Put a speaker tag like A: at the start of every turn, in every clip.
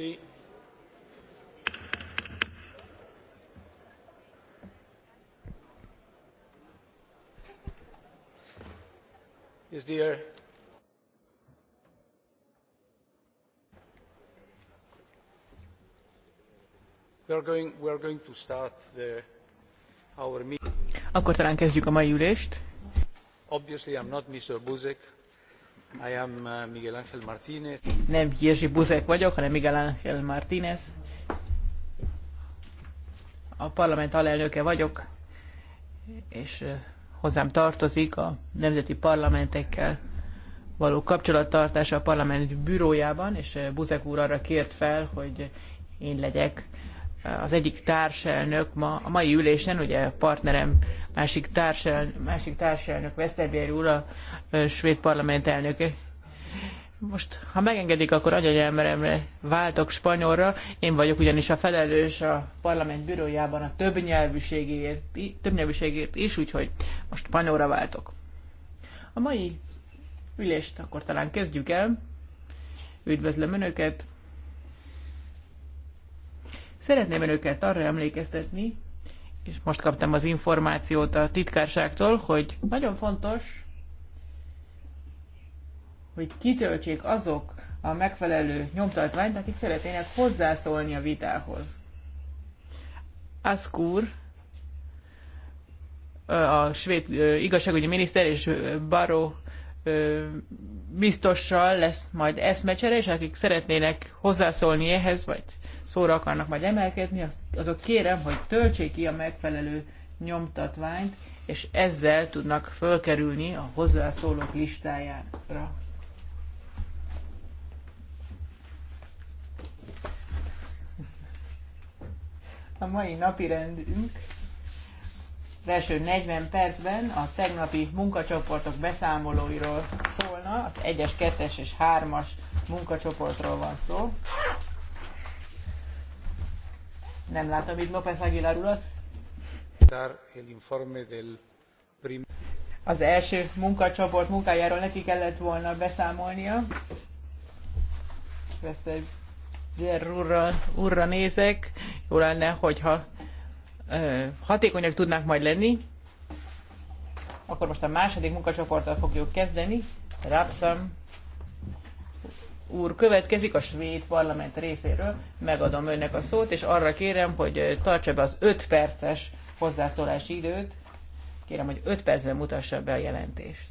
A: Sì. Is there We are going, we are going to start the, our meeting.
B: Akkor talán kezdjük a mai ülést.
A: Obviously I'm not Mr. Buzek. I am uh, Miguel Ángel Martínez.
B: Nem Jerzy Buzek vagyok, hanem Miguel Ángel Martínez. A parlament alelnöke vagyok, és uh, hozzám tartozik a nemzeti parlamentekkel való kapcsolattartása a parlament bürójában, és uh, Buzek úr arra kért fel, hogy én legyek az egyik társelnök ma, a mai ülésen, ugye partnerem másik, társel, másik társelnök, Westerbier úr, a svéd parlament elnöke. Most, ha megengedik, akkor anyanyelmeremre váltok spanyolra. Én vagyok ugyanis a felelős a parlament bürójában a többnyelvűségért, többnyelvűségért is, úgyhogy most spanyolra váltok. A mai ülést akkor talán kezdjük el. Üdvözlöm Önöket! Szeretném Önöket arra emlékeztetni, és most kaptam az információt a titkárságtól, hogy nagyon fontos, hogy kitöltsék azok a megfelelő nyomtatványt, akik szeretnének hozzászólni a vitához. Askur, a svéd igazságügyi miniszter és Baró biztossal lesz majd eszmecsere, és akik szeretnének hozzászólni ehhez, vagy szóra akarnak majd emelkedni, azok kérem, hogy töltsék ki a megfelelő nyomtatványt, és ezzel tudnak fölkerülni a hozzászólók listájára. A mai napi rendünk az első 40 percben a tegnapi munkacsoportok beszámolóiról szólna, az 1-es, 2-es és 3-as munkacsoportról van szó. Nem látom itt López Aguilar urat. Az első munkacsoport munkájáról neki kellett volna beszámolnia. Veszély urra, urra nézek. Jó lenne, hogyha ö, hatékonyak tudnak majd lenni. Akkor most a második munkacsoporttal fogjuk kezdeni. Rapszam úr következik a svéd parlament részéről. Megadom önnek a szót, és arra kérem, hogy tartsa be az 5 perces hozzászólási időt. Kérem, hogy 5 percben mutassa be a jelentést.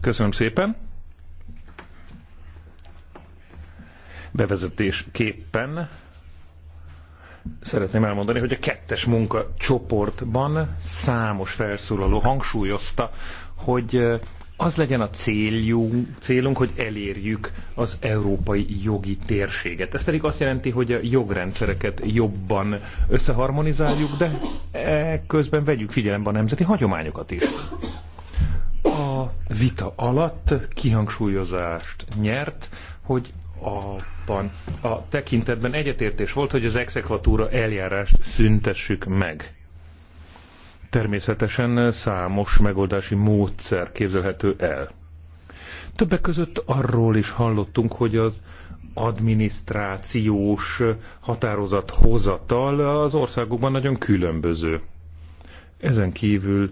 C: Köszönöm szépen. Bevezetésképpen szeretném elmondani, hogy a kettes munkacsoportban számos felszólaló hangsúlyozta, hogy az legyen a céljunk, célunk, hogy elérjük az európai jogi térséget. Ez pedig azt jelenti, hogy a jogrendszereket jobban összeharmonizáljuk, de e közben vegyük figyelembe a nemzeti hagyományokat is vita alatt kihangsúlyozást nyert, hogy abban a tekintetben egyetértés volt, hogy az exekvatúra eljárást szüntessük meg. Természetesen számos megoldási módszer képzelhető el. Többek között arról is hallottunk, hogy az adminisztrációs határozathozatal az országokban nagyon különböző. Ezen kívül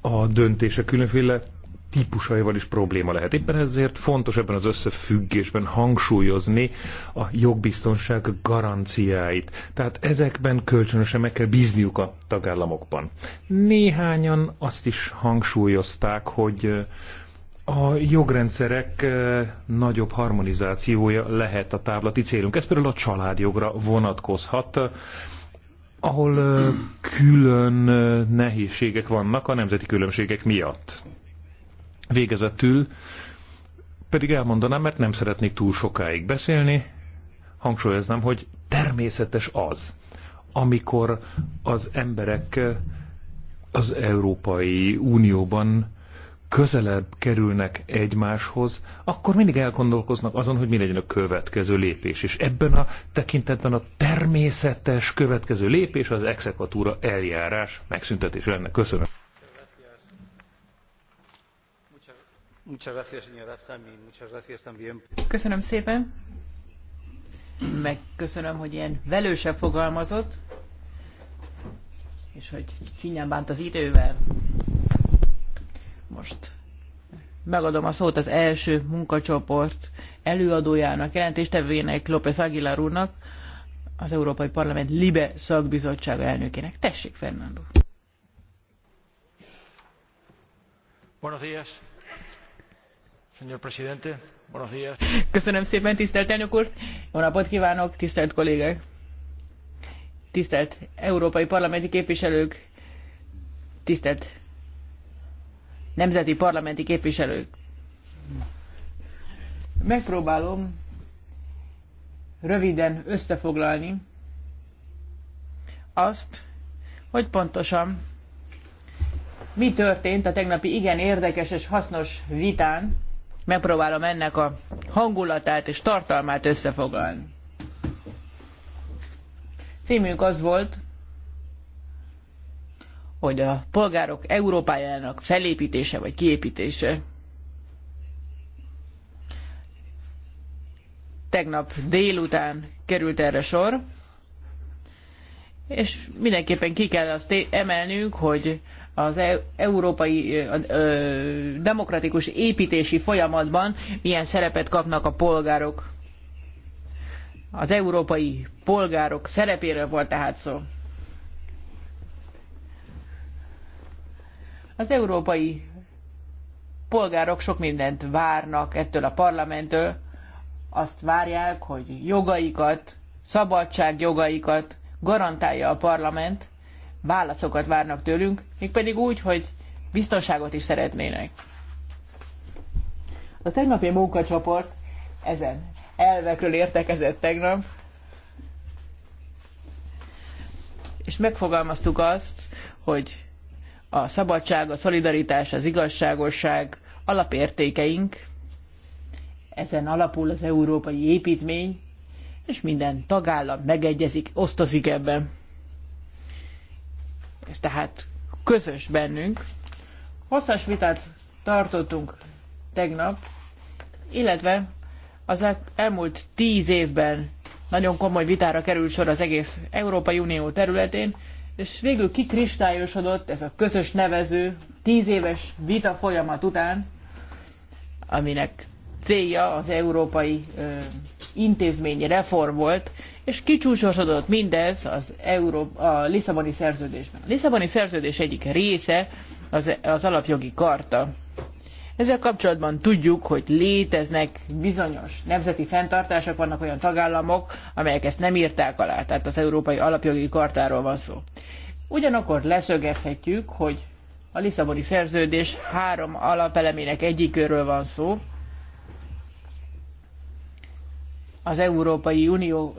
C: a döntése különféle típusaival is probléma lehet. Éppen ezért fontos ebben az összefüggésben hangsúlyozni a jogbiztonság garanciáit. Tehát ezekben kölcsönösen meg kell bízniuk a tagállamokban. Néhányan azt is hangsúlyozták, hogy eh, a jogrendszerek eh, nagyobb harmonizációja lehet a távlati célunk. Ez például a családjogra vonatkozhat, eh, ahol külön nehézségek vannak a nemzeti különbségek miatt. Végezetül pedig elmondanám, mert nem szeretnék túl sokáig beszélni, hangsúlyoznám, hogy természetes az, amikor az emberek eh, az Európai Unióban közelebb kerülnek egymáshoz, akkor mindig elgondolkoznak azon, hogy mi legyen a következő lépés. És ebben a tekintetben a természetes következő lépés az exekvatúra eljárás megszüntetés lenne. Köszönöm.
B: Köszönöm szépen. Megköszönöm, hogy ilyen velősebb fogalmazott, és hogy finnyen bánt az idővel. Most megadom a szót az első munkacsoport előadójának, jelentéstevőjének López Aguilar úrnak, az Európai Parlament Libe szakbizottsága elnökének. Tessék, Fernando. Buenos días. Köszönöm szépen, tisztelt elnök úr! Jó napot kívánok, tisztelt kollégák! Tisztelt európai parlamenti képviselők! Tisztelt nemzeti parlamenti képviselők! Megpróbálom röviden összefoglalni azt, hogy pontosan mi történt a tegnapi igen érdekes és hasznos vitán, Megpróbálom ennek a hangulatát és tartalmát összefoglalni. Címünk az volt, hogy a polgárok Európájának felépítése vagy kiépítése. Tegnap délután került erre sor, és mindenképpen ki kell azt emelnünk, hogy az e- európai ö, demokratikus építési folyamatban milyen szerepet kapnak a polgárok. Az európai polgárok szerepéről volt tehát szó. Az európai polgárok sok mindent várnak ettől a parlamenttől, azt várják, hogy jogaikat, szabadságjogaikat garantálja a parlament, válaszokat várnak tőlünk, mégpedig úgy, hogy biztonságot is szeretnének. A tegnapi munkacsoport ezen elvekről értekezett tegnap, és megfogalmaztuk azt, hogy a szabadság, a szolidaritás, az igazságosság alapértékeink, ezen alapul az európai építmény, és minden tagállam megegyezik, osztozik ebben ez tehát közös bennünk. Hosszas vitát tartottunk tegnap, illetve az elmúlt tíz évben nagyon komoly vitára került sor az egész Európai Unió területén, és végül kikristályosodott ez a közös nevező tíz éves vita folyamat után, aminek célja az európai ö, intézményi reform volt, és kicsúcsosodott mindez az Euró, a Lisszaboni szerződésben. A Lisszaboni szerződés egyik része az, az alapjogi karta. Ezzel kapcsolatban tudjuk, hogy léteznek bizonyos nemzeti fenntartások, vannak olyan tagállamok, amelyek ezt nem írták alá, tehát az Európai Alapjogi Kartáról van szó. Ugyanakkor leszögezhetjük, hogy a Lisszaboni szerződés három alapelemének egyikőről van szó, az Európai Unió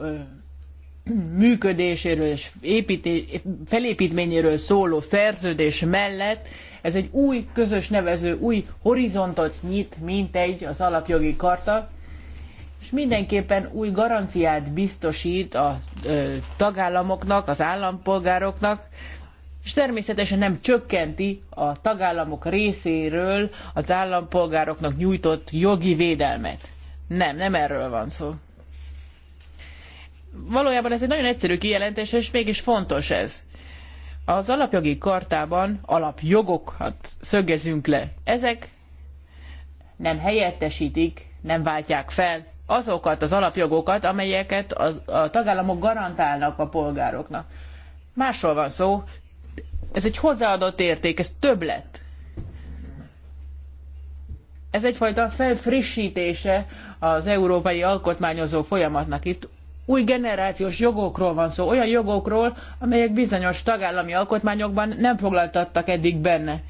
B: működéséről és építé, felépítményéről szóló szerződés mellett ez egy új közös nevező, új horizontot nyit, mint egy az alapjogi karta, és mindenképpen új garanciát biztosít a ö, tagállamoknak, az állampolgároknak, és természetesen nem csökkenti a tagállamok részéről az állampolgároknak nyújtott jogi védelmet. Nem, nem erről van szó valójában ez egy nagyon egyszerű kijelentés, és mégis fontos ez. Az alapjogi kartában alapjogokat szögezünk le. Ezek nem helyettesítik, nem váltják fel azokat az alapjogokat, amelyeket a, a tagállamok garantálnak a polgároknak. Másról van szó, ez egy hozzáadott érték, ez többlet. Ez egyfajta felfrissítése az európai alkotmányozó folyamatnak. Itt új generációs jogokról van szó, olyan jogokról, amelyek bizonyos tagállami alkotmányokban nem foglaltattak eddig benne.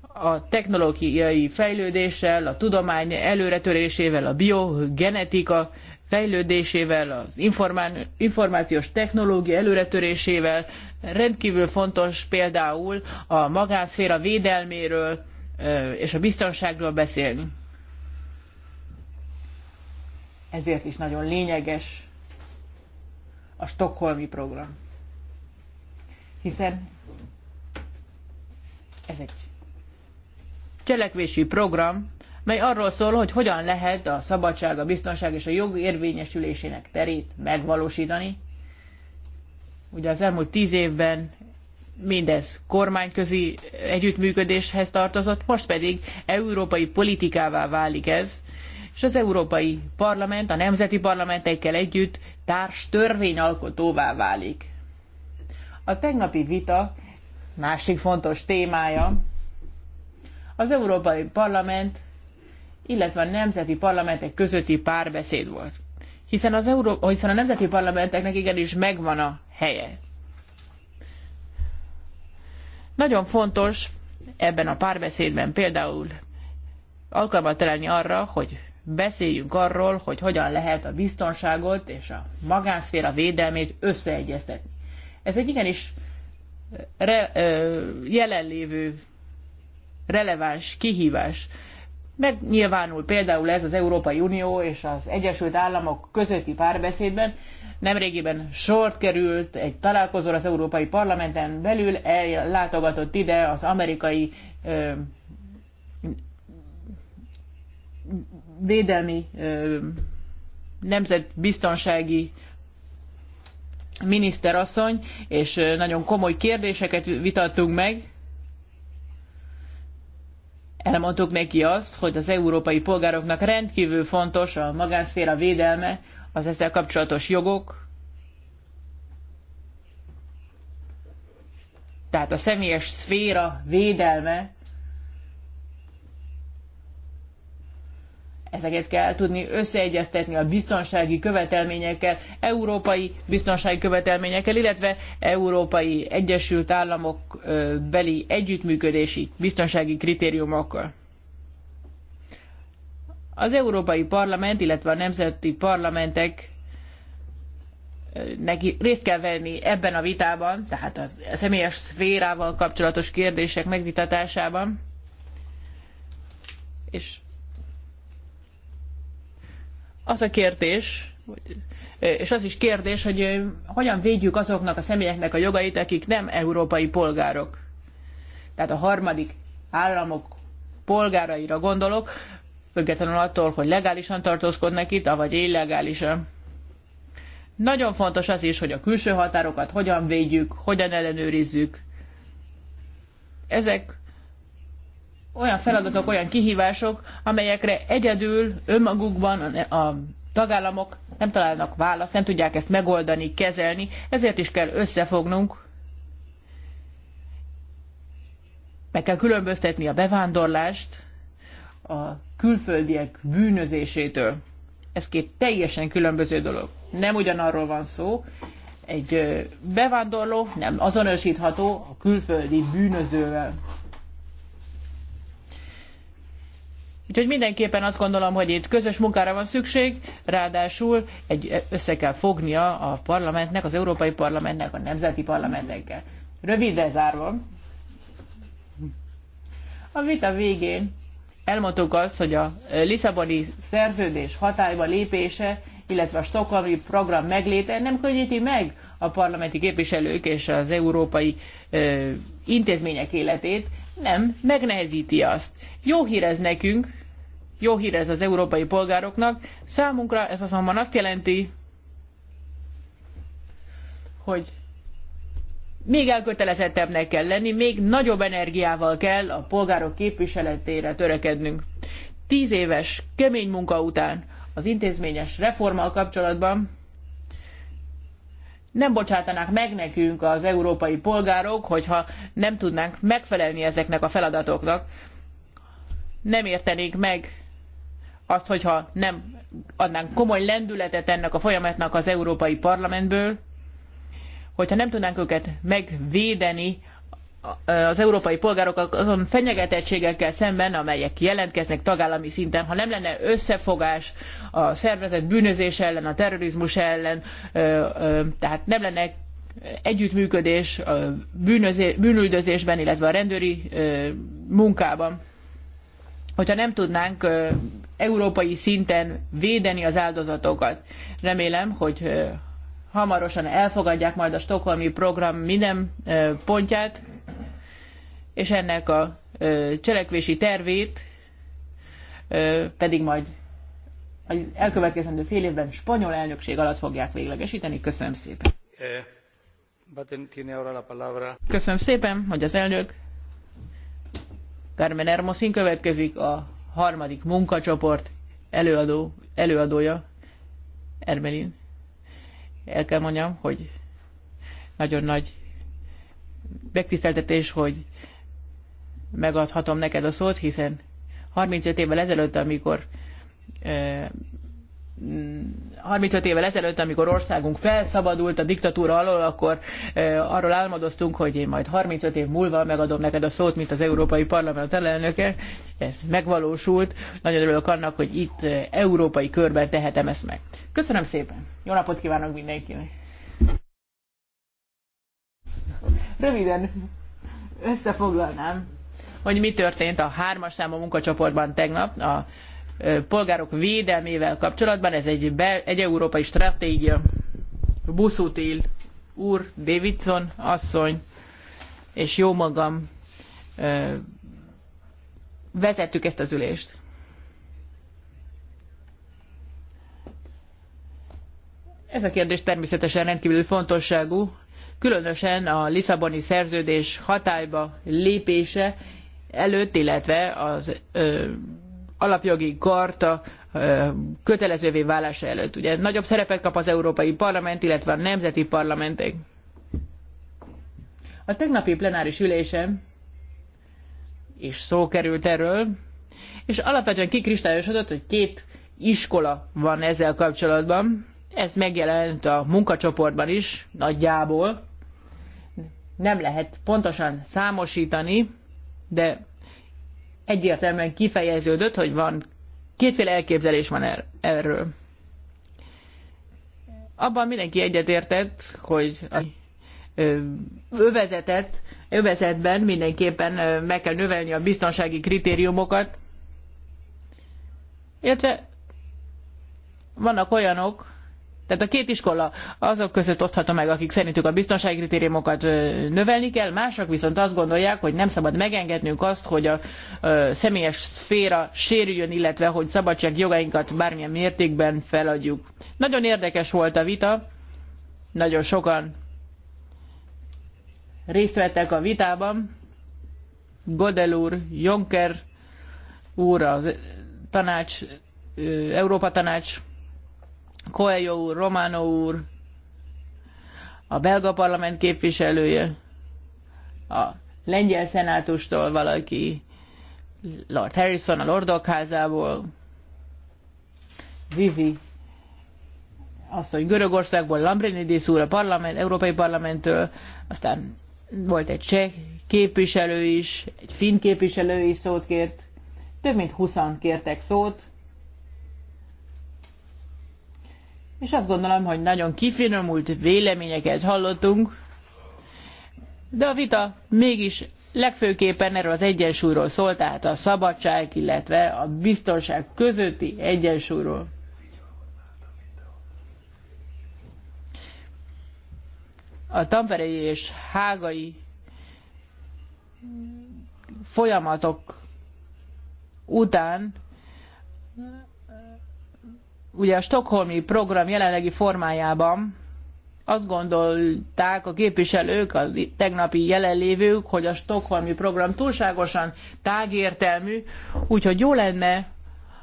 B: A technológiai fejlődéssel, a tudomány előretörésével, a biogenetika fejlődésével, az informá- információs technológia előretörésével, rendkívül fontos például a magánszféra védelméről és a biztonságról beszélni. Ezért is nagyon lényeges a Stockholmi program. Hiszen ez egy cselekvési program, mely arról szól, hogy hogyan lehet a szabadság, a biztonság és a jog érvényesülésének terét megvalósítani. Ugye az elmúlt tíz évben mindez kormányközi együttműködéshez tartozott, most pedig európai politikává válik ez, és az Európai Parlament a nemzeti parlamentekkel együtt társ törvényalkotóvá válik. A tegnapi vita másik fontos témája az Európai Parlament, illetve a nemzeti parlamentek közötti párbeszéd volt. Hiszen, az Euró- hiszen a nemzeti parlamenteknek igenis megvan a helye. Nagyon fontos ebben a párbeszédben például alkalmat találni arra, hogy beszéljünk arról, hogy hogyan lehet a biztonságot és a magánszféra védelmét összeegyeztetni. Ez egy igenis eh, re, ö, eh, jelenlévő releváns kihívás. Megnyilvánul például ez az Európai Unió és az Egyesült Államok közötti párbeszédben. Nemrégiben sort került egy találkozóra az Európai Parlamenten belül, ellátogatott ide az amerikai ö, eh, védelmi nemzetbiztonsági miniszterasszony, és nagyon komoly kérdéseket vitattunk meg. Elmondtuk neki azt, hogy az európai polgároknak rendkívül fontos a magánszféra védelme, az ezzel kapcsolatos jogok, tehát a személyes szféra védelme ezeket kell tudni összeegyeztetni a biztonsági követelményekkel, európai biztonsági követelményekkel, illetve európai Egyesült Államok beli együttműködési biztonsági kritériumokkal. Az Európai Parlament, illetve a nemzeti parlamentek neki részt kell venni ebben a vitában, tehát a személyes szférával kapcsolatos kérdések megvitatásában, és az a kérdés, és az is kérdés, hogy hogyan védjük azoknak a személyeknek a jogait, akik nem európai polgárok. Tehát a harmadik államok polgáraira gondolok, függetlenül attól, hogy legálisan tartózkodnak itt, vagy illegálisan. Nagyon fontos az is, hogy a külső határokat hogyan védjük, hogyan ellenőrizzük. Ezek olyan feladatok, olyan kihívások, amelyekre egyedül önmagukban a tagállamok nem találnak választ, nem tudják ezt megoldani, kezelni, ezért is kell összefognunk. Meg kell különböztetni a bevándorlást a külföldiek bűnözésétől. Ez két teljesen különböző dolog. Nem ugyanarról van szó, egy bevándorló nem azonosítható a külföldi bűnözővel. Úgyhogy mindenképpen azt gondolom, hogy itt közös munkára van szükség, ráadásul egy, össze kell fognia a parlamentnek, az Európai Parlamentnek, a nemzeti parlamentekkel. Rövidre zárva. A vita végén elmondtuk azt, hogy a Lisszaboni szerződés hatályba lépése, illetve a Stockholmi program megléte nem könnyíti meg a parlamenti képviselők és az európai ö, intézmények életét, nem, megnehezíti azt. Jó hír ez nekünk, jó hír ez az európai polgároknak. Számunkra ez azonban azt jelenti, hogy még elkötelezettebbnek kell lenni, még nagyobb energiával kell a polgárok képviseletére törekednünk. Tíz éves kemény munka után az intézményes reformmal kapcsolatban nem bocsátanák meg nekünk az európai polgárok, hogyha nem tudnánk megfelelni ezeknek a feladatoknak, nem értenék meg azt, hogyha nem adnánk komoly lendületet ennek a folyamatnak az Európai Parlamentből, hogyha nem tudnánk őket megvédeni az európai polgárok azon fenyegetettségekkel szemben, amelyek jelentkeznek tagállami szinten, ha nem lenne összefogás a szervezet bűnözés ellen, a terrorizmus ellen, tehát nem lenne együttműködés a bűnüldözésben, illetve a rendőri munkában, hogyha nem tudnánk európai szinten védeni az áldozatokat. Remélem, hogy hamarosan elfogadják majd a stokholmi program minden pontját, és ennek a cselekvési tervét pedig majd az elkövetkezendő fél évben spanyol elnökség alatt fogják véglegesíteni. Köszönöm szépen.
A: Eh,
B: Köszönöm szépen, hogy az elnök Carmen Hermosin következik a harmadik munkacsoport előadó, előadója, Ermelin. El kell mondjam, hogy nagyon nagy megtiszteltetés, hogy megadhatom neked a szót, hiszen 35 évvel ezelőtt, amikor 35 évvel ezelőtt, amikor országunk felszabadult a diktatúra alól, akkor arról álmodoztunk, hogy én majd 35 év múlva megadom neked a szót, mint az Európai Parlament elnöke. Ez megvalósult. Nagyon örülök annak, hogy itt európai körben tehetem ezt meg. Köszönöm szépen. Jó napot kívánok mindenkinek. Röviden összefoglalnám, hogy mi történt a hármas számú munkacsoportban tegnap, a polgárok védelmével kapcsolatban. Ez egy, be, egy európai stratégia. Buszutil úr, Davidson asszony és jó magam vezettük ezt az ülést. Ez a kérdés természetesen rendkívül fontosságú, különösen a Lisszaboni szerződés hatályba lépése előtt, illetve az ö, alapjogi karta kötelezővé válása előtt. Ugye nagyobb szerepet kap az Európai Parlament, illetve a nemzeti parlamentek. A tegnapi plenáris ülésen és szó került erről, és alapvetően kikristályosodott, hogy két iskola van ezzel kapcsolatban. Ez megjelent a munkacsoportban is, nagyjából. Nem lehet pontosan számosítani, de egyértelműen kifejeződött, hogy van kétféle elképzelés van er- erről. Abban mindenki egyetértett, hogy a övezetet, övezetben mindenképpen meg kell növelni a biztonsági kritériumokat, illetve vannak olyanok, tehát a két iskola azok között osztható meg, akik szerintük a biztonsági kritériumokat növelni kell, mások viszont azt gondolják, hogy nem szabad megengednünk azt, hogy a személyes szféra sérüljön, illetve hogy szabadság jogainkat bármilyen mértékben feladjuk. Nagyon érdekes volt a vita, nagyon sokan részt vettek a vitában. Godel úr, Jonker úr, a tanács, Európa tanács Coelho úr, Romano úr, a belga parlament képviselője, a lengyel szenátustól valaki, Lord Harrison a Lordok házából, Zizi asszony Görögországból, Lambrinidis úr a parlament, Európai Parlamenttől, aztán volt egy cseh képviselő is, egy finn képviselő is szót kért, több mint 20 kértek szót, és azt gondolom, hogy nagyon kifinomult véleményeket hallottunk, de a vita mégis legfőképpen erről az egyensúlyról szólt, tehát a szabadság, illetve a biztonság közötti egyensúlyról. A tamperei és hágai folyamatok után ugye a stokholmi program jelenlegi formájában azt gondolták a képviselők, a tegnapi jelenlévők, hogy a stokholmi program túlságosan tágértelmű, úgyhogy jó lenne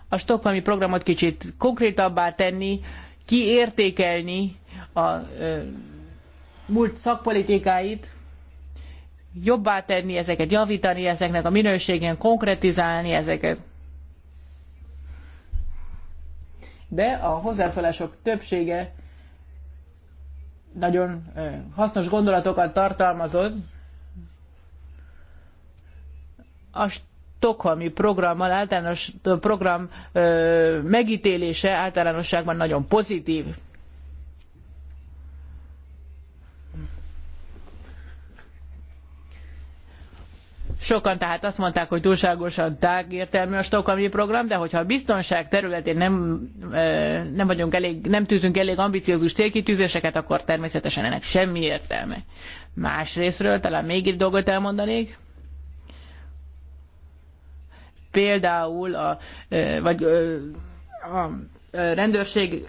B: a stokholmi programot kicsit konkrétabbá tenni, kiértékelni a ö, múlt szakpolitikáit, jobbá tenni ezeket, javítani ezeknek a minőségén, konkretizálni ezeket. de a hozzászólások többsége nagyon hasznos gondolatokat tartalmazott. A stokholmi programmal általános program megítélése általánosságban nagyon pozitív. Sokan tehát azt mondták, hogy túlságosan értelmű a stokholmi program, de hogyha a biztonság területén nem, nem, vagyunk elég, nem tűzünk elég ambiciózus célkitűzéseket, akkor természetesen ennek semmi értelme. Más talán még egy dolgot elmondanék. Például a, vagy a rendőrség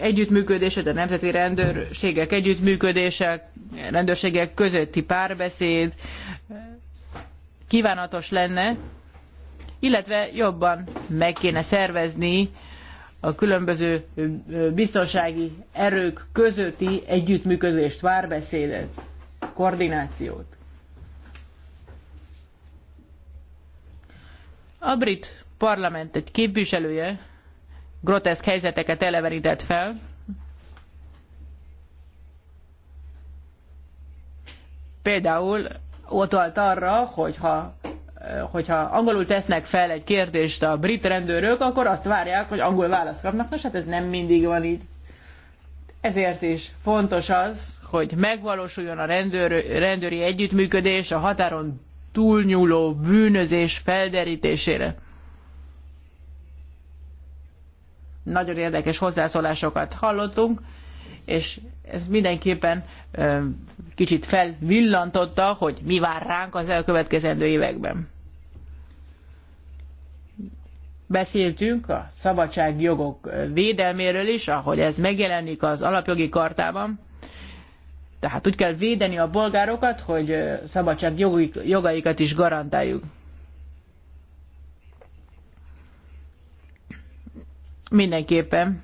B: együttműködése, de nemzeti rendőrségek együttműködése, rendőrségek közötti párbeszéd, kívánatos lenne, illetve jobban meg kéne szervezni a különböző biztonsági erők közötti együttműködést, várbeszédet, koordinációt. A brit parlament egy képviselője groteszk helyzeteket eleverített fel, például utalt arra, hogyha hogyha angolul tesznek fel egy kérdést a brit rendőrök, akkor azt várják, hogy angol választ kapnak. Nos, hát ez nem mindig van így. Ezért is fontos az, hogy megvalósuljon a rendőr, rendőri együttműködés a határon túlnyúló bűnözés felderítésére. Nagyon érdekes hozzászólásokat hallottunk, és ez mindenképpen kicsit felvillantotta, hogy mi vár ránk az elkövetkezendő években. Beszéltünk a szabadságjogok védelméről is, ahogy ez megjelenik az alapjogi kartában. Tehát úgy kell védeni a bolgárokat, hogy szabadságjogaikat jogaikat is garantáljuk. Mindenképpen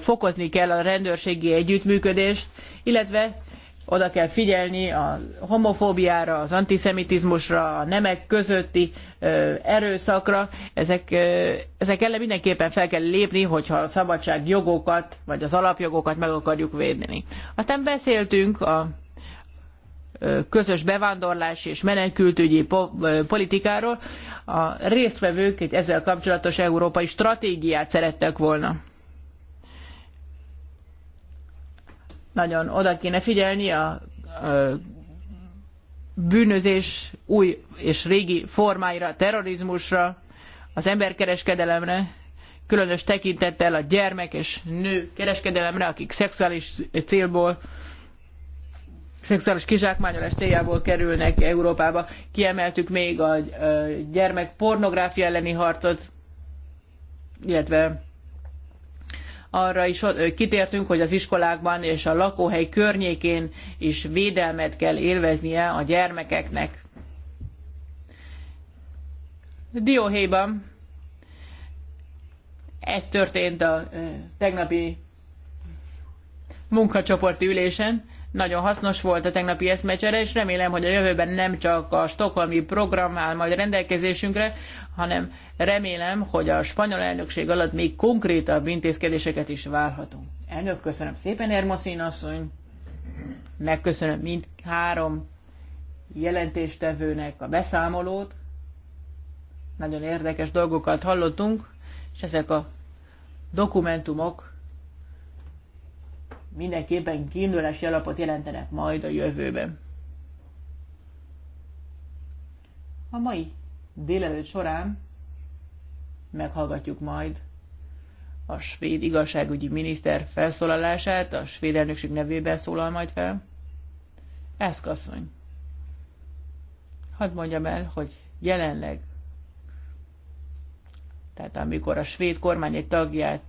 B: fokozni kell a rendőrségi együttműködést, illetve oda kell figyelni a homofóbiára, az antiszemitizmusra, a nemek közötti erőszakra. Ezek, ezek ellen mindenképpen fel kell lépni, hogyha a szabadság jogokat, vagy az alapjogokat meg akarjuk védeni. Aztán beszéltünk a közös bevándorlás és menekültügyi politikáról. A résztvevők egy ezzel kapcsolatos európai stratégiát szerettek volna. nagyon oda kéne figyelni a, a bűnözés új és régi formáira, a terrorizmusra, az emberkereskedelemre, különös tekintettel a gyermek és nő kereskedelemre, akik szexuális célból, szexuális kizsákmányolás céljából kerülnek Európába. Kiemeltük még a gyermek pornográfia elleni harcot, illetve arra is kitértünk, hogy az iskolákban és a lakóhely környékén is védelmet kell élveznie a gyermekeknek. Dióhéjban ez történt a tegnapi munkacsoporti ülésen. Nagyon hasznos volt a tegnapi eszmecsere, és remélem, hogy a jövőben nem csak a stokholmi program áll majd rendelkezésünkre, hanem remélem, hogy a spanyol elnökség alatt még konkrétabb intézkedéseket is várhatunk. Elnök, köszönöm szépen, Ermoszín asszony! Megköszönöm mind három jelentéstevőnek a beszámolót. Nagyon érdekes dolgokat hallottunk, és ezek a dokumentumok mindenképpen kiindulási alapot jelentenek majd a jövőben. A mai délelőtt során meghallgatjuk majd a svéd igazságügyi miniszter felszólalását, a svéd elnökség nevében szólal majd fel. kasszony. Hadd mondjam el, hogy jelenleg, tehát amikor a svéd kormány egy tagját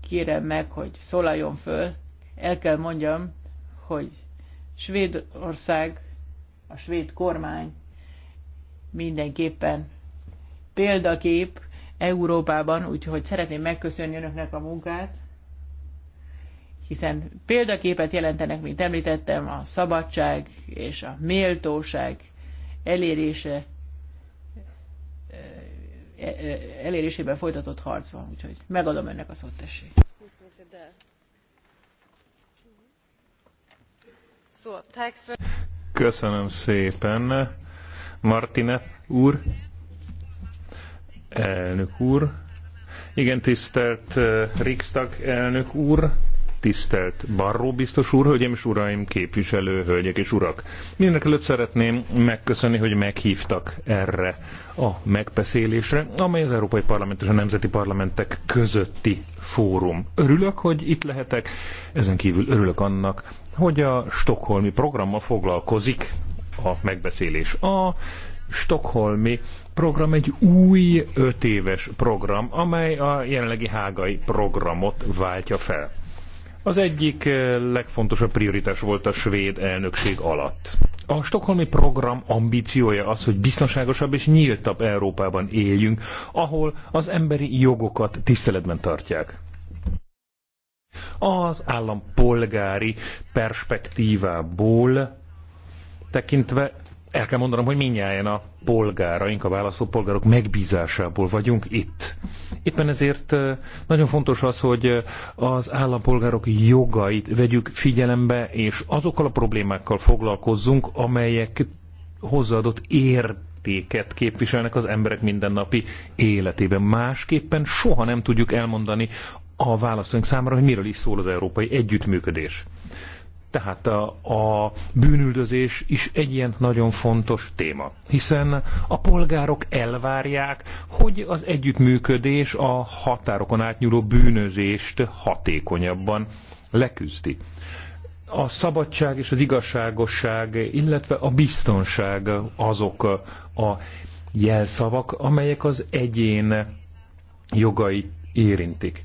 B: kérem meg, hogy szólaljon föl, el kell mondjam, hogy Svédország, a svéd kormány mindenképpen példakép Európában, úgyhogy szeretném megköszönni önöknek a munkát, hiszen példaképet jelentenek, mint említettem, a szabadság és a méltóság elérése e, e, elérésében folytatott harcban, úgyhogy megadom önnek a szót, tessék.
C: Köszönöm szépen, Martine úr, elnök úr, igen, tisztelt eh, Rikstag elnök úr, tisztelt Barró biztos úr, hölgyeim és uraim, képviselő, hölgyek és urak. Mindenek előtt szeretném megköszönni, hogy meghívtak erre a megbeszélésre, amely az Európai Parlament és a Nemzeti Parlamentek közötti fórum. Örülök, hogy itt lehetek, ezen kívül örülök annak, hogy a stokholmi programmal foglalkozik a megbeszélés. A stokholmi program egy új öt éves program, amely a jelenlegi hágai programot váltja fel. Az egyik eh, legfontosabb prioritás volt a svéd elnökség alatt. A stokholmi program ambíciója az, hogy biztonságosabb és nyíltabb Európában éljünk, ahol az emberi jogokat tiszteletben tartják. Az állampolgári perspektívából tekintve el kell mondanom, hogy minnyáján a polgáraink, a választópolgárok megbízásából vagyunk itt. Éppen ezért eh, nagyon fontos az, hogy eh, az állampolgárok jogait vegyük figyelembe, és azokkal a problémákkal foglalkozzunk, amelyek hozzáadott értéket képviselnek az emberek mindennapi életében. Másképpen soha nem tudjuk elmondani a választóink számára, hogy miről is szól az európai együttműködés. Tehát a, a bűnüldözés is egy ilyen nagyon fontos téma, hiszen a polgárok elvárják, hogy az együttműködés a határokon átnyúló bűnözést hatékonyabban leküzdi. A szabadság és az igazságosság, illetve a biztonság azok a jelszavak, amelyek az egyén jogait érintik.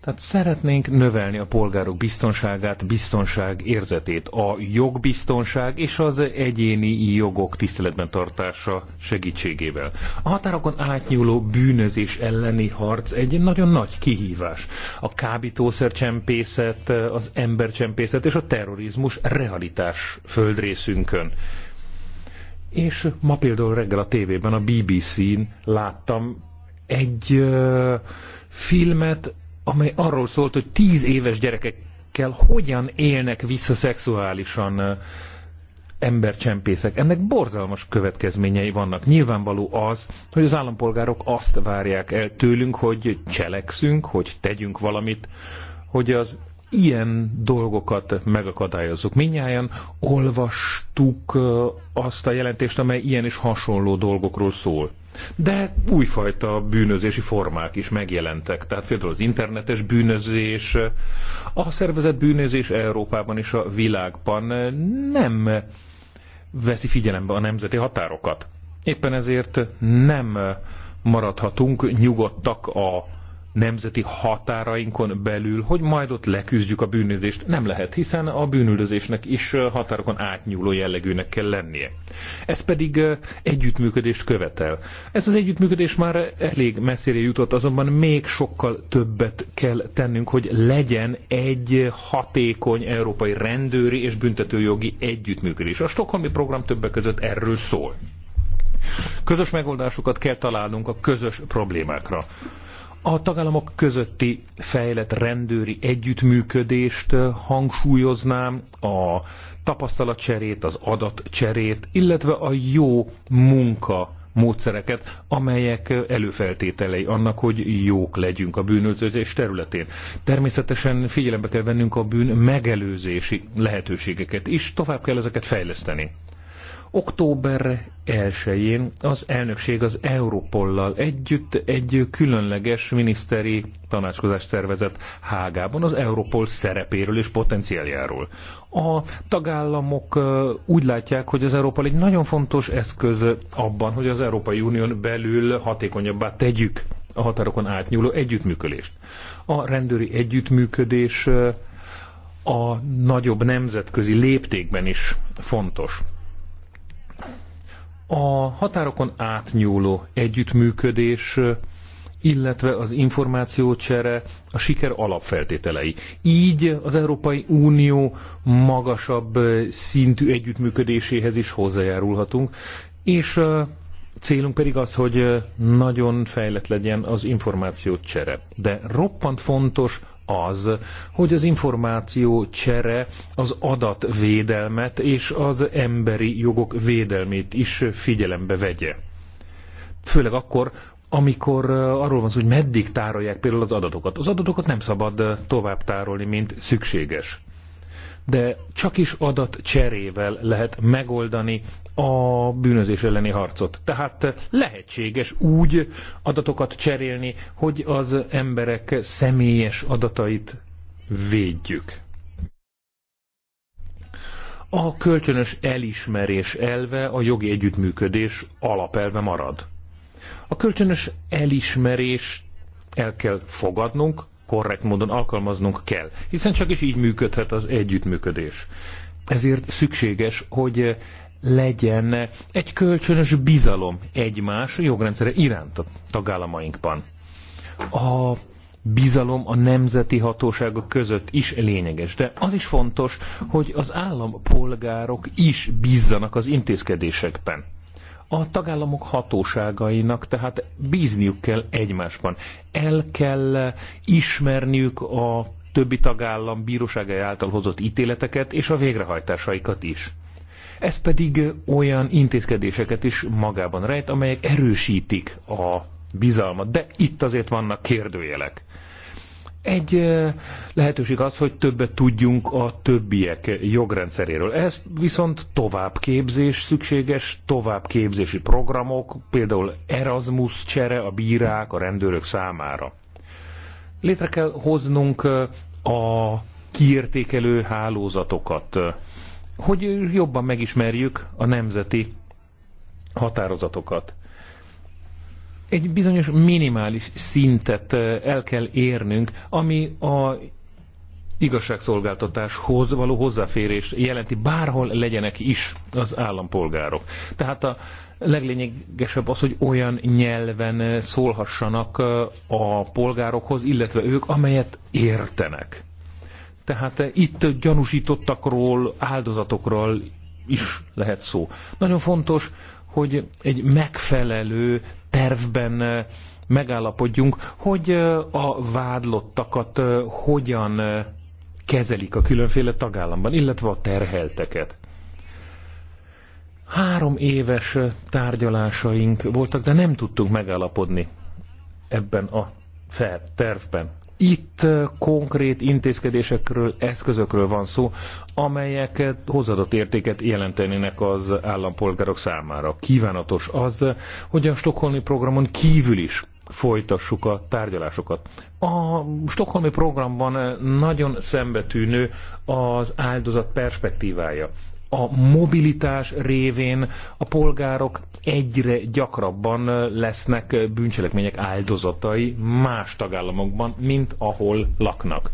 C: Tehát szeretnénk növelni a polgárok biztonságát, biztonság érzetét, a jogbiztonság és az egyéni jogok tiszteletben tartása segítségével. A határokon átnyúló bűnözés elleni harc egy nagyon nagy kihívás. A kábítószercsempészet, az embercsempészet és a terrorizmus realitás földrészünkön. És ma például reggel a tévében, a BBC-n láttam egy uh, filmet, amely arról szólt, hogy tíz éves gyerekekkel hogyan élnek vissza szexuálisan embercsempészek. Ennek borzalmas következményei vannak. Nyilvánvaló az, hogy az állampolgárok azt várják el tőlünk, hogy cselekszünk, hogy tegyünk valamit, hogy az ilyen dolgokat megakadályozzuk. Minnyáján olvastuk azt a jelentést, amely ilyen is hasonló dolgokról szól. De újfajta bűnözési formák is megjelentek. Tehát például az internetes bűnözés, a szervezet bűnözés Európában és a világban nem veszi figyelembe a nemzeti határokat. Éppen ezért nem maradhatunk nyugodtak a nemzeti határainkon belül, hogy majd ott leküzdjük a bűnözést. Nem lehet, hiszen a bűnüldözésnek is határokon átnyúló jellegűnek kell lennie. Ez pedig együttműködést követel. Ez az együttműködés már elég messzire jutott, azonban még sokkal többet kell tennünk, hogy legyen egy hatékony európai rendőri és büntetőjogi együttműködés. A Stockholmi program többek között erről szól. Közös megoldásokat kell találnunk a közös problémákra a tagállamok közötti fejlett rendőri együttműködést eh, hangsúlyoznám, a tapasztalatcserét, az adatcserét, illetve a jó munka módszereket, amelyek eh, előfeltételei annak, hogy jók legyünk a bűnözés területén. Természetesen figyelembe kell vennünk a bűn megelőzési lehetőségeket is, tovább kell ezeket fejleszteni. Október 1-én az elnökség az Európollal együtt egy különleges miniszteri tanácskozást szervezett Hágában az Európol szerepéről és potenciáljáról. A tagállamok úgy látják, hogy az Európa egy nagyon fontos eszköz abban, hogy az Európai Unión belül hatékonyabbá tegyük a határokon átnyúló együttműködést. A rendőri együttműködés a nagyobb nemzetközi léptékben is fontos. A határokon átnyúló együttműködés, illetve az információcsere a siker alapfeltételei. Így az Európai Unió magasabb szintű együttműködéséhez is hozzájárulhatunk, és célunk pedig az, hogy nagyon fejlett legyen az információcsere. De roppant fontos az, hogy az információ csere az adatvédelmet és az emberi jogok védelmét is figyelembe vegye. Főleg akkor, amikor arról van szó, hogy meddig tárolják például az adatokat. Az adatokat nem szabad tovább tárolni, mint szükséges de csak is adat cserével lehet megoldani a bűnözés elleni harcot. Tehát lehetséges úgy adatokat cserélni, hogy az emberek személyes adatait védjük. A kölcsönös elismerés elve a jogi együttműködés alapelve marad. A kölcsönös elismerés el kell fogadnunk, korrekt módon alkalmaznunk kell, hiszen csak is így működhet az együttműködés. Ezért szükséges, hogy legyen egy kölcsönös bizalom egymás jogrendszere iránt a tagállamainkban. A bizalom a nemzeti hatóságok között is lényeges, de az is fontos, hogy az állampolgárok is bízzanak az intézkedésekben. A tagállamok hatóságainak tehát bízniuk kell egymásban. El kell ismerniük a többi tagállam bíróságai által hozott ítéleteket és a végrehajtásaikat is. Ez pedig olyan intézkedéseket is magában rejt, amelyek erősítik a bizalmat. De itt azért vannak kérdőjelek egy lehetőség az, hogy többet tudjunk a többiek jogrendszeréről. Ez viszont továbbképzés szükséges, továbbképzési programok, például Erasmus csere a bírák, a rendőrök számára. Létre kell hoznunk a kiértékelő hálózatokat, hogy jobban megismerjük a nemzeti határozatokat egy bizonyos minimális szintet el kell érnünk, ami a igazságszolgáltatáshoz való hozzáférés jelenti, bárhol legyenek is az állampolgárok. Tehát a leglényegesebb az, hogy olyan nyelven szólhassanak a polgárokhoz, illetve ők, amelyet értenek. Tehát itt gyanúsítottakról, áldozatokról is lehet szó. Nagyon fontos, hogy egy megfelelő tervben megállapodjunk, hogy a vádlottakat hogyan kezelik a különféle tagállamban, illetve a terhelteket. Három éves tárgyalásaink voltak, de nem tudtunk megállapodni ebben a tervben. Itt eh, konkrét intézkedésekről, eszközökről van szó, amelyeket hozadott értéket jelentenének az állampolgárok számára. Kívánatos az, hogy a Stockholmi programon kívül is folytassuk a tárgyalásokat. A Stockholmi programban eh, nagyon szembetűnő az áldozat perspektívája a mobilitás révén a polgárok egyre gyakrabban lesznek bűncselekmények áldozatai más tagállamokban, mint ahol laknak.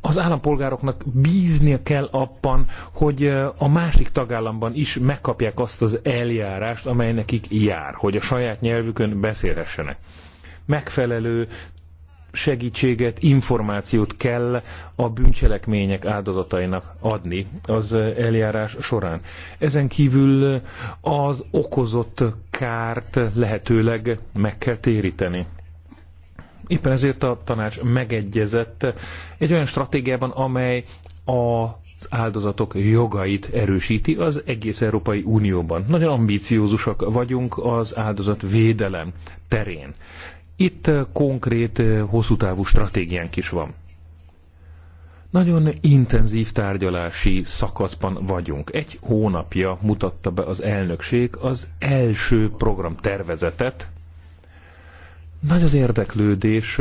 C: Az állampolgároknak bíznia kell abban, hogy a másik tagállamban is megkapják azt az eljárást, amely nekik jár, hogy a saját nyelvükön beszélhessenek megfelelő segítséget, információt kell a bűncselekmények áldozatainak adni az eljárás során. Ezen kívül az okozott kárt lehetőleg meg kell téríteni. Éppen ezért a tanács megegyezett egy olyan stratégiában, amely a az áldozatok jogait erősíti az egész Európai Unióban. Nagyon ambíciózusak vagyunk az áldozat védelem terén. Itt konkrét, hosszú távú stratégiánk is van. Nagyon intenzív tárgyalási szakaszban vagyunk. Egy hónapja mutatta be az elnökség az első programtervezetet. Nagy az érdeklődés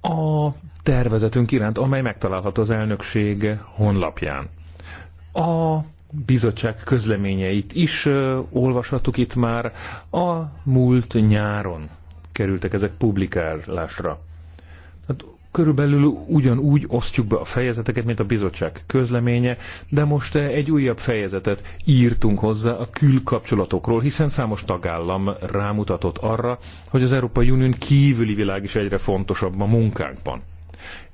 C: a tervezetünk iránt, amely megtalálható az elnökség honlapján. A bizottság közleményeit is olvashattuk itt már a múlt nyáron kerültek ezek publikálásra. Hát körülbelül ugyanúgy osztjuk be a fejezeteket, mint a bizottság közleménye, de most egy újabb fejezetet írtunk hozzá a külkapcsolatokról, hiszen számos tagállam rámutatott arra, hogy az Európai Unión kívüli világ is egyre fontosabb a munkánkban.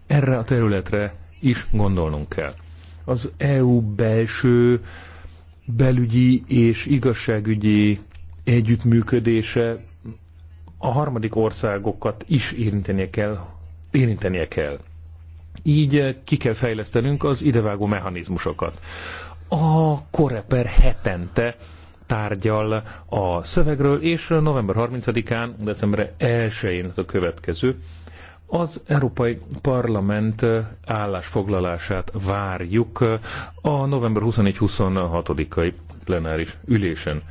C: Erre a területre is gondolnunk kell az EU belső belügyi és igazságügyi együttműködése a harmadik országokat is érintenie kell, érintenie kell. Így ki kell fejlesztenünk az idevágó mechanizmusokat. A Koreper hetente tárgyal a szövegről, és november 30-án, december 1-én a következő az Európai Parlament állásfoglalását várjuk a november 24-26-ai plenáris ülésen.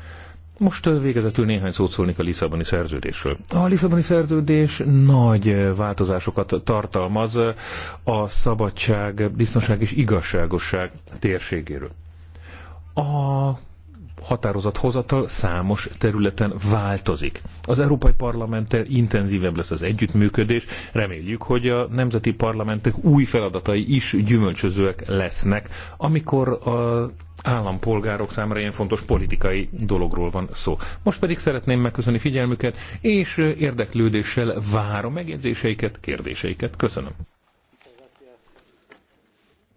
C: Most végezetül néhány szót szólnék a Lisszaboni szerződésről. A Lisszaboni szerződés nagy változásokat tartalmaz a szabadság, biztonság és igazságosság térségéről. A határozathozatal számos területen változik. Az Európai Parlamenttel intenzívebb lesz az együttműködés, reméljük, hogy a nemzeti parlamentek új feladatai is gyümölcsözőek lesznek, amikor a állampolgárok számára ilyen fontos politikai dologról van szó. Most pedig szeretném megköszönni figyelmüket, és érdeklődéssel várom megjegyzéseiket, kérdéseiket. Köszönöm.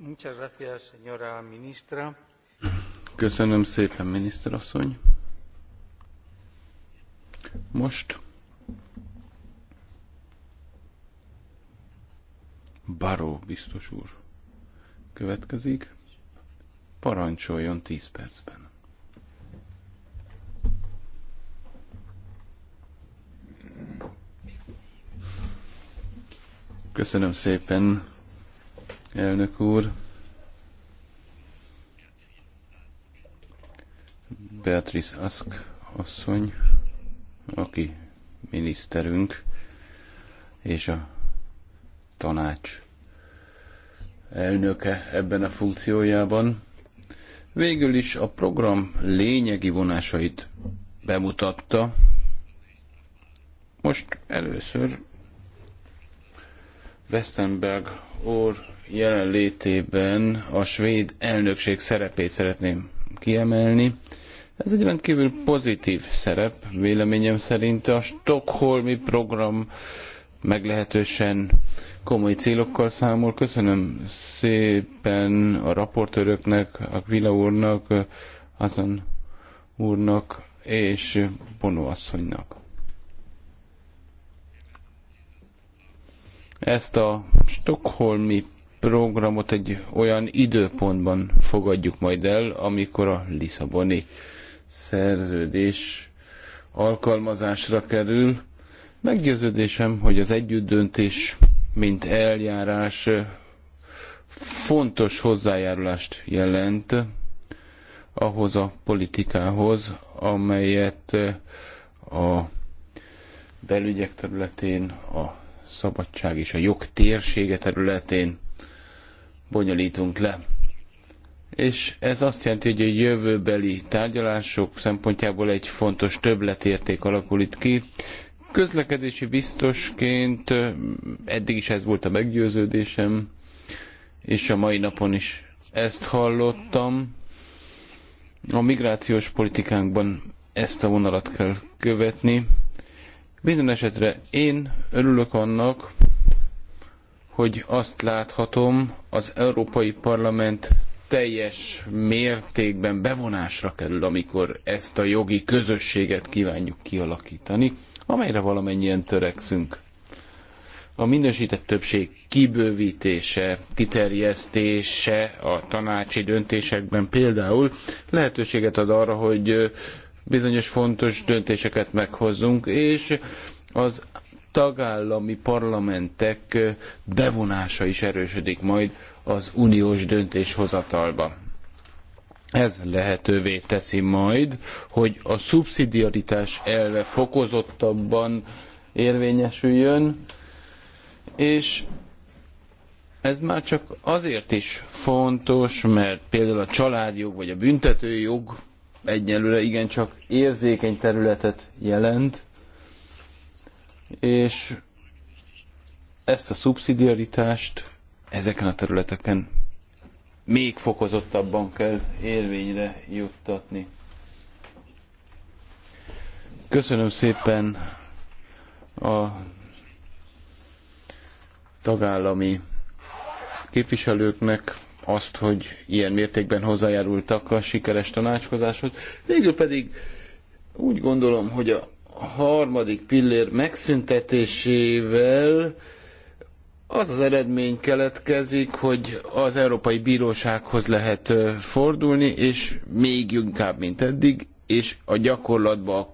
C: Muchas
A: gracias, señora ministra. Köszönöm szépen, miniszterasszony. Most Baró biztos úr következik. Parancsoljon 10 percben. Köszönöm szépen, elnök úr. Beatrice Ask asszony, aki miniszterünk, és a tanács elnöke ebben a funkciójában. Végül is a program lényegi vonásait bemutatta. Most először Westenberg úr jelenlétében a svéd elnökség szerepét szeretném kiemelni. Ez egy rendkívül pozitív szerep, véleményem szerint a Stockholmi program meglehetősen komoly célokkal számol. Köszönöm szépen a raportőröknek, a Kvila úrnak, Hazan úrnak és Bono asszonynak. Ezt a Stockholmi programot egy olyan időpontban fogadjuk majd el, amikor a Lisszaboni szerződés alkalmazásra kerül. Meggyőződésem, hogy az együttdöntés, mint eljárás fontos hozzájárulást jelent ahhoz a politikához, amelyet a belügyek területén, a szabadság és a jog térsége területén bonyolítunk le és ez azt jelenti, hogy a jövőbeli tárgyalások szempontjából egy fontos többletérték alakul itt ki. Közlekedési biztosként eddig is ez volt a meggyőződésem, és a mai napon is ezt hallottam. A migrációs politikánkban ezt a vonalat kell követni. Minden esetre én örülök annak, hogy azt láthatom az Európai Parlament teljes mértékben bevonásra kerül, amikor ezt a jogi közösséget kívánjuk kialakítani, amelyre valamennyien törekszünk. A minősített többség kibővítése, kiterjesztése a tanácsi döntésekben például lehetőséget ad arra, hogy bizonyos fontos döntéseket meghozzunk, és az tagállami parlamentek bevonása is erősödik majd az uniós döntéshozatalba. Ez lehetővé teszi majd, hogy a szubszidiaritás elve fokozottabban érvényesüljön, és ez már csak azért is fontos, mert például a családjog vagy a büntetőjog egyelőre igencsak érzékeny területet jelent, és ezt a szubszidiaritást ezeken a területeken még fokozottabban kell élvényre juttatni. Köszönöm szépen a tagállami képviselőknek azt, hogy ilyen mértékben hozzájárultak a sikeres tanácskozáshoz. Végül pedig úgy gondolom, hogy a harmadik pillér megszüntetésével az az eredmény keletkezik, hogy az Európai Bírósághoz lehet fordulni, és még inkább, mint eddig, és a gyakorlatban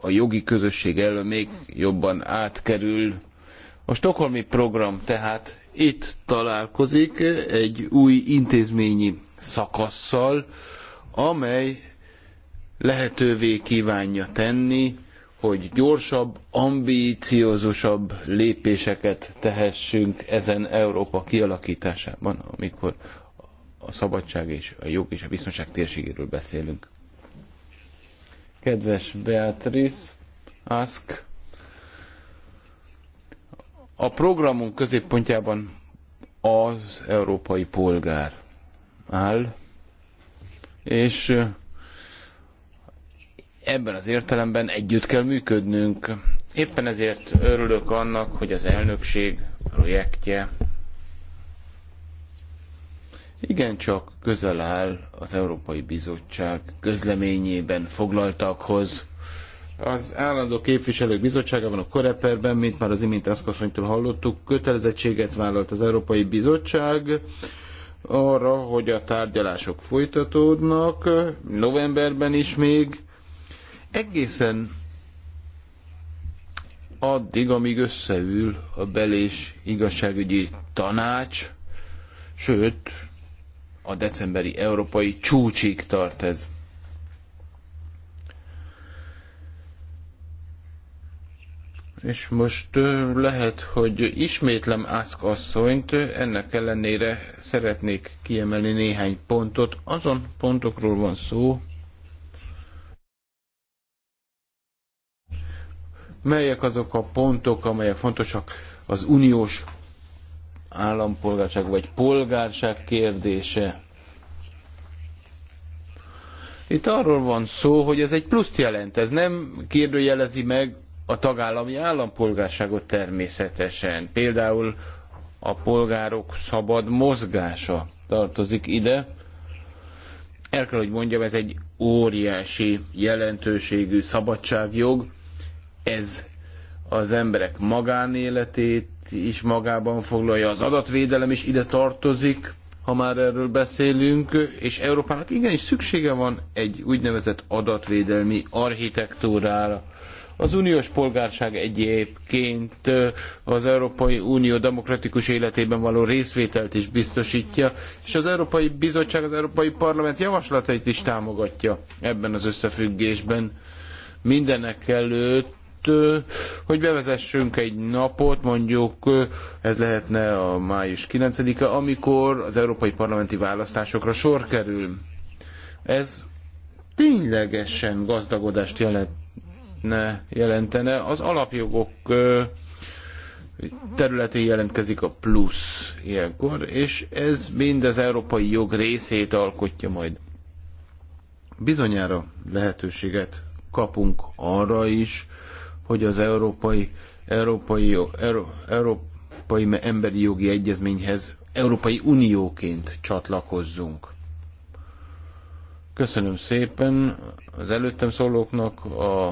A: a jogi közösség elől még jobban átkerül. A Stockholmi program tehát itt találkozik egy új intézményi szakasszal, amely lehetővé kívánja tenni hogy gyorsabb, ambíciózusabb lépéseket tehessünk ezen Európa kialakításában, amikor a szabadság és a jog és a biztonság térségéről beszélünk. Kedves Beatrice, Ask, a programunk középpontjában az európai polgár áll, és ebben az értelemben együtt kell működnünk. Éppen ezért örülök annak, hogy az elnökség projektje igencsak közel áll az Európai Bizottság közleményében foglaltakhoz. Az állandó képviselők bizottságában, a Koreperben, mint már az imént Eszkasszonytól hallottuk, kötelezettséget vállalt az Európai Bizottság arra, hogy a tárgyalások folytatódnak novemberben is még, Egészen addig, amíg összeül a belés igazságügyi tanács, sőt, a decemberi európai csúcsig tart ez. És most lehet, hogy ismétlem Ask asszonyt, ennek ellenére szeretnék kiemelni néhány pontot. Azon pontokról van szó, melyek azok a pontok, amelyek fontosak az uniós állampolgárság vagy polgárság kérdése. Itt arról van szó, hogy ez egy pluszt jelent, ez nem kérdőjelezi meg a tagállami állampolgárságot természetesen. Például a polgárok szabad mozgása tartozik ide. El kell, hogy mondjam, ez egy óriási jelentőségű szabadságjog, ez az emberek magánéletét is magában foglalja, az adatvédelem is ide tartozik, ha már erről beszélünk, és Európának igenis szüksége van egy úgynevezett adatvédelmi architektúrára. Az uniós polgárság egyébként az Európai Unió demokratikus életében való részvételt is biztosítja, és az Európai Bizottság, az Európai Parlament javaslatait is támogatja ebben az összefüggésben. Mindenek előtt hogy bevezessünk egy napot, mondjuk ez lehetne a május 9-e, amikor az európai parlamenti választásokra sor kerül. Ez ténylegesen gazdagodást jelentne, jelentene. Az alapjogok területén jelentkezik a plusz ilyenkor, és ez mind az európai jog részét alkotja majd. Bizonyára lehetőséget kapunk arra is, hogy az európai, európai, európai emberi jogi egyezményhez Európai Unióként csatlakozzunk. Köszönöm szépen az előttem szólóknak a,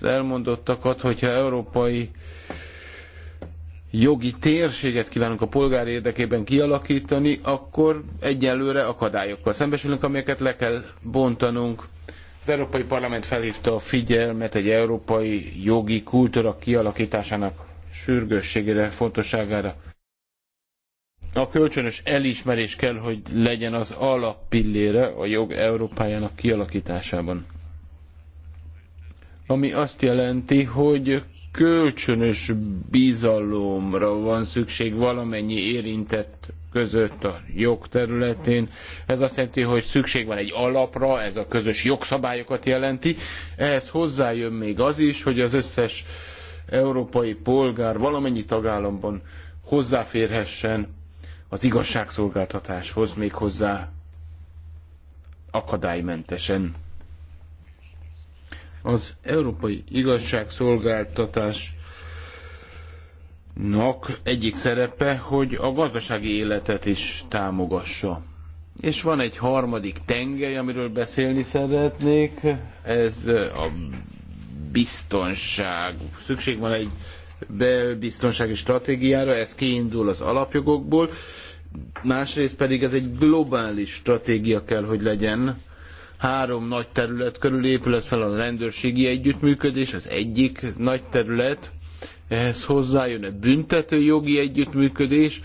A: az elmondottakat, hogyha európai jogi térséget kívánunk a polgár érdekében kialakítani, akkor egyelőre akadályokkal szembesülünk, amelyeket le kell bontanunk. Az Európai Parlament felhívta a figyelmet egy európai jogi kultúra kialakításának sürgősségére, fontosságára. A kölcsönös elismerés kell, hogy legyen az alappillére a jog Európájának kialakításában. Ami azt jelenti, hogy kölcsönös bizalomra van szükség valamennyi érintett között a jogterületén. Ez azt jelenti, hogy szükség van egy alapra, ez a közös jogszabályokat jelenti. Ehhez hozzájön még az is, hogy az összes európai polgár valamennyi tagállamban hozzáférhessen az igazságszolgáltatáshoz még hozzá akadálymentesen. Az Európai Igazságszolgáltatás nak egyik szerepe, hogy a gazdasági életet is támogassa. És van egy harmadik tengely, amiről beszélni szeretnék, ez a biztonság. Szükség van egy belbiztonsági stratégiára, ez kiindul az alapjogokból, másrészt pedig ez egy globális stratégia kell, hogy legyen, Három nagy terület körül épület fel a rendőrségi együttműködés, az egyik nagy terület, ehhez hozzájön a büntető jogi együttműködés.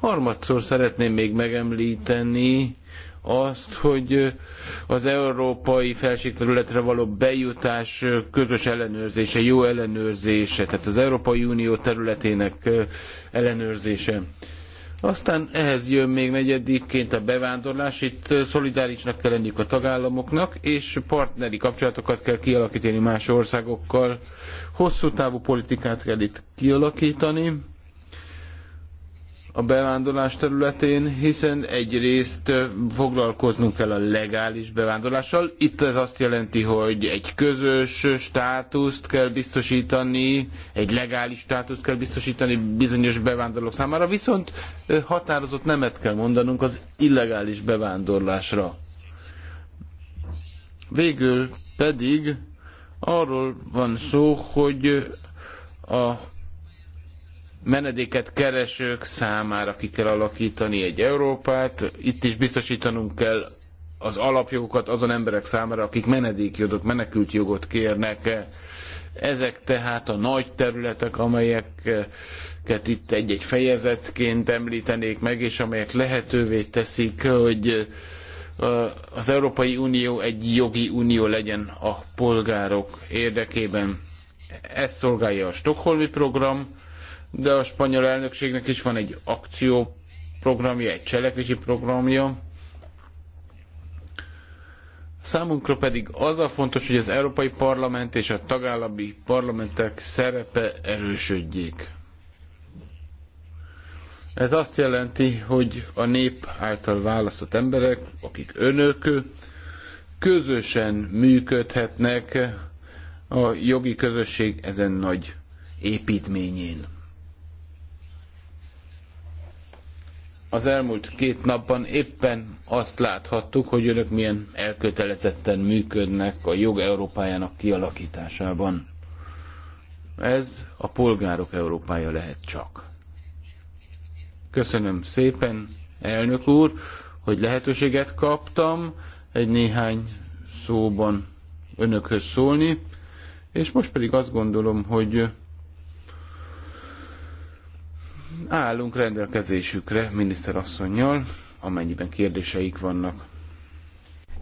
A: Harmadszor szeretném még megemlíteni azt, hogy az európai felségterületre való bejutás közös ellenőrzése, jó ellenőrzése, tehát az Európai Unió területének ellenőrzése. Aztán ehhez jön még negyedikként a bevándorlás, itt szolidárisnak kell lenniük a tagállamoknak, és partneri kapcsolatokat kell kialakítani más országokkal. Hosszú távú politikát kell itt kialakítani, a bevándorlás területén, hiszen egyrészt foglalkoznunk kell a legális bevándorlással. Itt ez azt jelenti, hogy egy közös státuszt kell biztosítani, egy legális státuszt kell biztosítani bizonyos bevándorlók számára, viszont határozott nemet kell mondanunk az illegális bevándorlásra. Végül pedig arról van szó, hogy a menedéket keresők számára ki kell alakítani egy Európát. Itt is biztosítanunk kell az alapjogokat azon emberek számára, akik menedékjogot, menekült jogot kérnek. Ezek tehát a nagy területek, amelyeket itt egy-egy fejezetként említenék meg, és amelyek lehetővé teszik, hogy az Európai Unió egy jogi unió legyen a polgárok érdekében. Ezt szolgálja a Stockholmi program, de a spanyol elnökségnek is van egy akcióprogramja, egy cselekvési programja. Számunkra pedig az a fontos, hogy az Európai Parlament és a tagállami parlamentek szerepe erősödjék. Ez azt jelenti, hogy a nép által választott emberek, akik önök, közösen működhetnek a jogi közösség ezen nagy építményén. az elmúlt két napban éppen azt láthattuk, hogy önök milyen elkötelezetten működnek a jog Európájának kialakításában. Ez a polgárok Európája lehet csak. Köszönöm szépen, elnök úr, hogy lehetőséget kaptam egy néhány szóban önökhöz szólni, és most pedig azt gondolom, hogy Állunk rendelkezésükre miniszterasszonynal, amennyiben
B: kérdéseik vannak.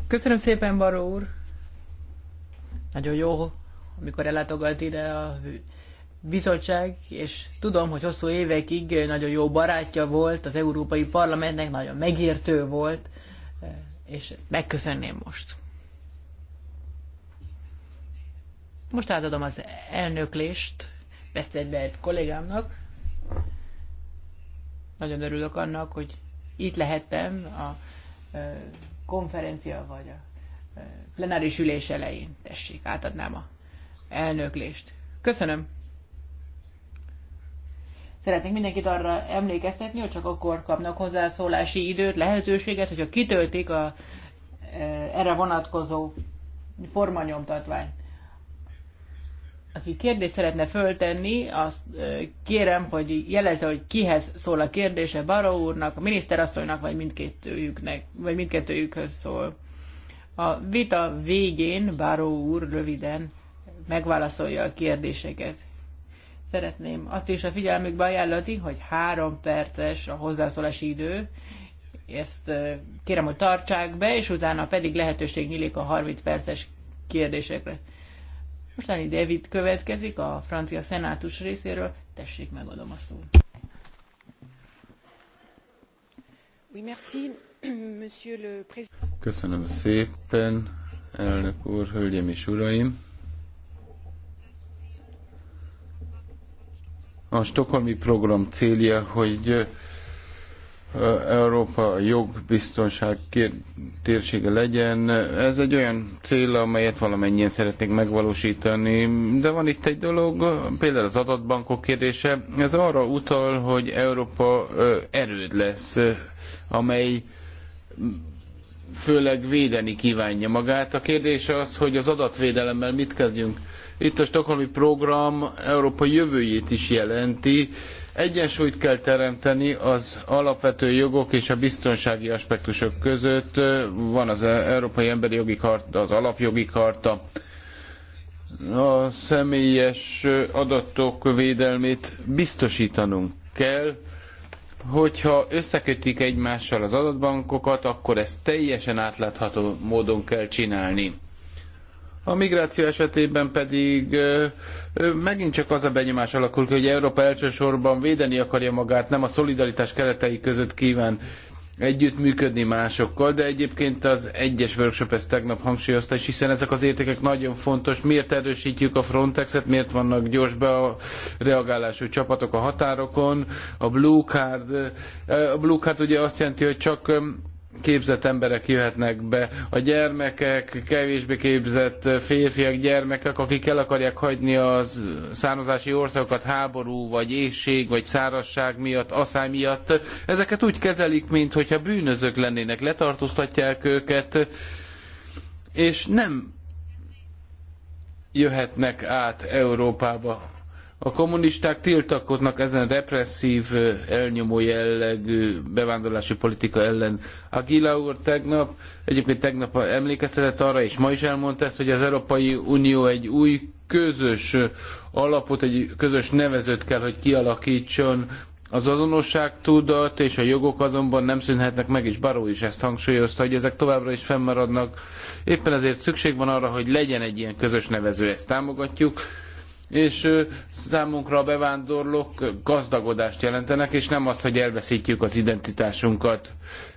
B: Köszönöm szépen, Baró úr! Nagyon jó, amikor ellátogat ide a bizottság, és tudom, hogy hosszú évekig nagyon jó barátja volt az Európai Parlamentnek, nagyon megértő volt, és ezt megköszönném most. Most átadom az elnöklést egy kollégámnak, nagyon örülök annak, hogy itt lehettem a konferencia vagy a plenáris ülés elején. Tessék, átadnám a elnöklést. Köszönöm. Szeretnék mindenkit arra emlékeztetni, hogy csak akkor kapnak hozzászólási időt, lehetőséget, hogyha kitöltik a erre vonatkozó formanyomtatványt aki kérdést szeretne föltenni, azt kérem, hogy jelezze, hogy kihez szól a kérdése, Baró úrnak, a miniszterasszonynak, vagy mindkettőjüknek, vagy mindkettőjükhöz szól. A vita végén Baró úr röviden megválaszolja a kérdéseket. Szeretném azt is a figyelmükbe ajánlani, hogy három perces a hozzászólási idő, ezt kérem, hogy tartsák be, és utána pedig lehetőség nyílik a 30 perces kérdésekre. Mostani David következik a francia szenátus részéről. Tessék, megadom a szót.
A: Köszönöm szépen, elnök úr, hölgyeim és uraim! A stokholmi program célja, hogy Európa jogbiztonság térsége legyen. Ez egy olyan cél, amelyet valamennyien szeretnék megvalósítani, de van itt egy dolog, például az adatbankok kérdése, ez arra utal, hogy Európa erőd lesz, amely főleg védeni kívánja magát. A kérdés az, hogy az adatvédelemmel mit kezdjünk. Itt a Stockholmi program Európa jövőjét is jelenti, Egyensúlyt kell teremteni az alapvető jogok és a biztonsági aspektusok között. Van az Európai Emberi Jogi Karta, az Alapjogi Karta, a személyes adatok védelmét biztosítanunk kell, hogyha összekötik egymással az adatbankokat, akkor ezt teljesen átlátható módon kell csinálni. A migráció esetében pedig megint csak az a benyomás alakul ki, hogy Európa elsősorban védeni akarja magát, nem a szolidaritás keretei között kíván együttműködni másokkal, de egyébként az egyes workshop ezt tegnap hangsúlyozta, és hiszen ezek az értékek nagyon fontos. Miért erősítjük a Frontexet, miért vannak gyors reagálású csapatok a határokon, a Blue Card. A Blue Card ugye azt jelenti, hogy csak képzett emberek jöhetnek be, a gyermekek, kevésbé képzett férfiak, gyermekek, akik el akarják hagyni az származási országokat háború, vagy éjség, vagy szárazság miatt, asszály miatt, ezeket úgy kezelik, mintha bűnözők lennének, letartóztatják őket, és nem jöhetnek át Európába a kommunisták tiltakoznak ezen represszív, elnyomó jellegű bevándorlási politika ellen. Agila úr tegnap, egyébként tegnap emlékeztetett arra, és ma is elmondta ezt, hogy az Európai Unió egy új közös alapot, egy közös nevezőt kell, hogy kialakítson. Az azonosságtudat és a jogok azonban nem szűnhetnek meg, és Baró is ezt hangsúlyozta, hogy ezek továbbra is fennmaradnak. Éppen ezért szükség van arra, hogy legyen egy ilyen közös nevező, ezt támogatjuk és számunkra a bevándorlók gazdagodást jelentenek, és nem azt, hogy elveszítjük az identitásunkat.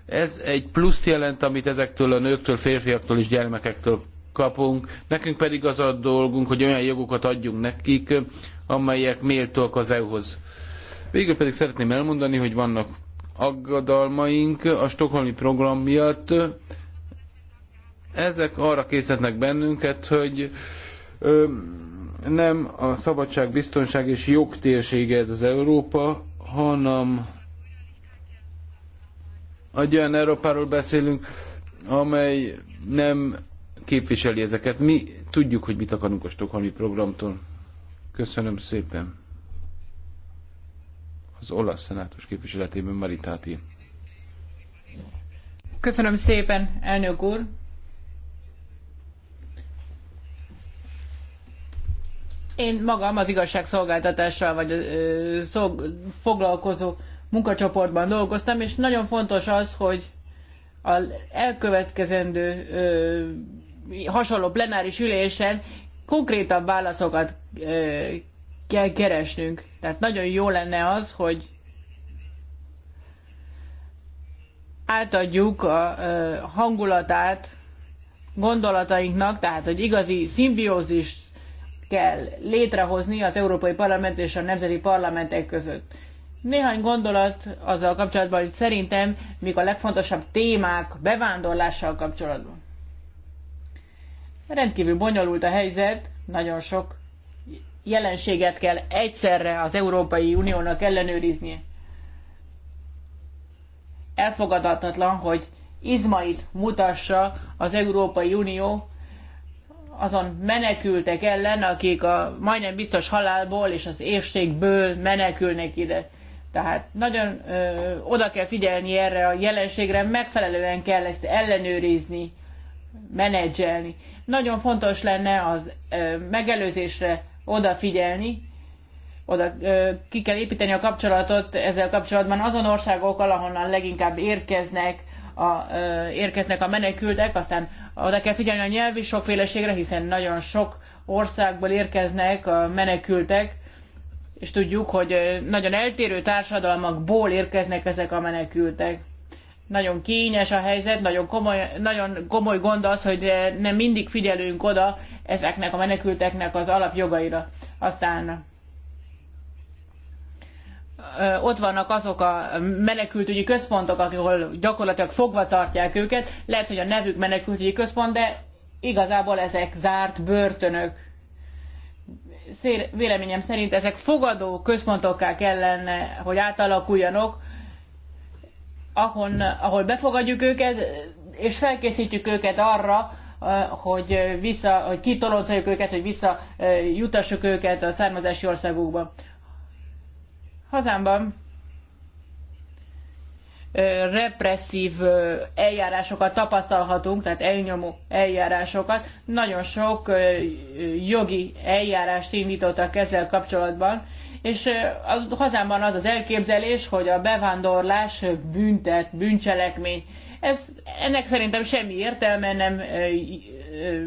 A: Ez egy pluszt jelent, amit ezektől a nőktől, férfiaktól és gyermekektől kapunk, nekünk pedig az a dolgunk, hogy olyan jogokat adjunk nekik, amelyek méltóak az EU-hoz. Végül pedig szeretném elmondani, hogy vannak aggodalmaink a stokholmi program miatt. Ezek arra készítnek bennünket, hogy nem a szabadság, biztonság és jog térsége ez az Európa, hanem egy olyan Európáról beszélünk, amely nem képviseli ezeket. Mi tudjuk, hogy mit akarunk a Stokholmi programtól. Köszönöm szépen. Az olasz szenátus képviseletében Maritáti.
B: Köszönöm szépen, elnök úr. Én magam az igazságszolgáltatással vagy ö, foglalkozó munkacsoportban dolgoztam, és nagyon fontos az, hogy az elkövetkezendő ö, hasonló plenáris ülésen konkrétabb válaszokat ö, kell keresnünk. Tehát nagyon jó lenne az, hogy átadjuk a hangulatát gondolatainknak, tehát hogy igazi szimbiózist kell létrehozni az Európai Parlament és a Nemzeti Parlamentek között. Néhány gondolat azzal kapcsolatban, hogy szerintem mik a legfontosabb témák bevándorlással kapcsolatban. Rendkívül bonyolult a helyzet, nagyon sok jelenséget kell egyszerre az Európai Uniónak ellenőriznie. Elfogadhatatlan, hogy izmait mutassa az Európai Unió azon menekültek ellen, akik a majdnem biztos halálból és az éjségből menekülnek ide. Tehát nagyon ö, oda kell figyelni erre a jelenségre, megfelelően kell ezt ellenőrizni, menedzselni. Nagyon fontos lenne az ö, megelőzésre odafigyelni, oda ö, ki kell építeni a kapcsolatot ezzel kapcsolatban azon országokkal, ahonnan leginkább érkeznek a, ö, érkeznek a menekültek, aztán oda kell figyelni a nyelvi sokféleségre, hiszen nagyon sok országból érkeznek a menekültek, és tudjuk, hogy nagyon eltérő társadalmakból érkeznek ezek a menekültek. Nagyon kényes a helyzet, nagyon komoly, nagyon komoly gond az, hogy nem mindig figyelünk oda ezeknek a menekülteknek az alapjogaira. Aztán ott vannak azok a menekültügyi központok, ahol gyakorlatilag fogva tartják őket. Lehet, hogy a nevük menekültügyi központ, de igazából ezek zárt börtönök. véleményem szerint ezek fogadó központokká kellene, hogy átalakuljanak, ahon, ahol befogadjuk őket, és felkészítjük őket arra, hogy, vissza, hogy kitoloncoljuk őket, hogy visszajutassuk őket a származási országukba. Hazámban represszív eljárásokat tapasztalhatunk, tehát elnyomó eljárásokat. Nagyon sok jogi eljárást indítottak ezzel kapcsolatban, és az, hazámban az az elképzelés, hogy a bevándorlás büntet, bűncselekmény. Ez, ennek szerintem semmi értelme nem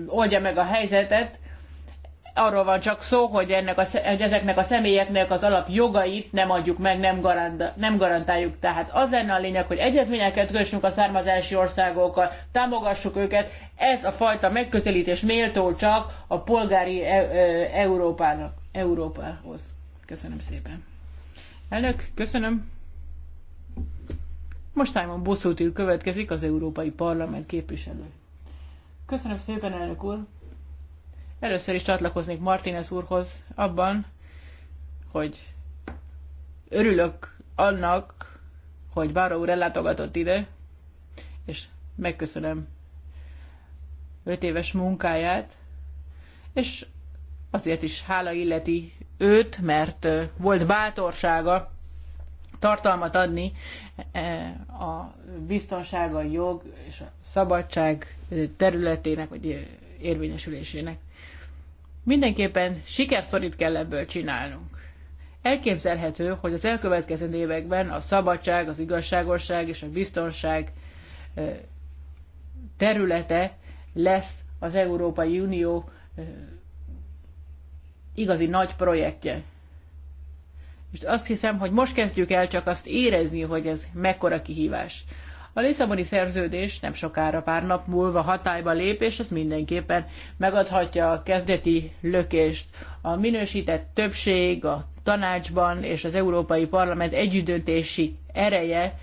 B: oldja meg a helyzetet, arról van csak szó, hogy, ennek a, hogy ezeknek a személyeknek az alapjogait nem adjuk meg, nem, garanta, nem garantáljuk. Tehát az lenne a lényeg, hogy egyezményeket kössünk a származási országokkal, támogassuk őket. Ez a fajta megközelítés méltó csak a polgári e- e- Európának, Európához. Köszönöm szépen. Elnök, köszönöm. Most Simon Bosszútűr következik, az Európai Parlament képviselő. Köszönöm szépen, elnök úr. Először is csatlakoznék Martinez úrhoz abban, hogy örülök annak, hogy Báró úr ellátogatott ide, és megköszönöm öt éves munkáját, és azért is hála illeti őt, mert volt bátorsága tartalmat adni e, a biztonsága, a jog és a szabadság területének, vagy érvényesülésének. Mindenképpen sikersztorit kell ebből csinálnunk. Elképzelhető, hogy az elkövetkező években a szabadság, az igazságosság és a biztonság területe lesz az Európai Unió igazi nagy projektje. És azt hiszem, hogy most kezdjük el csak azt érezni, hogy ez mekkora kihívás. A Lisszaboni szerződés nem sokára pár nap múlva hatályba lép, és ez mindenképpen megadhatja a kezdeti lökést. A minősített többség a tanácsban és az Európai Parlament együttdöntési ereje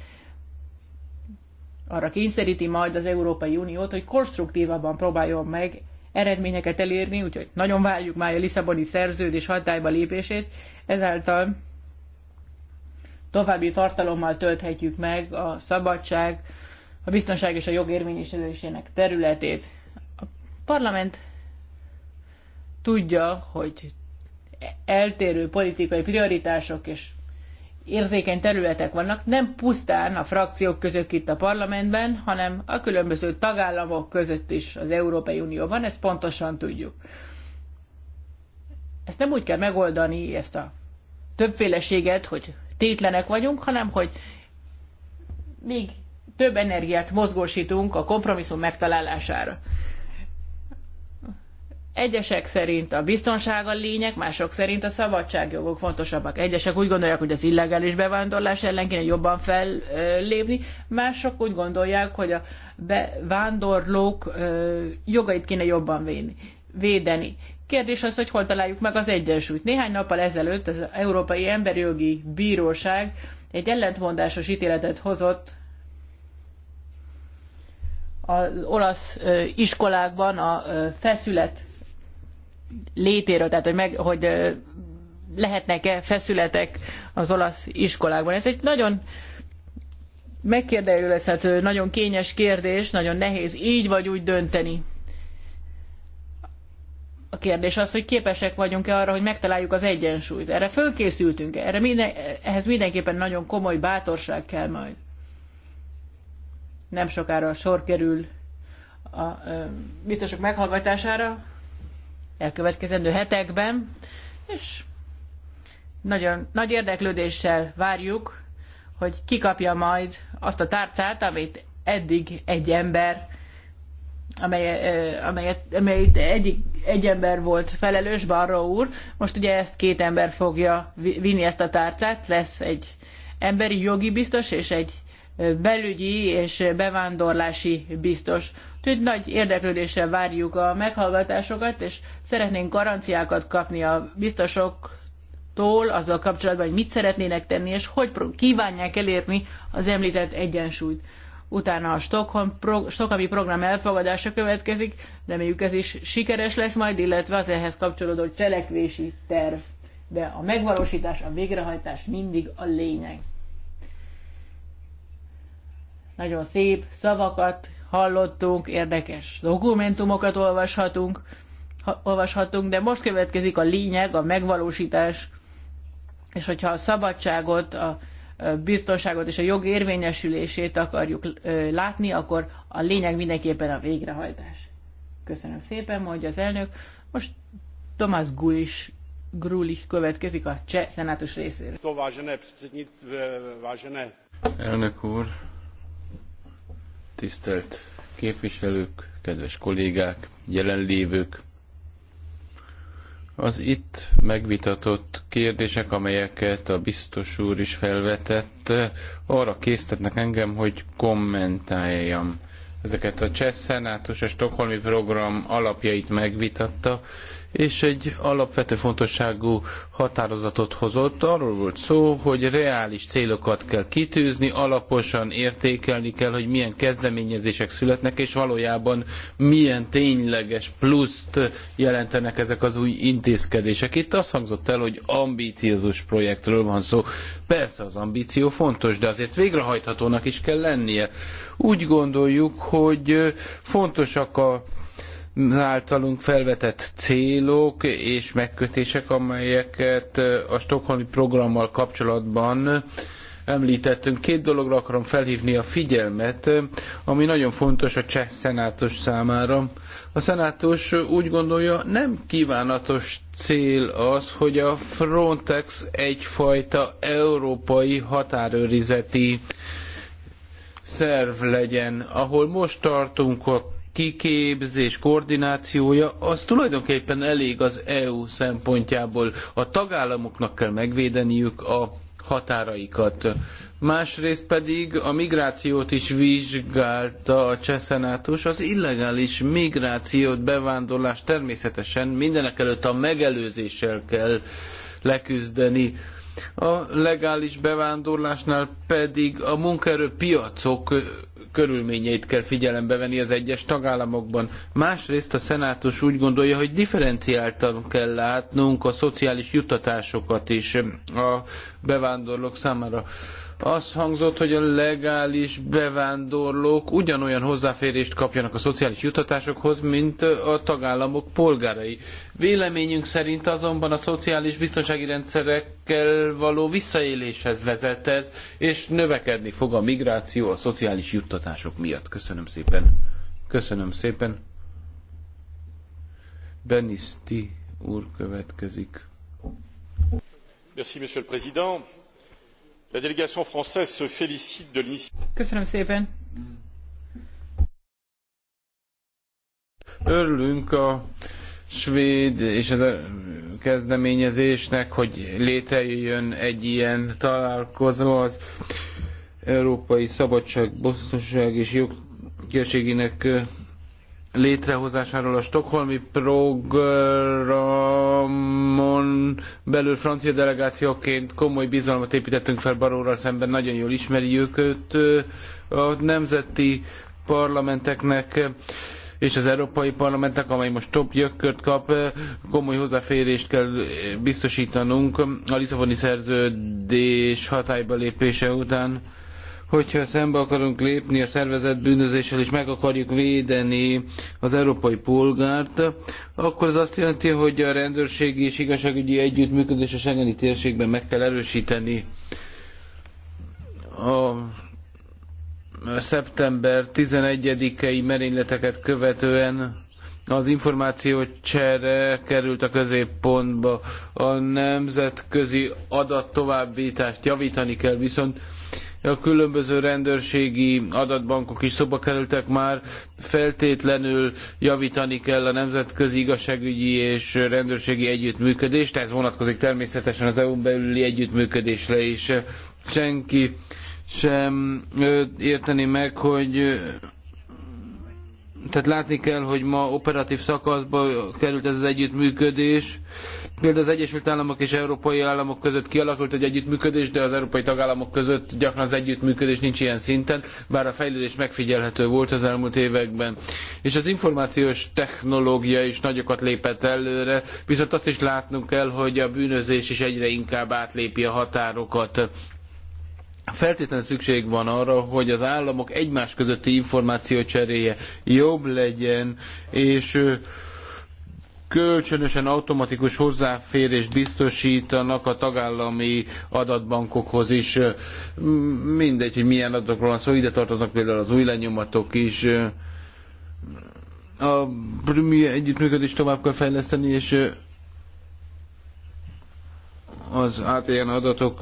B: arra kényszeríti majd az Európai Uniót, hogy konstruktívabban próbáljon meg eredményeket elérni, úgyhogy nagyon várjuk már a Lisszaboni szerződés hatályba lépését, ezáltal további tartalommal tölthetjük meg a szabadság, a biztonság és a jog érvényesülésének területét. A parlament tudja, hogy eltérő politikai prioritások és érzékeny területek vannak, nem pusztán a frakciók között itt a parlamentben, hanem a különböző tagállamok között is az Európai Unióban, ezt pontosan tudjuk. Ezt nem úgy kell megoldani, ezt a többféleséget, hogy tétlenek vagyunk, hanem hogy még több energiát mozgósítunk a kompromisszum megtalálására. Egyesek szerint a biztonság a lényeg, mások szerint a szabadságjogok fontosabbak. Egyesek úgy gondolják, hogy az illegális bevándorlás ellen kéne jobban fellépni, mások úgy gondolják, hogy a bevándorlók jogait kéne jobban védeni védeni. Kérdés az, hogy hol találjuk meg az egyensúlyt. Néhány nappal ezelőtt az Európai Emberi Jogi Bíróság egy ellentmondásos ítéletet hozott az olasz iskolákban a feszület létéről, tehát hogy, meg, hogy lehetnek-e feszületek az olasz iskolákban. Ez egy nagyon megkérdőjelezhető, nagyon kényes kérdés, nagyon nehéz így vagy úgy dönteni. A kérdés az, hogy képesek vagyunk-e arra, hogy megtaláljuk az egyensúlyt. Erre fölkészültünk, erre minden, ehhez mindenképpen nagyon komoly bátorság kell majd. Nem sokára sor kerül a ö, biztosok meghallgatására, elkövetkezendő hetekben, és nagyon nagy érdeklődéssel várjuk, hogy kikapja majd azt a tárcát, amit eddig egy ember amely, amelyet, amely egy, egy ember volt felelős, Barra úr, most ugye ezt két ember fogja vinni ezt a tárcát, lesz egy emberi jogi biztos és egy belügyi és bevándorlási biztos. Úgyhogy nagy érdeklődéssel várjuk a meghallgatásokat, és szeretnénk garanciákat kapni a biztosoktól azzal kapcsolatban, hogy mit szeretnének tenni, és hogy kívánják elérni az említett egyensúlyt utána a Stockholm pro, Stockholmi program elfogadása következik, reméljük ez is sikeres lesz majd, illetve az ehhez kapcsolódó cselekvési terv. De a megvalósítás, a végrehajtás mindig a lényeg. Nagyon szép szavakat hallottunk, érdekes dokumentumokat olvashatunk, ha, olvashatunk, de most következik a lényeg, a megvalósítás, és hogyha a szabadságot, a biztonságot és a jog érvényesülését akarjuk látni, akkor a lényeg mindenképpen a végrehajtás. Köszönöm szépen, mondja az elnök. Most Tomás Gulis Grulich következik a cseh szenátus részéről.
A: Elnök úr, tisztelt képviselők, kedves kollégák, jelenlévők, az itt megvitatott kérdések, amelyeket a biztos úr is felvetett, arra késztetnek engem, hogy kommentáljam. Ezeket a Csesz Szenátus és Stokholmi Program alapjait megvitatta, és egy alapvető fontosságú határozatot hozott. Arról volt szó, hogy reális célokat kell kitűzni, alaposan értékelni kell, hogy milyen kezdeményezések születnek, és valójában milyen tényleges pluszt jelentenek ezek az új intézkedések. Itt azt hangzott el, hogy ambíciózus projektről van szó. Persze az ambíció fontos, de azért végrehajthatónak is kell lennie. Úgy gondoljuk, hogy fontosak a általunk felvetett célok és megkötések, amelyeket a Stockholmi programmal kapcsolatban említettünk. Két dologra akarom felhívni a figyelmet, ami nagyon fontos a cseh szenátus számára. A szenátus úgy gondolja, nem kívánatos cél az, hogy a Frontex egyfajta európai határőrizeti szerv legyen. Ahol most tartunk, ott kiképzés koordinációja, az tulajdonképpen elég az EU szempontjából. A tagállamoknak kell megvédeniük a határaikat. Másrészt pedig a migrációt is vizsgálta a csehszenátus, az illegális migrációt, bevándorlást természetesen mindenekelőtt a megelőzéssel kell leküzdeni. A legális bevándorlásnál pedig a munkaerőpiacok körülményeit kell figyelembe venni az egyes tagállamokban. Másrészt a szenátus úgy gondolja, hogy differenciáltan kell látnunk a szociális juttatásokat is a bevándorlók számára az hangzott, hogy a legális bevándorlók ugyanolyan hozzáférést kapjanak a szociális juttatásokhoz, mint a tagállamok polgárai. Véleményünk szerint azonban a szociális biztonsági rendszerekkel való visszaéléshez vezet ez, és növekedni fog a migráció a szociális juttatások miatt. Köszönöm szépen. Köszönöm szépen. Beniszti úr következik.
C: La délégation française se félicite de
B: l'initiative.
A: Örülünk a svéd és a kezdeményezésnek, hogy létrejön egy ilyen találkozó az Európai Szabadság, Biztonság és Jogkérségének létrehozásáról a stokholmi programon belül francia delegációként komoly bizalmat építettünk fel baróra szemben, nagyon jól ismerjük őt a nemzeti parlamenteknek és az Európai Parlamentnek, amely most top gyökkört kap, komoly hozzáférést kell biztosítanunk a Lisszaboni szerződés hatályba lépése után hogyha szembe akarunk lépni a szervezett bűnözéssel, és meg akarjuk védeni az európai polgárt, akkor az azt jelenti, hogy a rendőrségi és igazságügyi együttműködés a Schengeni térségben meg kell erősíteni. A szeptember 11-i merényleteket követően az információ csere került a középpontba. A nemzetközi adattovábbítást javítani kell, viszont a különböző rendőrségi adatbankok is szoba kerültek már, feltétlenül javítani kell a nemzetközi igazságügyi és rendőrségi együttműködést, ez vonatkozik természetesen az EU-n belüli együttműködésre is. Senki sem érteni meg, hogy tehát látni kell, hogy ma operatív szakaszba került ez az együttműködés, Például az Egyesült Államok és Európai Államok között kialakult egy együttműködés, de az európai tagállamok között gyakran az együttműködés nincs ilyen szinten, bár a fejlődés megfigyelhető volt az elmúlt években. És az információs technológia is nagyokat lépett előre, viszont azt is látnunk kell, hogy a bűnözés is egyre inkább átlépi a határokat. Feltétlenül szükség van arra, hogy az államok egymás közötti információ cseréje jobb legyen, és kölcsönösen automatikus hozzáférést biztosítanak a tagállami adatbankokhoz is. Mindegy, hogy milyen adatokról van szó, szóval ide tartoznak például az új lenyomatok is. A együttműködést tovább kell fejleszteni, és az ATN adatok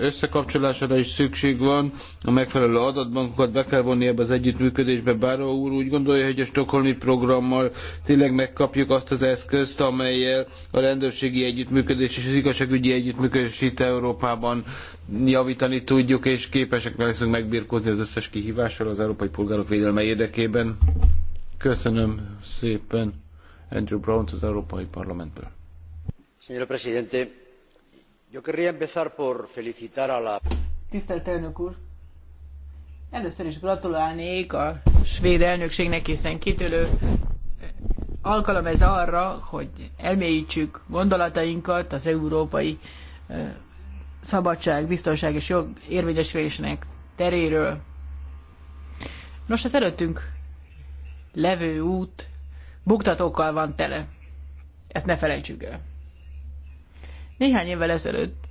A: összekapcsolására is szükség van, a megfelelő adatbankokat be kell vonni ebbe az együttműködésbe. Báró úr úgy gondolja, hogy a stokholmi programmal tényleg megkapjuk azt az eszközt, amelyel a rendőrségi együttműködés és az igazságügyi együttműködés itt Európában javítani tudjuk, és képesek leszünk megbirkózni az összes kihívással az európai polgárok védelme érdekében. Köszönöm szépen Andrew Brown az Európai Parlamentből.
B: Señor presidente, Tisztelt elnök úr! Először is gratulálnék a svéd elnökségnek, hiszen kitűnő eh, alkalom ez arra, hogy elmélyítsük gondolatainkat az európai eh, szabadság, biztonság és jog érvényesülésének teréről. Nos, az előttünk levő út buktatókkal van tele. Ezt ne felejtsük el. Néhány évvel ezelőtt,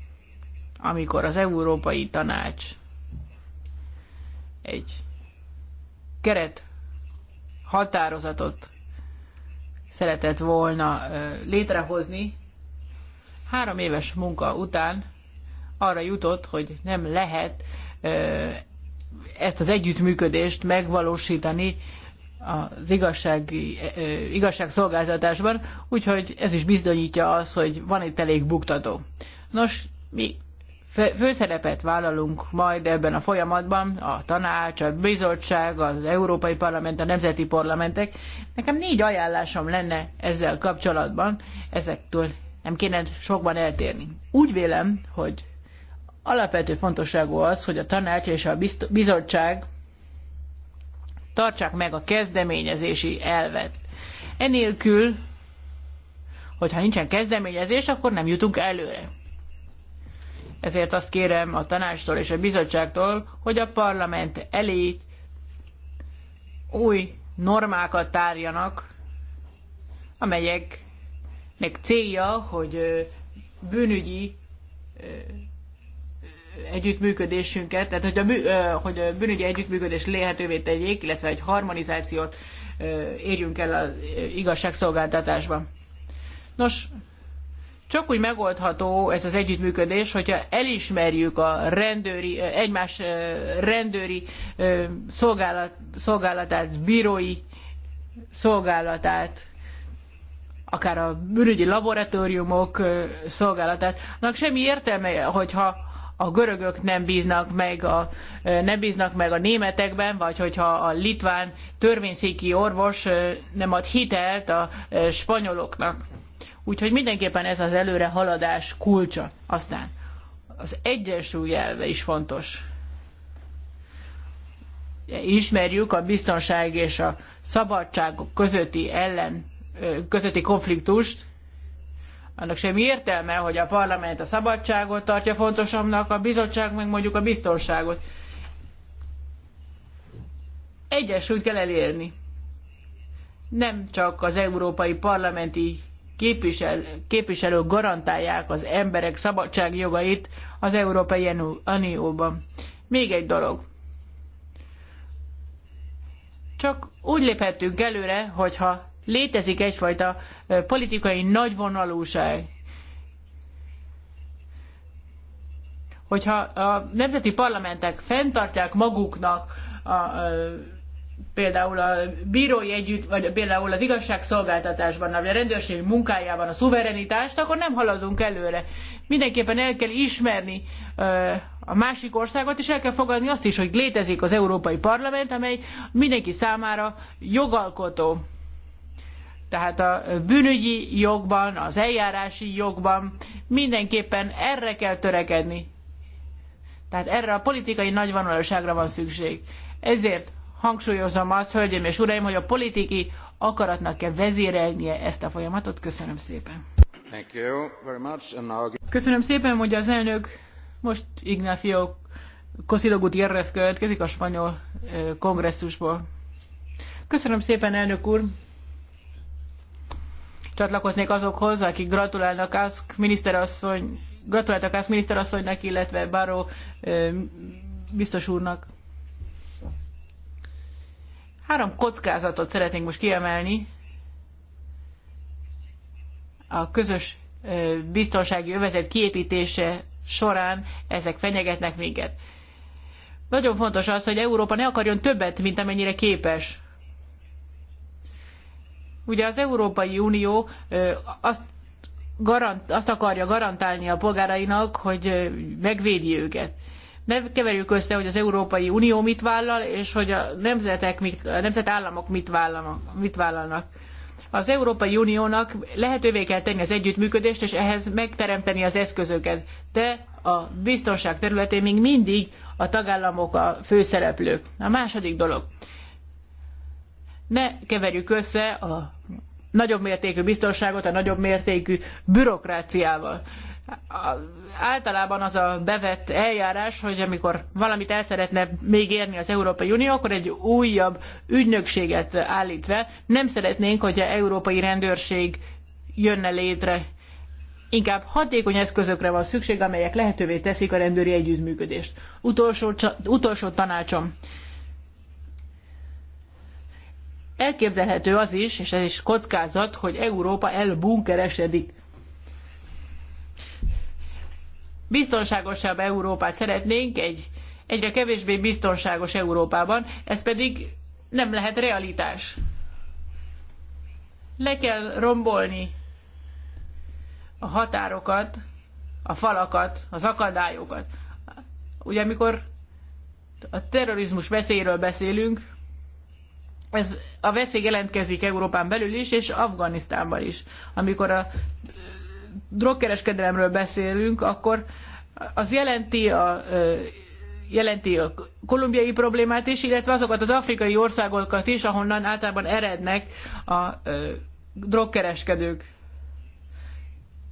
B: amikor az Európai Tanács egy keret határozatot szeretett volna létrehozni, három éves munka után arra jutott, hogy nem lehet ezt az együttműködést megvalósítani az igazság, igazságszolgáltatásban, úgyhogy ez is bizonyítja azt, hogy van itt elég buktató. Nos, mi főszerepet vállalunk majd ebben a folyamatban, a tanács, a bizottság, az Európai Parlament, a nemzeti parlamentek. Nekem négy ajánlásom lenne ezzel kapcsolatban, ezektől nem kéne sokban eltérni. Úgy vélem, hogy alapvető fontosságú az, hogy a tanács és a bizottság tartsák meg a kezdeményezési elvet. Enélkül, hogyha nincsen kezdeményezés, akkor nem jutunk előre. Ezért azt kérem a tanástól és a bizottságtól, hogy a parlament elé új normákat tárjanak, amelyeknek célja, hogy bűnügyi együttműködésünket, tehát hogy a, hogy a bűnügyi együttműködés lehetővé tegyék, illetve egy harmonizációt érjünk el az igazságszolgáltatásban. Nos, csak úgy megoldható ez az együttműködés, hogyha elismerjük a rendőri, egymás rendőri szolgálat, szolgálatát, bírói szolgálatát, akár a bűnügyi laboratóriumok szolgálatát. Annak semmi értelme, hogyha a görögök nem bíznak meg a, nem bíznak meg a németekben, vagy hogyha a litván törvényszéki orvos nem ad hitelt a spanyoloknak. Úgyhogy mindenképpen ez az előrehaladás kulcsa. Aztán az egyensúly elve is fontos. Ismerjük a biztonság és a szabadságok közötti ellen közötti konfliktust, annak semmi értelme, hogy a parlament a szabadságot tartja fontosabbnak, a bizottság meg mondjuk a biztonságot. Egyesült kell elérni. Nem csak az európai parlamenti képvisel, képviselők garantálják az emberek szabadságjogait az Európai Unióban. Még egy dolog. Csak úgy léphetünk előre, hogyha létezik egyfajta politikai nagyvonalúság. Hogyha a nemzeti parlamentek fenntartják maguknak a, a például a bírói együtt, vagy például az igazságszolgáltatásban, vagy a rendőrség munkájában a szuverenitást, akkor nem haladunk előre. Mindenképpen el kell ismerni a másik országot, és el kell fogadni azt is, hogy létezik az Európai Parlament, amely mindenki számára jogalkotó. Tehát a bűnügyi jogban, az eljárási jogban mindenképpen erre kell törekedni. Tehát erre a politikai nagyvonalúságra van szükség. Ezért hangsúlyozom azt, hölgyeim és uraim, hogy a politikai akaratnak kell vezérelnie ezt a folyamatot. Köszönöm szépen. Now... Köszönöm szépen, hogy az elnök most Ignacio Cosilogut Jerrez következik a spanyol eh, kongresszusból. Köszönöm szépen, elnök úr! csatlakoznék azokhoz, akik gratulálnak Ask miniszterasszony, gratuláltak Ask miniszterasszonynak, illetve Baró biztos úrnak. Három kockázatot szeretnénk most kiemelni a közös biztonsági övezet kiépítése során ezek fenyegetnek minket. Nagyon fontos az, hogy Európa ne akarjon többet, mint amennyire képes. Ugye az Európai Unió azt, garant, azt akarja garantálni a polgárainak, hogy megvédi őket. Ne keverjük össze, hogy az Európai Unió mit vállal, és hogy a nemzetek, a nemzetállamok mit vállalnak. Mit vállalnak az Európai Uniónak lehetővé kell tenni az együttműködést, és ehhez megteremteni az eszközöket. De a biztonság területén még mindig a tagállamok a főszereplők. A második dolog. Ne keverjük össze a nagyobb mértékű biztonságot a nagyobb mértékű bürokráciával. Általában az a bevett eljárás, hogy amikor valamit el szeretne még érni az Európai Unió, akkor egy újabb ügynökséget állítve nem szeretnénk, hogy a Európai Rendőrség jönne létre. Inkább hatékony eszközökre van szükség, amelyek lehetővé teszik a rendőri együttműködést. Utolsó, utolsó tanácsom Elképzelhető az is, és ez is kockázat, hogy Európa elbunkeresedik. Biztonságosabb Európát szeretnénk egy egyre kevésbé biztonságos Európában, ez pedig nem lehet realitás. Le kell rombolni a határokat, a falakat, az akadályokat. Ugye amikor a terrorizmus veszélyről beszélünk, ez a veszély jelentkezik Európán belül is, és Afganisztánban is. Amikor a drogkereskedelemről beszélünk, akkor az jelenti a jelenti a kolumbiai problémát is, illetve azokat az afrikai országokat is, ahonnan általában erednek a drogkereskedők.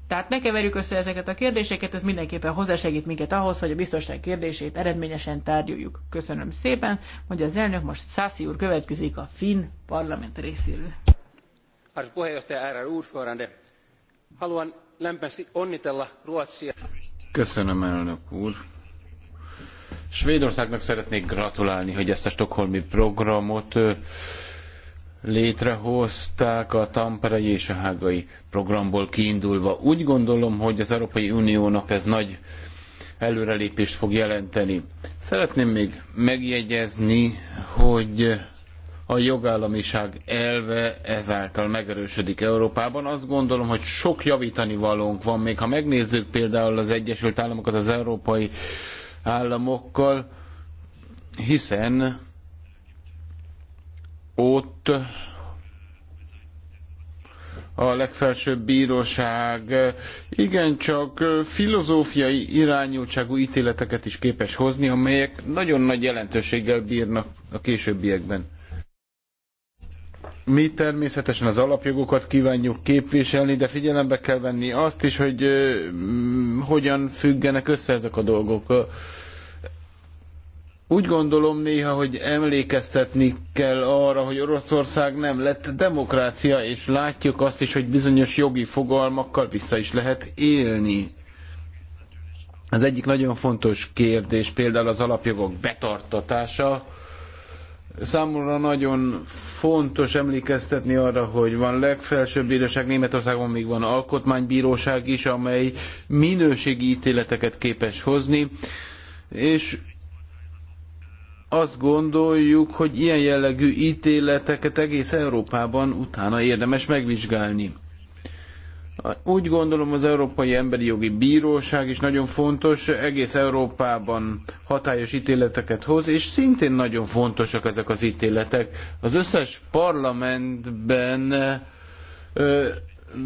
B: Tehát ne keverjük össze ezeket a kérdéseket, ez mindenképpen hozzásegít minket ahhoz, hogy a biztonság kérdését eredményesen tárgyaljuk. Köszönöm szépen, hogy az elnök most Szászi úr következik a finn
C: parlament részéről. Arvoisa puheenjohtaja, ärade ordförande. Haluan lämpimästi onnitella Ruotsia.
A: Köszönöm, elnök úr. Svédországnak szeretnék gratulálni, hogy ezt a stokholmi programot létrehozták a Tamperei és a Hágai programból kiindulva. Úgy gondolom, hogy az Európai Uniónak ez nagy előrelépést fog jelenteni. Szeretném még megjegyezni, hogy a jogállamiság elve ezáltal megerősödik Európában. Azt gondolom, hogy sok javítani valónk van, még ha megnézzük például az Egyesült Államokat az európai államokkal, hiszen ott a legfelsőbb bíróság igencsak filozófiai irányultságú ítéleteket is képes hozni, amelyek nagyon nagy jelentőséggel bírnak a későbbiekben. Mi természetesen az alapjogokat kívánjuk képviselni, de figyelembe kell venni azt is, hogy hogyan függenek össze ezek a dolgok. Úgy gondolom néha, hogy emlékeztetni kell arra, hogy Oroszország nem lett demokrácia, és látjuk azt is, hogy bizonyos jogi fogalmakkal vissza is lehet élni. Az egyik nagyon fontos kérdés például az alapjogok betartatása. Számomra nagyon fontos emlékeztetni arra, hogy van legfelsőbb bíróság, Németországban még van alkotmánybíróság is, amely minőségi ítéleteket képes hozni, és azt gondoljuk, hogy ilyen jellegű ítéleteket egész Európában utána érdemes megvizsgálni. Úgy gondolom az Európai Emberi Jogi Bíróság is nagyon fontos, egész Európában hatályos ítéleteket hoz, és szintén nagyon fontosak ezek az ítéletek. Az összes parlamentben ö,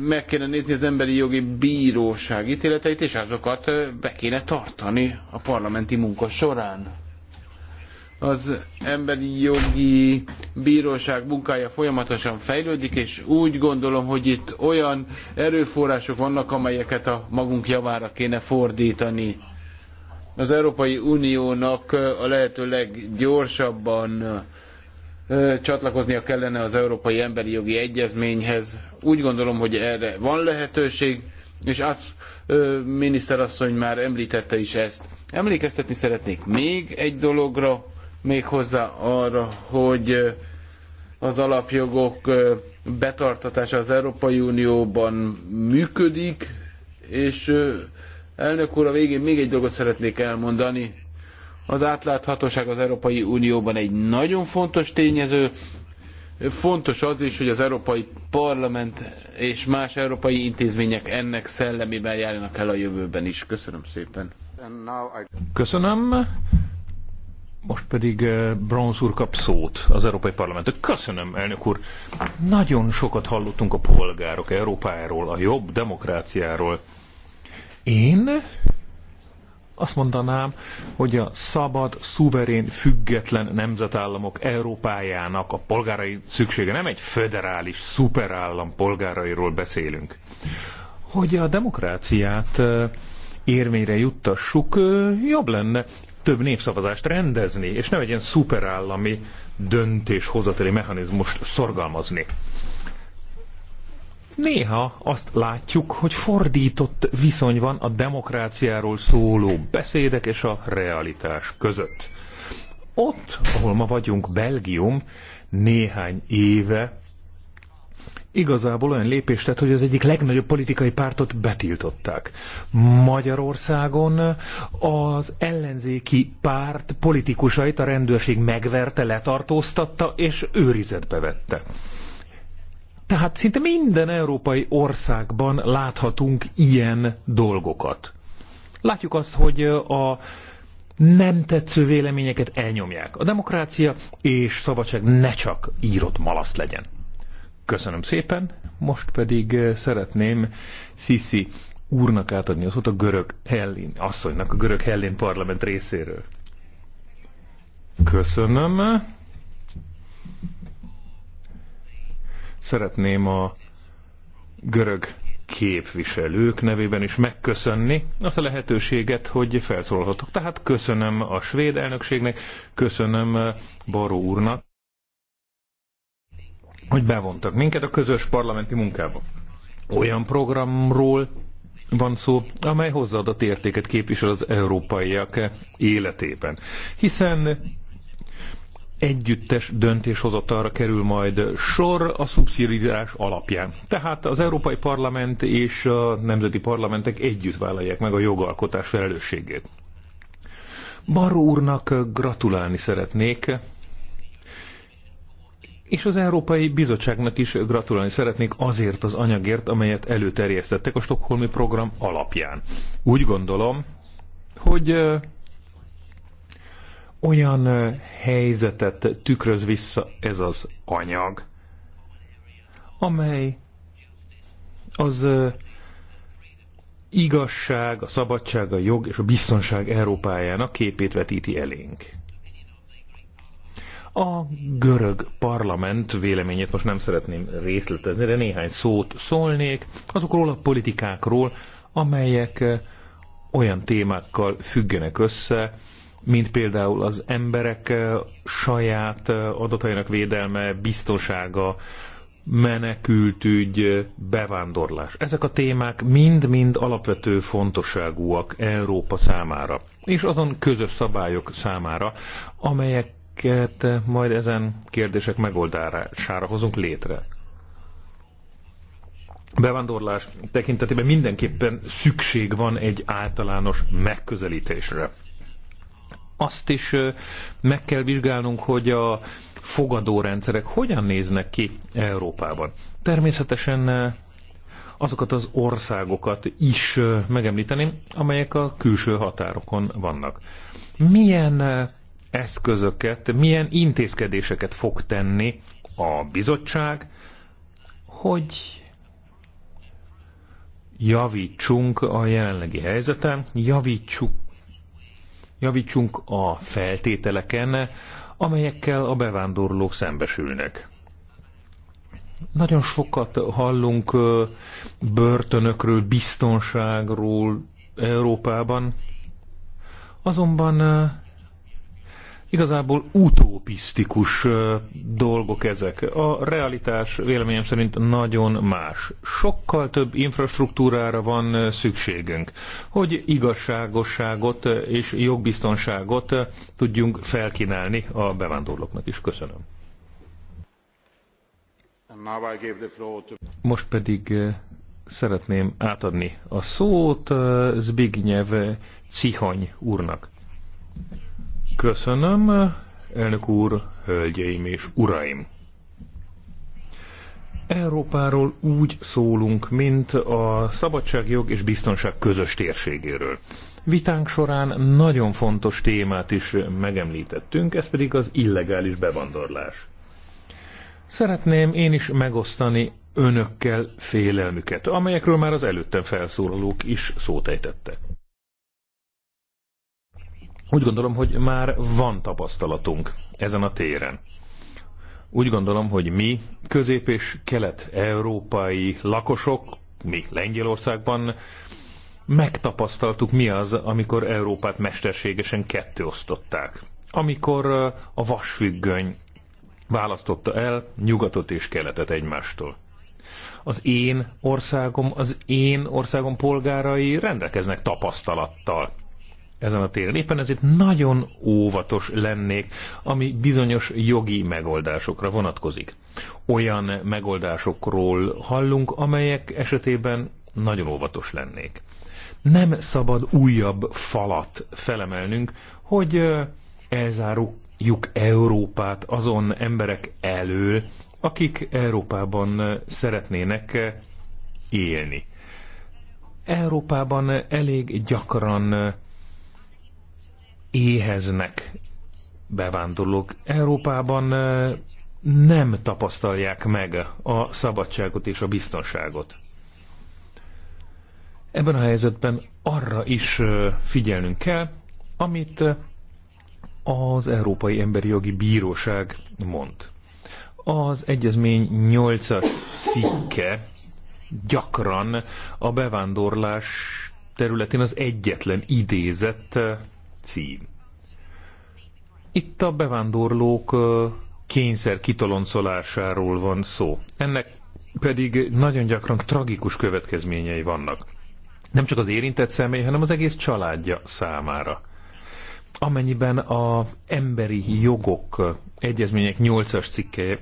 A: meg kéne nézni az Emberi Jogi Bíróság ítéleteit, és azokat be kéne tartani a parlamenti munka során az emberi jogi bíróság munkája folyamatosan fejlődik, és úgy gondolom, hogy itt olyan erőforrások vannak, amelyeket a magunk javára kéne fordítani. Az Európai Uniónak a lehető leggyorsabban csatlakoznia kellene az Európai Emberi Jogi Egyezményhez. Úgy gondolom, hogy erre van lehetőség, és át, miniszterasszony már említette is ezt. Emlékeztetni szeretnék még egy dologra, méghozzá arra, hogy eh, az alapjogok eh, betartatása az Európai Unióban működik, és eh, elnök úr, a végén még egy dolgot szeretnék elmondani. Az átláthatóság az Európai Unióban egy nagyon fontos tényező, fontos az is, hogy az Európai Parlament és más európai intézmények ennek szellemében járjanak el a jövőben is. Köszönöm szépen.
C: Köszönöm. Most pedig eh, Bronz úr kap szót az Európai Parlamentet. Köszönöm, elnök úr. Nagyon sokat hallottunk a polgárok Európáról, a jobb demokráciáról. Én azt mondanám, hogy a szabad, szuverén, független nemzetállamok Európájának a polgárai szüksége. Nem egy föderális szuperállam polgárairól beszélünk. Hogy a demokráciát eh, érvényre juttassuk, eh, jobb lenne több népszavazást rendezni, és nem egy ilyen szuperállami döntéshozatali mechanizmust szorgalmazni. Néha azt látjuk, hogy fordított viszony van a demokráciáról szóló beszédek és a realitás között. Ott, ahol ma vagyunk, Belgium, néhány éve igazából olyan lépést tett, hogy az egyik legnagyobb politikai pártot betiltották. Magyarországon az ellenzéki párt politikusait a rendőrség megverte, letartóztatta és őrizetbe vette. Tehát szinte minden európai országban láthatunk ilyen dolgokat. Látjuk azt, hogy a nem tetsző véleményeket elnyomják. A demokrácia és szabadság ne csak írott malaszt legyen. Köszönöm szépen, most pedig eh, szeretném Sisi úrnak átadni az a görög Hellén, asszonynak a görög Hellén parlament részéről. Köszönöm. Szeretném a görög képviselők nevében is megköszönni azt a lehetőséget, hogy felszólhatok. Tehát köszönöm a svéd elnökségnek, köszönöm eh, Baró úrnak, hogy bevontak minket a közös parlamenti munkába. Olyan programról van szó, amely hozzáadott értéket képvisel az európaiak életében. Hiszen együttes döntéshozatalra kerül majd sor a szubszidiás alapján. Tehát az Európai Parlament és a nemzeti parlamentek együtt vállalják meg a jogalkotás felelősségét. Baró úrnak gratulálni szeretnék és az Európai Bizottságnak is gratulálni szeretnék azért az anyagért, amelyet előterjesztettek a Stockholmi program alapján. Úgy gondolom, hogy olyan helyzetet tükröz vissza ez az anyag, amely az igazság, a szabadság, a jog és a biztonság Európájának képét vetíti elénk. A görög parlament véleményét most nem szeretném részletezni, de néhány szót szólnék azokról a politikákról, amelyek eh, olyan témákkal függenek össze, mint például az emberek eh, saját eh, adatainak védelme, biztonsága, menekültügy, bevándorlás. Ezek a témák mind-mind alapvető fontosságúak Európa számára, és azon közös szabályok számára, amelyek amelyeket majd ezen kérdések megoldására hozunk létre. Bevándorlás tekintetében mindenképpen szükség van egy általános megközelítésre. Azt is meg kell vizsgálnunk, hogy a fogadórendszerek hogyan néznek ki Európában. Természetesen azokat az országokat is megemlíteném, amelyek a külső határokon vannak. Milyen eszközöket, milyen intézkedéseket fog tenni a bizottság, hogy javítsunk a jelenlegi helyzeten, javítsuk, javítsunk a feltételeken, amelyekkel a bevándorlók szembesülnek. Nagyon sokat hallunk börtönökről, biztonságról Európában, azonban Igazából utópisztikus dolgok ezek. A realitás véleményem szerint nagyon más. Sokkal több infrastruktúrára van szükségünk, hogy igazságosságot és jogbiztonságot tudjunk felkínálni a bevándorlóknak is. Köszönöm. Most pedig szeretném átadni a szót Zbigniew Cihany úrnak. Köszönöm, elnök úr, hölgyeim és uraim! Európáról úgy szólunk, mint a szabadságjog és biztonság közös térségéről. Vitánk során nagyon fontos témát is megemlítettünk, ez pedig az illegális bevándorlás. Szeretném én is megosztani önökkel félelmüket, amelyekről már az előttem felszólalók is szót úgy gondolom, hogy már van tapasztalatunk ezen a téren. Úgy gondolom, hogy mi, közép- és kelet-európai lakosok, mi Lengyelországban megtapasztaltuk mi az, amikor Európát mesterségesen kettéosztották. Amikor uh, a vasfüggöny választotta el nyugatot és keletet egymástól. Az én országom, az én országom polgárai rendelkeznek tapasztalattal ezen a téren. Éppen ezért nagyon óvatos lennék, ami bizonyos jogi megoldásokra vonatkozik. Olyan megoldásokról hallunk, amelyek esetében nagyon óvatos lennék. Nem szabad újabb falat felemelnünk, hogy elzárjuk Európát azon emberek elől, akik Európában szeretnének élni. Európában elég gyakran éheznek bevándorlók. Európában nem tapasztalják meg a szabadságot és a biztonságot. Ebben a helyzetben arra is figyelnünk kell, amit az Európai Emberi Jogi Bíróság mond. Az egyezmény 8 cikke gyakran a bevándorlás területén az egyetlen idézett cím. Itt a bevándorlók kényszer kitoloncolásáról van szó. Ennek pedig nagyon gyakran tragikus következményei vannak. Nem csak az érintett személy, hanem az egész családja számára. Amennyiben a emberi jogok egyezmények 8-as cikke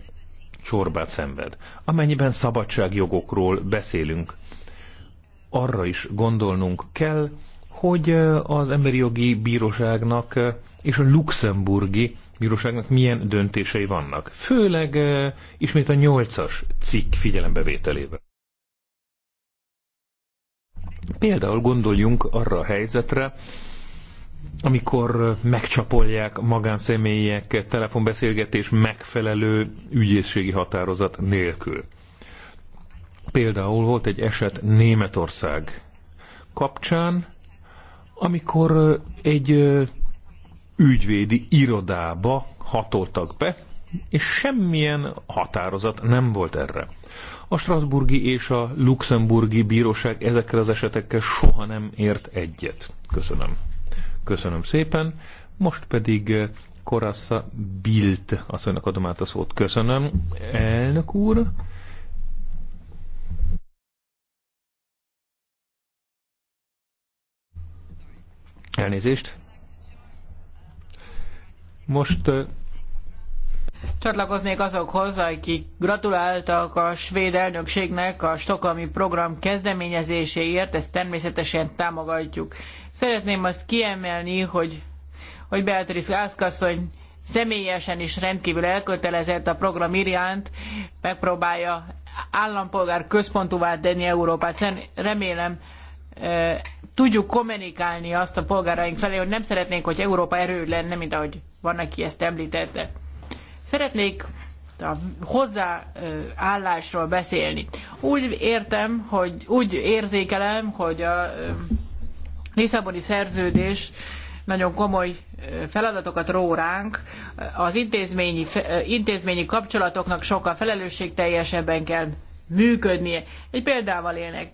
C: csorbát szenved, amennyiben szabadságjogokról beszélünk, arra is gondolnunk kell, hogy az Emberi Jogi Bíróságnak és a luxemburgi bíróságnak milyen döntései vannak. Főleg ismét a nyolcas cikk figyelembevételével. Például gondoljunk arra a helyzetre, amikor megcsapolják magánszemélyek telefonbeszélgetés megfelelő ügyészségi határozat nélkül. Például volt egy eset Németország kapcsán, amikor egy ügyvédi irodába hatoltak be, és semmilyen határozat nem volt erre. A Strasburgi és a Luxemburgi Bíróság ezekkel az esetekkel soha nem ért egyet. Köszönöm. Köszönöm szépen. Most pedig Korassa Bilt asszonynak adom át a szót. Köszönöm, elnök úr. Elnézést. Most
B: Csatlakoznék azokhoz, akik gratuláltak a svéd elnökségnek a stokami program kezdeményezéséért, ezt természetesen támogatjuk. Szeretném azt kiemelni, hogy, hogy Beatrice Gászkasszony személyesen is rendkívül elkötelezett a program iránt, megpróbálja állampolgár központúvá tenni Európát. Remélem, tudjuk kommunikálni azt a polgáraink felé, hogy nem szeretnénk, hogy Európa erőd lenne, mint ahogy van, aki ezt említette. Szeretnék a hozzáállásról beszélni. Úgy értem, hogy úgy érzékelem, hogy a Lisszaboni szerződés nagyon komoly feladatokat ró ránk. Az intézményi, intézményi kapcsolatoknak sokkal felelősségteljesebben kell működnie. Egy példával élnek.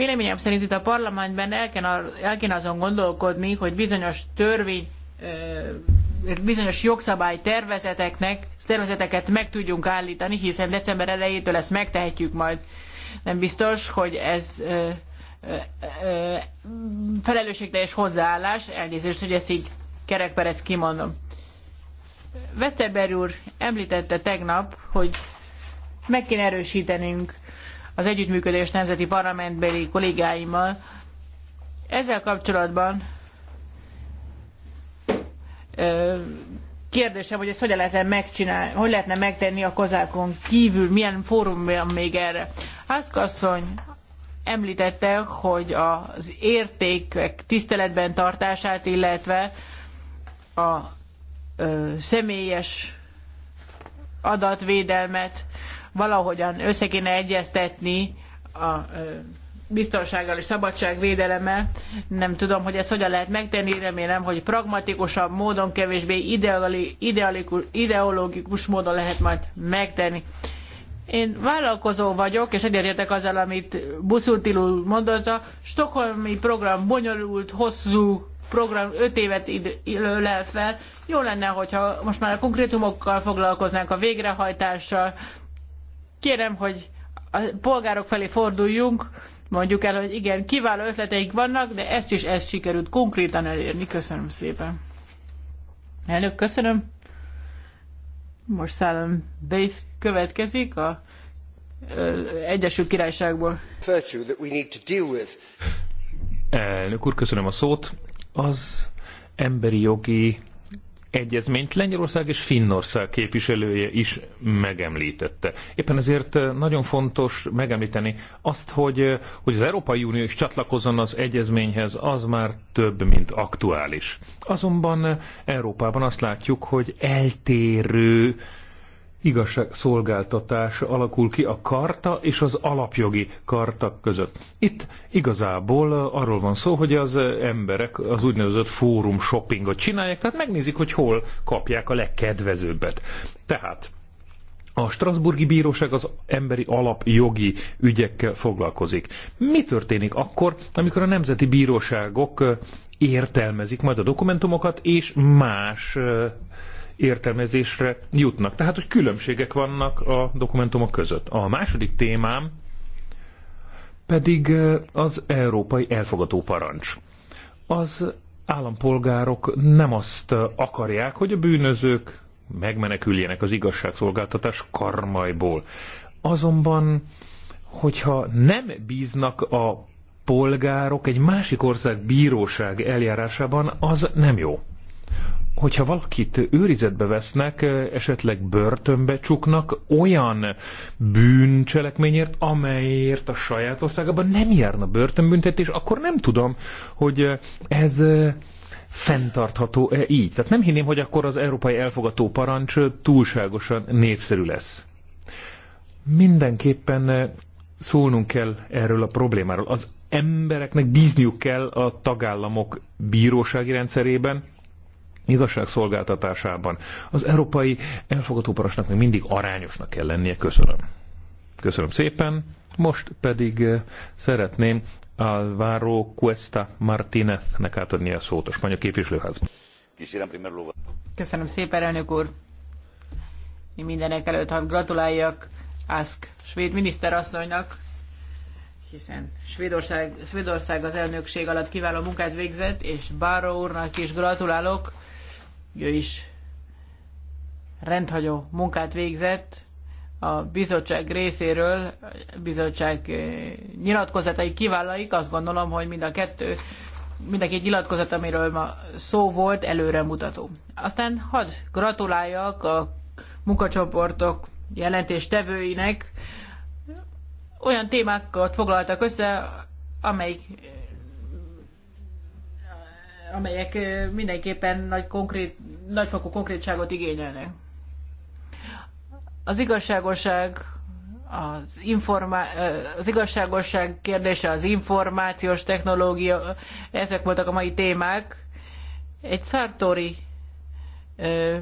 B: Véleményem szerint itt a parlamentben el kell, el kell azon gondolkodni, hogy bizonyos törvény, bizonyos jogszabály tervezeteknek, tervezeteket meg tudjunk állítani, hiszen december elejétől ezt megtehetjük majd. Nem biztos, hogy ez felelősségteljes hozzáállás, elnézést, hogy ezt így kerekperec kimondom. Westerberg úr említette tegnap, hogy meg kéne erősítenünk az együttműködés nemzeti parlamentbeli kollégáimmal. Ezzel kapcsolatban kérdésem, hogy ezt hogyan lehetne megcsinálni, hogy lehetne megtenni a kozákon kívül, milyen fórum van még erre. Házkasszony említette, hogy az értékek tiszteletben tartását, illetve a ö, személyes adatvédelmet valahogyan össze kéne egyeztetni a biztonsággal és szabadságvédelemmel. Nem tudom, hogy ezt hogyan lehet megtenni, remélem, hogy pragmatikusabb módon, kevésbé ideológikus módon lehet majd megtenni. Én vállalkozó vagyok, és egyetértek azzal, amit Buszurtil úr mondott, a Stockholmi program bonyolult, hosszú, program 5 évet idő fel. Jó lenne, hogyha most már a konkrétumokkal foglalkoznánk, a végrehajtással. Kérem, hogy a polgárok felé forduljunk, mondjuk el, hogy igen, kiváló ötleteik vannak, de ezt is ezt sikerült konkrétan elérni. Köszönöm szépen. Elnök, köszönöm. Most Szállom Dave. következik a Egyesült Királyságból.
C: Elnök úr, köszönöm a szót az emberi jogi egyezményt Lengyelország és Finnország képviselője is megemlítette. Éppen ezért eh, nagyon fontos megemlíteni azt, hogy, eh, hogy az Európai Unió is csatlakozzon az egyezményhez, az már több, mint aktuális. Azonban eh, Európában azt látjuk, hogy eltérő igazságszolgáltatás alakul ki a karta és az alapjogi karta között. Itt igazából uh, arról van szó, hogy az emberek az úgynevezett fórum shoppingot csinálják, tehát megnézik, hogy hol kapják a legkedvezőbbet. Tehát a Strasburgi Bíróság az emberi alapjogi ügyekkel foglalkozik. Mi történik akkor, amikor a nemzeti bíróságok uh, értelmezik majd a dokumentumokat, és más uh, értelmezésre jutnak. Tehát, hogy különbségek vannak a dokumentumok között. A második témám pedig az európai elfogató parancs. Az állampolgárok nem azt akarják, hogy a bűnözők megmeneküljenek az igazságszolgáltatás karmaiból. Azonban, hogyha nem bíznak a polgárok egy másik ország bíróság eljárásában, az nem jó hogyha valakit őrizetbe vesznek, esetleg börtönbe csuknak olyan bűncselekményért, amelyért a saját országában nem járna börtönbüntetés, akkor nem tudom, hogy ez fenntartható -e így. Tehát nem hinném, hogy akkor az európai elfogató parancs túlságosan népszerű lesz. Mindenképpen szólnunk kell erről a problémáról. Az embereknek bízniuk kell a tagállamok bírósági rendszerében, igazságszolgáltatásában. Az európai elfogadóparasnak még mindig arányosnak kell lennie. Köszönöm. Köszönöm szépen. Most pedig eh, szeretném Alvaro Cuesta Martíneznek átadni a szót a spanyol képviselőházban.
B: Köszönöm szépen, elnök úr. Én mindenek előtt hadd gratuláljak Ask svéd miniszterasszonynak, hiszen Svédország, Svédország az elnökség alatt kiváló munkát végzett, és Báró úrnak is gratulálok ő is rendhagyó munkát végzett a bizottság részéről, a bizottság eh, nyilatkozatai kiválaik, azt gondolom, hogy mind a kettő, mind a két nyilatkozat, amiről ma szó volt, előremutató. Aztán hadd gratuláljak a munkacsoportok jelentéstevőinek, olyan témákat foglaltak össze, amelyik amelyek mindenképpen nagy konkrét, nagyfokú konkrétságot igényelnek. Az igazságosság, az, informá- az igazságosság kérdése, az információs technológia, ezek voltak a mai témák. Egy Szártóri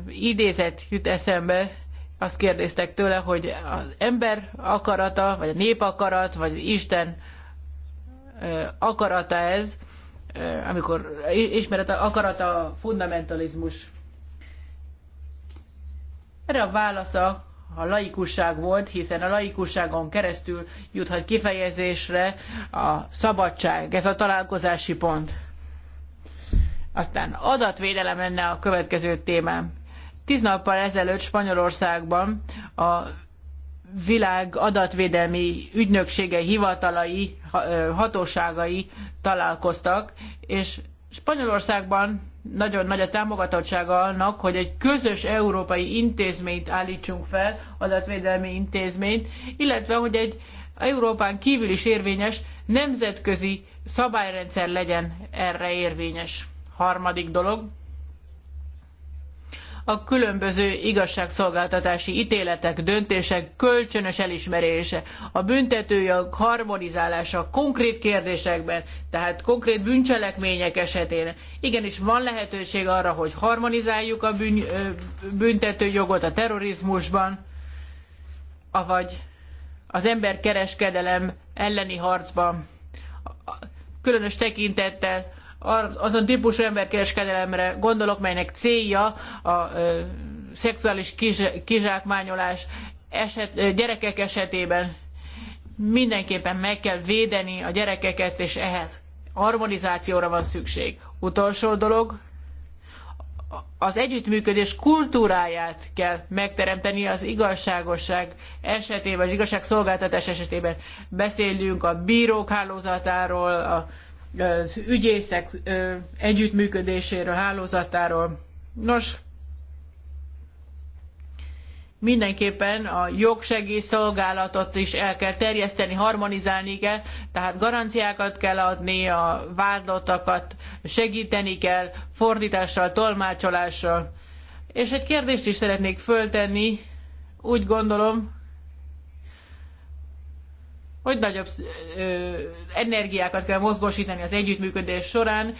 B: idézet jut eszembe, azt kérdeztek tőle, hogy az ember akarata, vagy a nép akarat, vagy Isten akarata ez, amikor ismeret akarata fundamentalizmus. Erre a válasza a laikusság volt, hiszen a laikusságon keresztül juthat kifejezésre a szabadság, ez a találkozási pont. Aztán adatvédelem lenne a következő témám. Tíz nappal ezelőtt Spanyolországban a világ adatvédelmi ügynöksége hivatalai, hatóságai találkoztak, és Spanyolországban nagyon nagy a támogatottsága annak, hogy egy közös európai intézményt állítsunk fel, adatvédelmi intézményt, illetve hogy egy Európán kívül is érvényes nemzetközi szabályrendszer legyen erre érvényes. Harmadik dolog, a különböző igazságszolgáltatási ítéletek, döntések kölcsönös elismerése, a büntetőjog harmonizálása konkrét kérdésekben, tehát konkrét bűncselekmények esetén. Igenis van lehetőség arra, hogy harmonizáljuk a bűn, büntetőjogot a terrorizmusban, avagy az emberkereskedelem elleni harcban, különös tekintettel azon típusú emberkereskedelemre gondolok, melynek célja a szexuális kizsákmányolás eset, gyerekek esetében. Mindenképpen meg kell védeni a gyerekeket, és ehhez harmonizációra van szükség. Utolsó dolog, az együttműködés kultúráját kell megteremteni az igazságosság esetében, az igazságszolgáltatás esetében. Beszélünk a bírók hálózatáról, a az ügyészek együttműködéséről, hálózatáról. Nos, mindenképpen a jogsegészszolgálatot is el kell terjeszteni, harmonizálni kell, tehát garanciákat kell adni, a vádlottakat segíteni kell, fordítással, tolmácsolással. És egy kérdést is szeretnék föltenni, úgy gondolom, hogy nagyobb ö, energiákat kell mozgósítani az együttműködés során.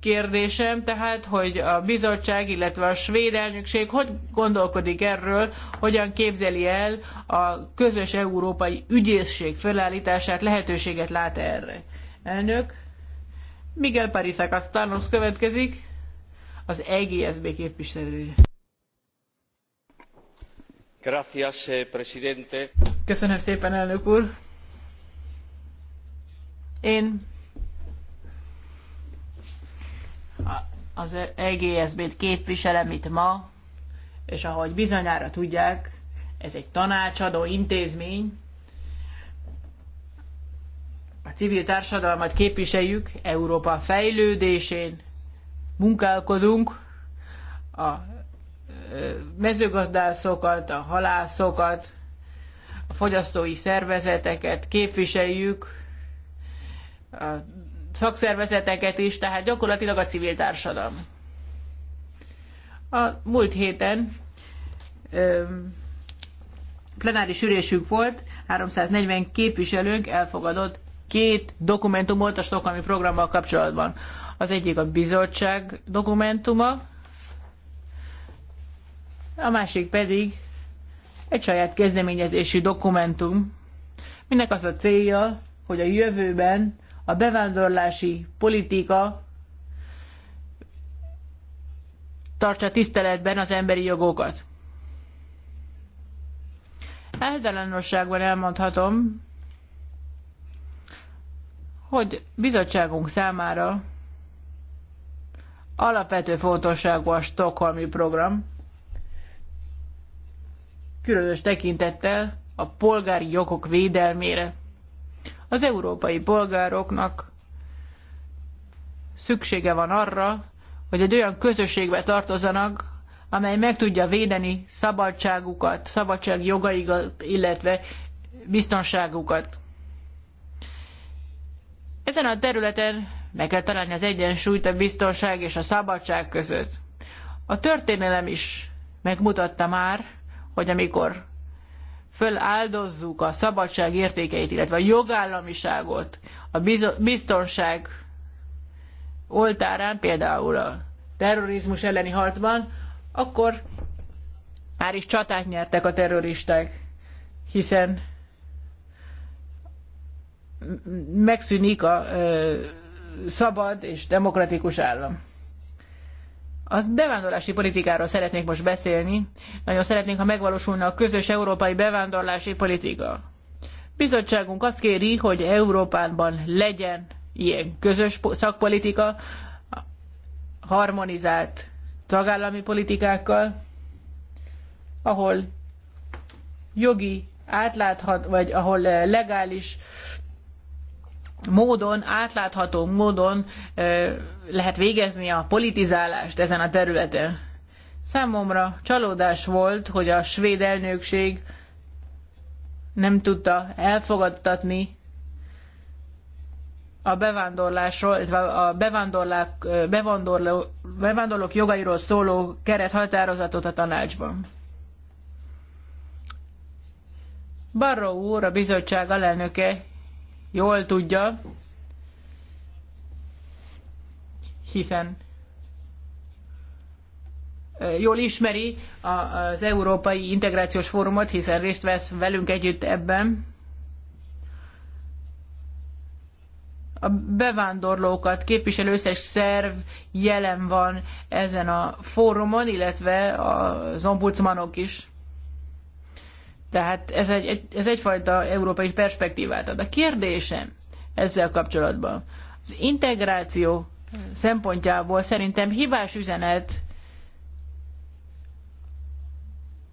B: Kérdésem tehát, hogy a bizottság, illetve a svéd elnökség hogy gondolkodik erről, hogyan képzeli el a közös európai ügyészség felállítását, lehetőséget lát erre. Elnök, Miguel Parisak következik, az EGSB képviselője.
A: Gracias, eh, presidente.
B: Köszönöm szépen, elnök úr! Én az EGSB-t képviselem itt ma, és ahogy bizonyára tudják, ez egy tanácsadó intézmény, a civil társadalmat képviseljük, Európa fejlődésén munkálkodunk, a mezőgazdászokat, a halászokat, a fogyasztói szervezeteket képviseljük, a szakszervezeteket is, tehát gyakorlatilag a civil társadalom. A múlt héten plenáris ülésünk volt, 340 képviselőnk elfogadott két dokumentumot a stokholmi programmal kapcsolatban. Az egyik a bizottság dokumentuma, a másik pedig egy saját kezdeményezési dokumentum, minek az a célja, hogy a jövőben a bevándorlási politika tartsa tiszteletben az emberi jogokat. Általánosságban elmondhatom, hogy bizottságunk számára alapvető fontosságú a Stockholmi program, különös tekintettel a polgári jogok védelmére. Az európai polgároknak szüksége van arra, hogy egy olyan közösségbe tartozanak, amely meg tudja védeni szabadságukat, szabadság jogaikat, illetve biztonságukat. Ezen a területen meg kell találni az egyensúlyt a biztonság és a szabadság között. A történelem is megmutatta már, hogy amikor föláldozzuk a szabadság értékeit, illetve a jogállamiságot a biztonság oltárán, például a terrorizmus elleni harcban, akkor már is csatát nyertek a terroristák, hiszen megszűnik a ö, szabad és demokratikus állam. Az bevándorlási politikáról szeretnék most beszélni. Nagyon szeretnénk, ha megvalósulna a közös európai bevándorlási politika. Bizottságunk azt kéri, hogy Európában legyen ilyen közös szakpolitika, harmonizált tagállami politikákkal, ahol jogi átláthat, vagy ahol legális módon, átlátható módon lehet végezni a politizálást ezen a területen. Számomra csalódás volt, hogy a svéd elnökség nem tudta elfogadtatni a bevándorlásról, illetve a bevándorlók, bevándorló, bevándorlók jogairól szóló kerethatározatot a tanácsban. Barrow úr, a bizottság alelnöke jól tudja, hiszen jól ismeri az Európai Integrációs Fórumot, hiszen részt vesz velünk együtt ebben. A bevándorlókat képviselő összes szerv jelen van ezen a fórumon, illetve az ombudsmanok is. Tehát ez, egy, ez egyfajta európai perspektívát ad. A kérdésem ezzel kapcsolatban az integráció szempontjából szerintem hibás üzenet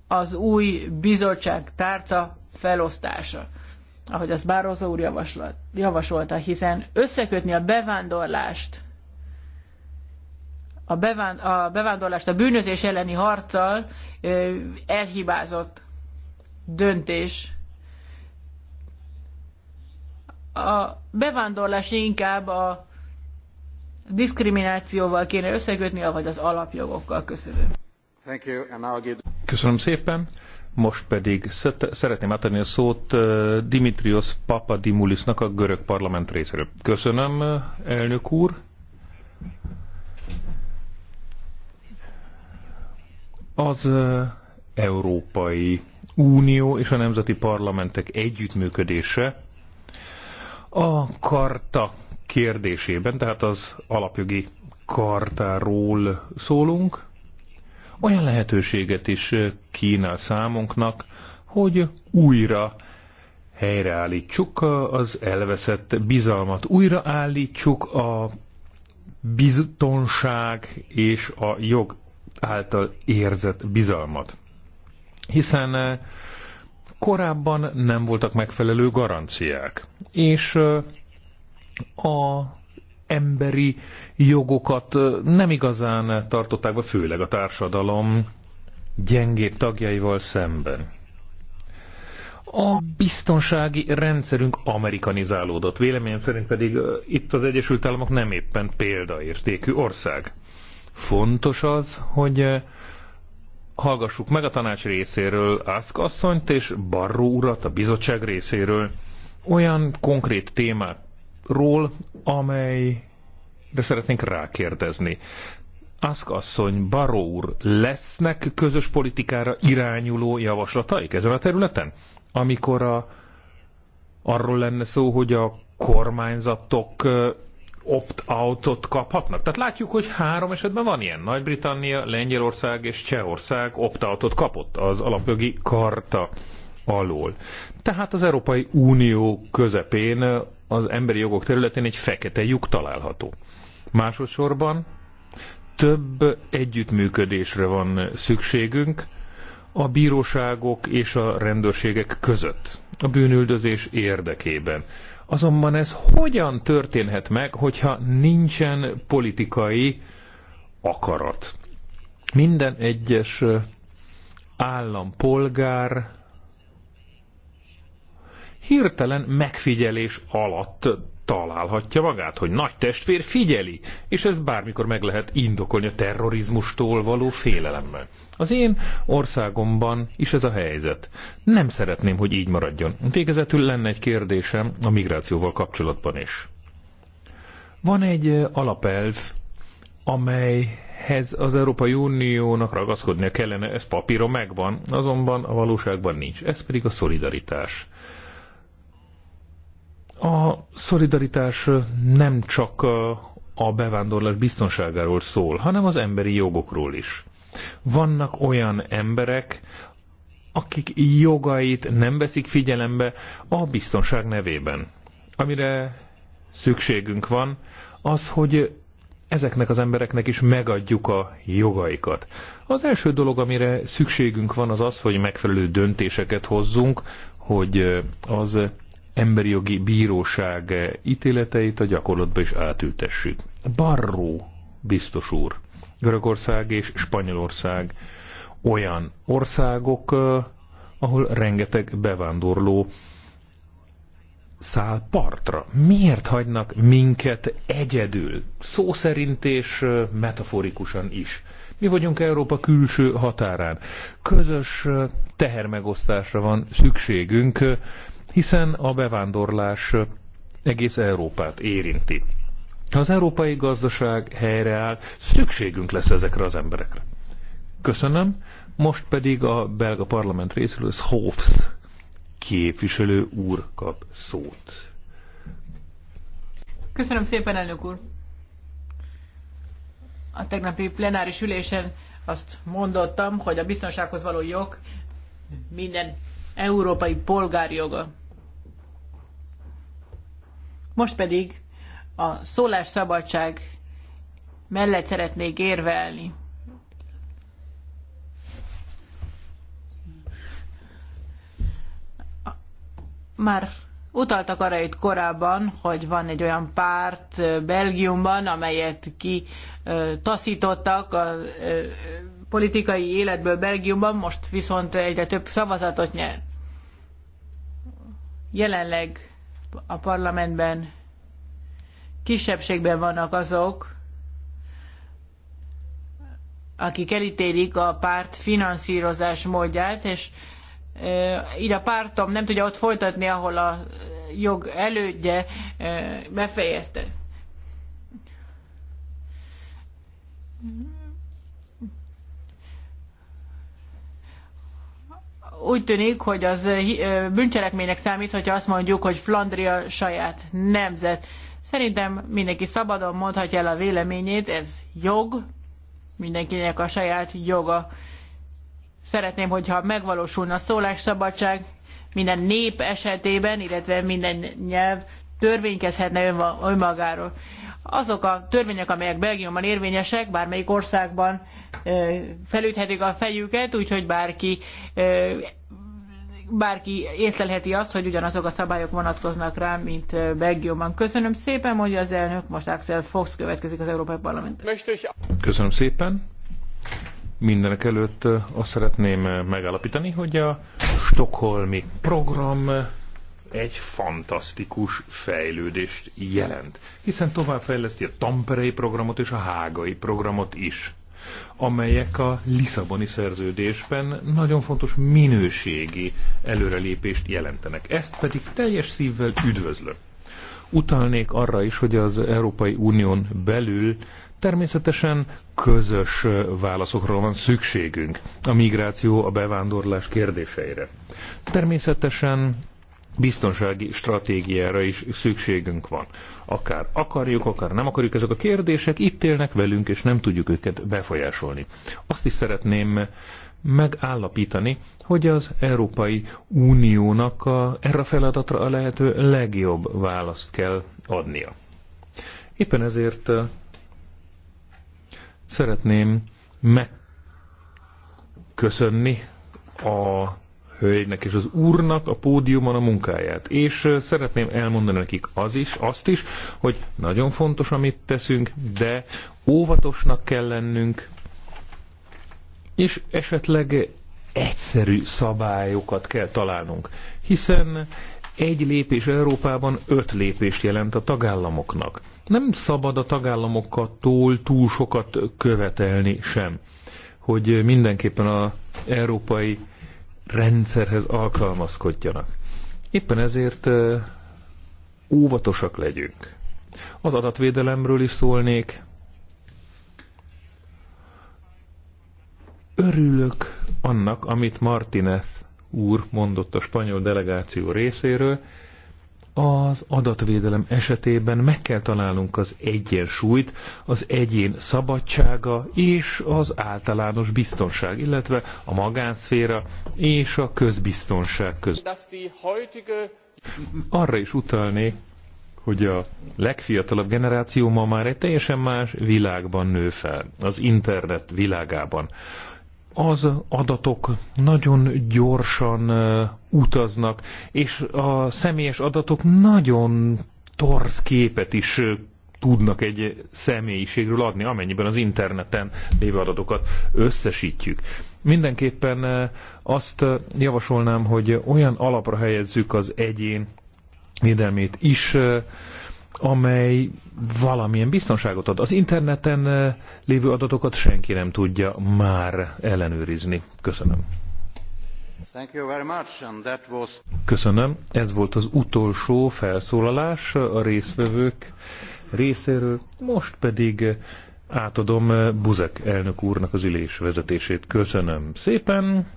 B: az új bizottság tárca felosztása, ahogy azt Bározó úr javaslat, javasolta, hiszen összekötni a bevándorlást a, bevánd, a bevándorlást a bűnözés elleni harccal elhibázott döntés. A bevándorlás inkább a diszkriminációval kéne összekötni, vagy az alapjogokkal. Köszönöm.
C: Köszönöm szépen. Most pedig szeretném átadni a szót uh, Dimitrios Papadimulisnak a görög parlament részéről. Köszönöm, uh, elnök úr. Az uh, európai Unió és a nemzeti parlamentek együttműködése a karta kérdésében, tehát az alapjogi kartáról szólunk, olyan lehetőséget is kínál számunknak, hogy újra helyreállítsuk az elveszett bizalmat, újraállítsuk a biztonság és a jog által érzett bizalmat hiszen eh, korábban nem voltak megfelelő garanciák, és eh, a emberi jogokat eh, nem igazán tartották be, főleg a társadalom gyengébb tagjaival szemben. A biztonsági rendszerünk amerikanizálódott, véleményem szerint pedig itt az Egyesült Államok nem éppen példaértékű ország. Fontos az, hogy hallgassuk meg a tanács részéről Ask asszonyt és Barró urat a bizottság részéről olyan konkrét témáról, amelyre szeretnénk rákérdezni. Ask asszony, Baró úr, lesznek közös politikára irányuló javaslataik ezen a területen? Amikor a, arról lenne szó, hogy a kormányzatok opt-outot kaphatnak. Tehát látjuk, hogy három esetben van ilyen. Nagy-Britannia, Lengyelország és Csehország opt-outot kapott az alapjogi karta alól. Tehát az Európai Unió közepén az emberi jogok területén egy fekete lyuk található. Másodszorban több együttműködésre van szükségünk a bíróságok és a rendőrségek között, a bűnüldözés érdekében. Azonban ez hogyan történhet meg, hogyha nincsen politikai akarat? Minden egyes állampolgár hirtelen megfigyelés alatt találhatja magát, hogy nagy testvér figyeli, és ez bármikor meg lehet indokolni a terrorizmustól való félelemmel. Az én országomban is ez a helyzet. Nem szeretném, hogy így maradjon. Végezetül lenne egy kérdésem a migrációval kapcsolatban is. Van egy alapelv, amelyhez az Európai Uniónak ragaszkodnia kellene, ez papíron megvan, azonban a valóságban nincs. Ez pedig a szolidaritás. A szolidaritás nem csak a bevándorlás biztonságáról szól, hanem az emberi jogokról is. Vannak olyan emberek, akik jogait nem veszik figyelembe a biztonság nevében. Amire szükségünk van, az, hogy ezeknek az embereknek is megadjuk a jogaikat. Az első dolog, amire szükségünk van, az az, hogy megfelelő döntéseket hozzunk, hogy az emberi jogi bíróság ítéleteit a gyakorlatba is átültessük. Barró biztos úr, Görögország és Spanyolország olyan országok, ahol rengeteg bevándorló száll partra. Miért hagynak minket egyedül? Szó szerint és metaforikusan is. Mi vagyunk Európa külső határán. Közös tehermegosztásra van szükségünk, hiszen a bevándorlás egész Európát érinti. Ha az európai gazdaság helyreáll, szükségünk lesz ezekre az emberekre. Köszönöm, most pedig a belga parlament részéről Hofs képviselő úr kap szót.
B: Köszönöm szépen, elnök úr! A tegnapi plenáris ülésen azt mondottam, hogy a biztonsághoz való jog minden európai polgár joga. Most pedig a szólásszabadság mellett szeretnék érvelni. Már utaltak arra itt korábban, hogy van egy olyan párt Belgiumban, amelyet ki taszítottak a politikai életből Belgiumban, most viszont egyre több szavazatot nyer. Jelenleg a parlamentben kisebbségben vannak azok, akik elítélik a párt finanszírozás módját, és így a pártom nem tudja ott folytatni, ahol a jog elődje befejezte. úgy tűnik, hogy az eh, eh, bűncselekménynek számít, hogyha azt mondjuk, hogy Flandria saját nemzet. Szerintem mindenki szabadon mondhatja el a véleményét, ez jog, mindenkinek a saját joga. Szeretném, hogyha megvalósulna a szólásszabadság minden nép esetében, illetve minden nyelv törvénykezhetne önmagáról. Azok a törvények, amelyek Belgiumban érvényesek, bármelyik országban felüthetik a fejüket, úgyhogy bárki bárki észlelheti azt, hogy ugyanazok a szabályok vonatkoznak rá, mint Belgiumban. Köszönöm szépen, mondja az elnök, most Axel Fox következik az Európai Parlament.
C: Köszönöm szépen. Mindenek előtt azt szeretném megállapítani, hogy a Stockholmi program egy fantasztikus fejlődést jelent, hiszen továbbfejleszti a Tamperei programot és a Hágai programot is amelyek a Lisszaboni szerződésben nagyon fontos minőségi előrelépést jelentenek. Ezt pedig teljes szívvel üdvözlöm. Utalnék arra is, hogy az Európai Unión belül természetesen közös válaszokra van szükségünk a migráció, a bevándorlás kérdéseire. Természetesen biztonsági stratégiára is szükségünk van. Akár akarjuk, akár nem akarjuk, ezek a kérdések itt élnek velünk, és nem tudjuk őket befolyásolni. Azt is szeretném megállapítani, hogy az Európai Uniónak a, erre a feladatra a lehető legjobb választ kell adnia. Éppen ezért szeretném megköszönni a hölgynek és az úrnak a pódiumon a munkáját. És szeretném elmondani nekik az is, azt is, hogy nagyon fontos, amit teszünk, de óvatosnak kell lennünk, és esetleg egyszerű szabályokat kell találnunk, hiszen egy lépés Európában öt lépést jelent a tagállamoknak. Nem szabad a tagállamoktól túl sokat követelni sem, hogy mindenképpen az európai rendszerhez alkalmazkodjanak. Éppen ezért óvatosak legyünk. Az adatvédelemről is szólnék. Örülök annak, amit Martinez úr mondott a spanyol delegáció részéről, az adatvédelem esetében meg kell találnunk az egyensúlyt az egyén szabadsága és az általános biztonság, illetve a magánszféra és a közbiztonság között. Arra is utalnék, hogy a legfiatalabb generáció ma már egy teljesen más világban nő fel, az internet világában. Az adatok nagyon gyorsan utaznak, és a személyes adatok nagyon torz képet is tudnak egy személyiségről adni, amennyiben az interneten lévő adatokat összesítjük. Mindenképpen azt javasolnám, hogy olyan alapra helyezzük az egyén védelmét is, amely valamilyen biztonságot ad. Az interneten lévő adatokat senki nem tudja már ellenőrizni. Köszönöm. Köszönöm. Ez volt az utolsó felszólalás a részvevők részéről. Most pedig átadom Buzek elnök úrnak az ülés vezetését. Köszönöm szépen.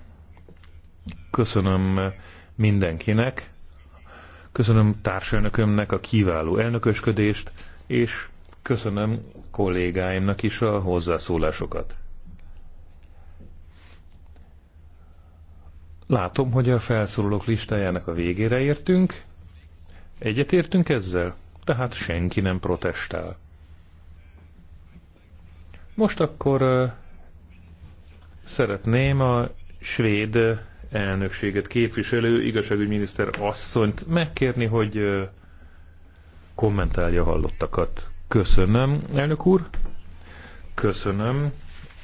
C: Köszönöm mindenkinek. Köszönöm társelnökömnek a kiváló elnökösködést, és köszönöm kollégáimnak is a hozzászólásokat. Látom, hogy a felszólalók listájának a végére értünk. Egyetértünk ezzel? Tehát senki nem protestál. Most akkor szeretném a svéd elnökséget képviselő igazságügyminiszter asszonyt megkérni, hogy kommentálja hallottakat. Köszönöm, elnök úr. Köszönöm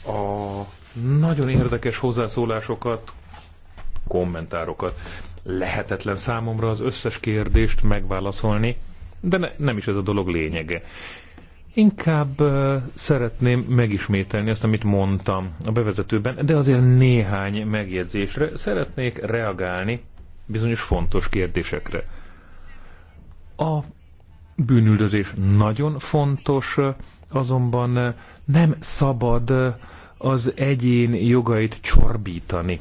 C: a nagyon érdekes hozzászólásokat, kommentárokat. Lehetetlen számomra az összes kérdést megválaszolni, de ne, nem is ez a dolog lényege. Inkább uh, szeretném megismételni azt, amit mondtam a bevezetőben, de azért néhány megjegyzésre szeretnék reagálni bizonyos fontos kérdésekre. A bűnüldözés nagyon fontos, azonban nem szabad az egyén jogait csorbítani.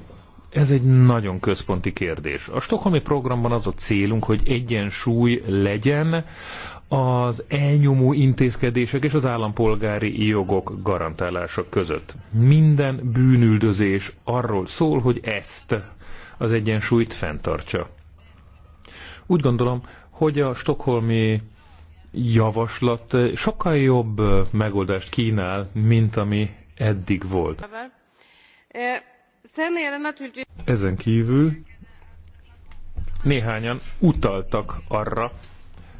C: Ez egy nagyon központi kérdés. A Stockholmi programban az a célunk, hogy egyensúly legyen az elnyomó intézkedések és az állampolgári jogok garantálása között. Minden bűnüldözés arról szól, hogy ezt az egyensúlyt fenntartsa. Úgy gondolom, hogy a stokholmi javaslat sokkal jobb megoldást kínál, mint ami eddig volt. Ezen kívül néhányan utaltak arra,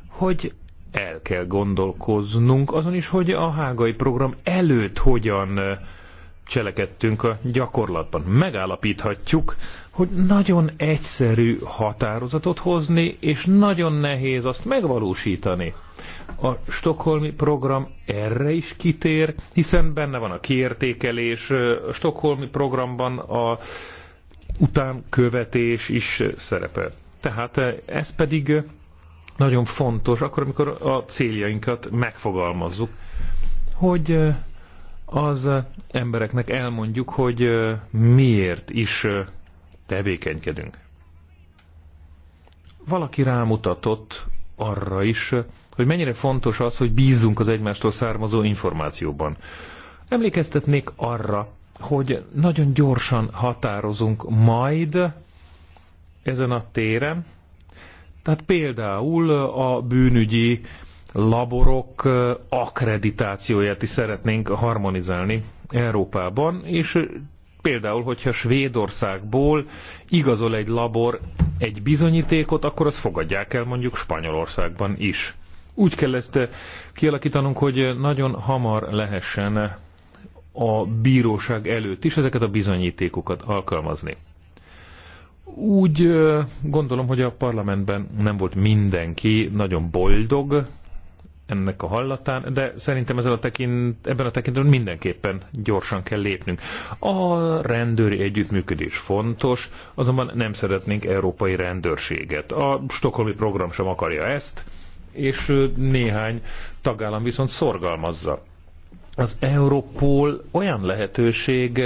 C: hogy el kell gondolkoznunk azon is, hogy a hágai program előtt hogyan eh, cselekedtünk a gyakorlatban. Megállapíthatjuk, hogy nagyon egyszerű határozatot hozni, és nagyon nehéz azt megvalósítani. A stokholmi program erre is kitér, hiszen benne van a kiértékelés, a stokholmi programban a utánkövetés is szerepel. Tehát ez pedig nagyon fontos, akkor amikor a céljainkat megfogalmazzuk, hogy az embereknek elmondjuk, hogy miért is tevékenykedünk. Valaki rámutatott arra is, hogy mennyire fontos az, hogy bízzunk az egymástól származó információban. Emlékeztetnék arra, hogy nagyon gyorsan határozunk majd ezen a téren. Tehát például a bűnügyi laborok akkreditációját is szeretnénk harmonizálni Európában, és például, hogyha Svédországból igazol egy labor egy bizonyítékot, akkor azt fogadják el mondjuk Spanyolországban is úgy kell ezt eh, kialakítanunk, hogy eh, nagyon hamar lehessen a bíróság előtt is ezeket a bizonyítékokat alkalmazni. Úgy eh, gondolom, hogy a parlamentben nem volt mindenki nagyon boldog ennek a hallatán, de szerintem ezzel a tekint, ebben a tekintetben mindenképpen gyorsan kell lépnünk. A rendőri együttműködés fontos, azonban nem szeretnénk európai rendőrséget. A stokholmi program sem akarja ezt, és néhány tagállam viszont szorgalmazza. Az Európol olyan lehetőség,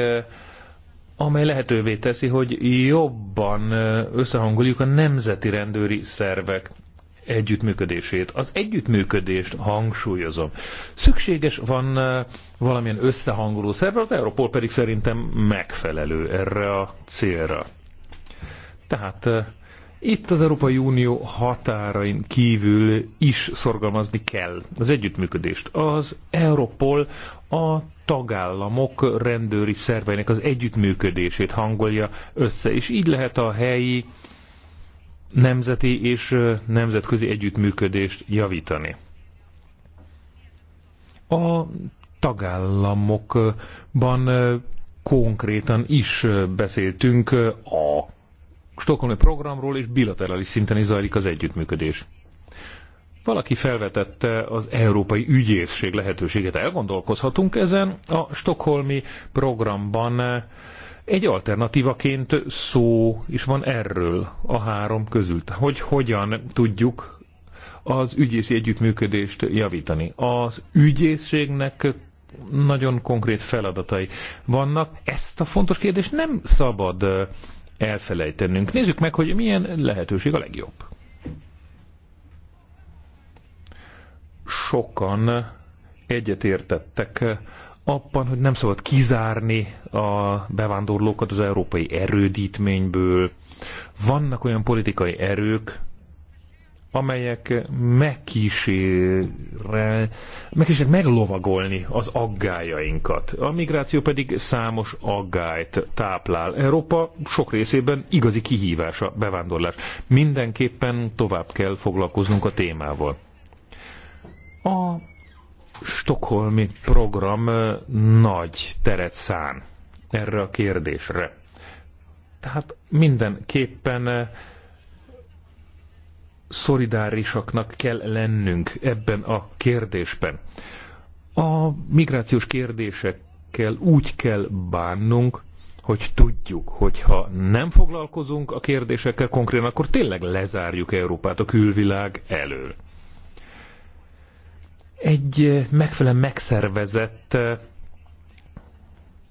C: amely lehetővé teszi, hogy jobban összehangoljuk a nemzeti rendőri szervek együttműködését. Az együttműködést hangsúlyozom. Szükséges van valamilyen összehangoló szerve, az Európol pedig szerintem megfelelő erre a célra. Tehát itt az Európai Unió határain kívül is szorgalmazni kell az együttműködést. Az Europol a tagállamok rendőri szerveinek az együttműködését hangolja össze, és így lehet a helyi nemzeti és nemzetközi együttműködést javítani. A tagállamokban konkrétan is beszéltünk a stokholmi programról és bilaterális szinten is zajlik az együttműködés. Valaki felvetette az európai ügyészség lehetőséget. Elgondolkozhatunk ezen. A stokholmi programban egy alternatívaként szó is van erről a három közül, hogy hogyan tudjuk az ügyészi együttműködést javítani. Az ügyészségnek nagyon konkrét feladatai vannak. Ezt a fontos kérdést nem szabad elfelejtenünk. Nézzük meg, hogy milyen lehetőség a legjobb. Sokan egyetértettek abban, hogy nem szabad kizárni a bevándorlókat az európai erődítményből. Vannak olyan politikai erők, amelyek megkísérel, meglovagolni az aggájainkat. A migráció pedig számos aggályt táplál. Európa sok részében igazi kihívása bevándorlás. Mindenképpen tovább kell foglalkoznunk a témával. A stokholmi program nagy teret szán erre a kérdésre. Tehát mindenképpen szolidárisaknak kell lennünk ebben a kérdésben. A migrációs kérdésekkel úgy kell bánnunk, hogy tudjuk, hogy ha nem foglalkozunk a kérdésekkel konkrétan, akkor tényleg lezárjuk Európát a külvilág elől. Egy megfelelően megszervezett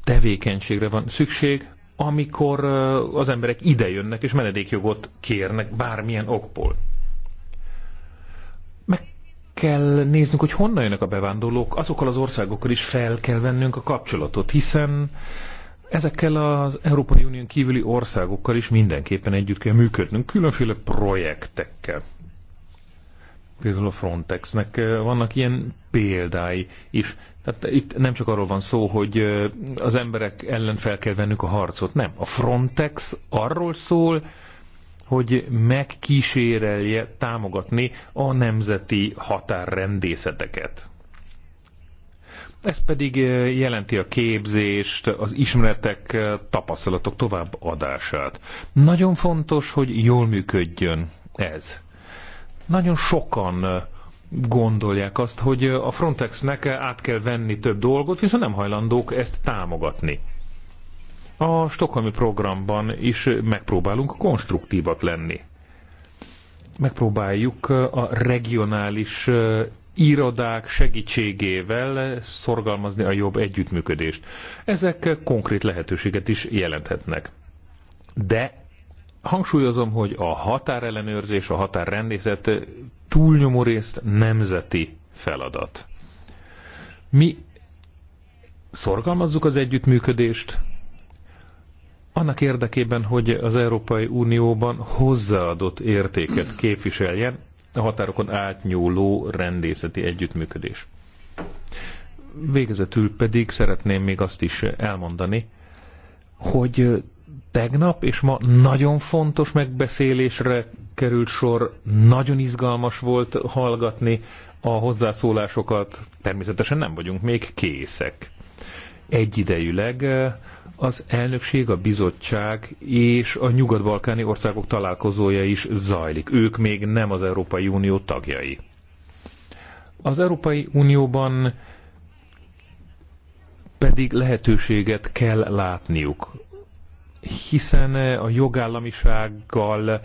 C: tevékenységre van szükség, amikor az emberek idejönnek és menedékjogot kérnek bármilyen okból kell néznünk, hogy honnan jönnek a bevándorlók, azokkal az országokkal is fel kell vennünk a kapcsolatot, hiszen ezekkel az Európai Unión kívüli országokkal is mindenképpen együtt kell működnünk, különféle projektekkel. Például a Frontexnek eh, vannak ilyen példái is. Tehát itt nem csak arról van szó, hogy eh, az emberek ellen fel kell vennünk a harcot, nem. A Frontex arról szól, hogy megkísérelje támogatni a nemzeti határrendészeteket. Ez pedig eh, jelenti a képzést, az ismeretek, eh, tapasztalatok továbbadását. Nagyon fontos, hogy jól működjön ez. Nagyon sokan eh, gondolják azt, hogy a Frontexnek át kell venni több dolgot, viszont nem hajlandók ezt támogatni. A stokholmi programban is megpróbálunk konstruktívak lenni. Megpróbáljuk a regionális irodák segítségével szorgalmazni a jobb együttműködést. Ezek konkrét lehetőséget is jelenthetnek. De hangsúlyozom, hogy a határellenőrzés, a határrendészet túlnyomó részt nemzeti feladat. Mi szorgalmazzuk az együttműködést, annak érdekében, hogy az Európai Unióban hozzáadott értéket képviseljen a határokon átnyúló rendészeti együttműködés. Végezetül pedig szeretném még azt is elmondani, hogy tegnap és ma nagyon fontos megbeszélésre került sor, nagyon izgalmas volt hallgatni a hozzászólásokat. Természetesen nem vagyunk még készek. Egyidejűleg az elnökség, a bizottság és a nyugat-balkáni országok találkozója is zajlik. Ők még nem az Európai Unió tagjai. Az Európai Unióban pedig lehetőséget kell látniuk, hiszen a jogállamisággal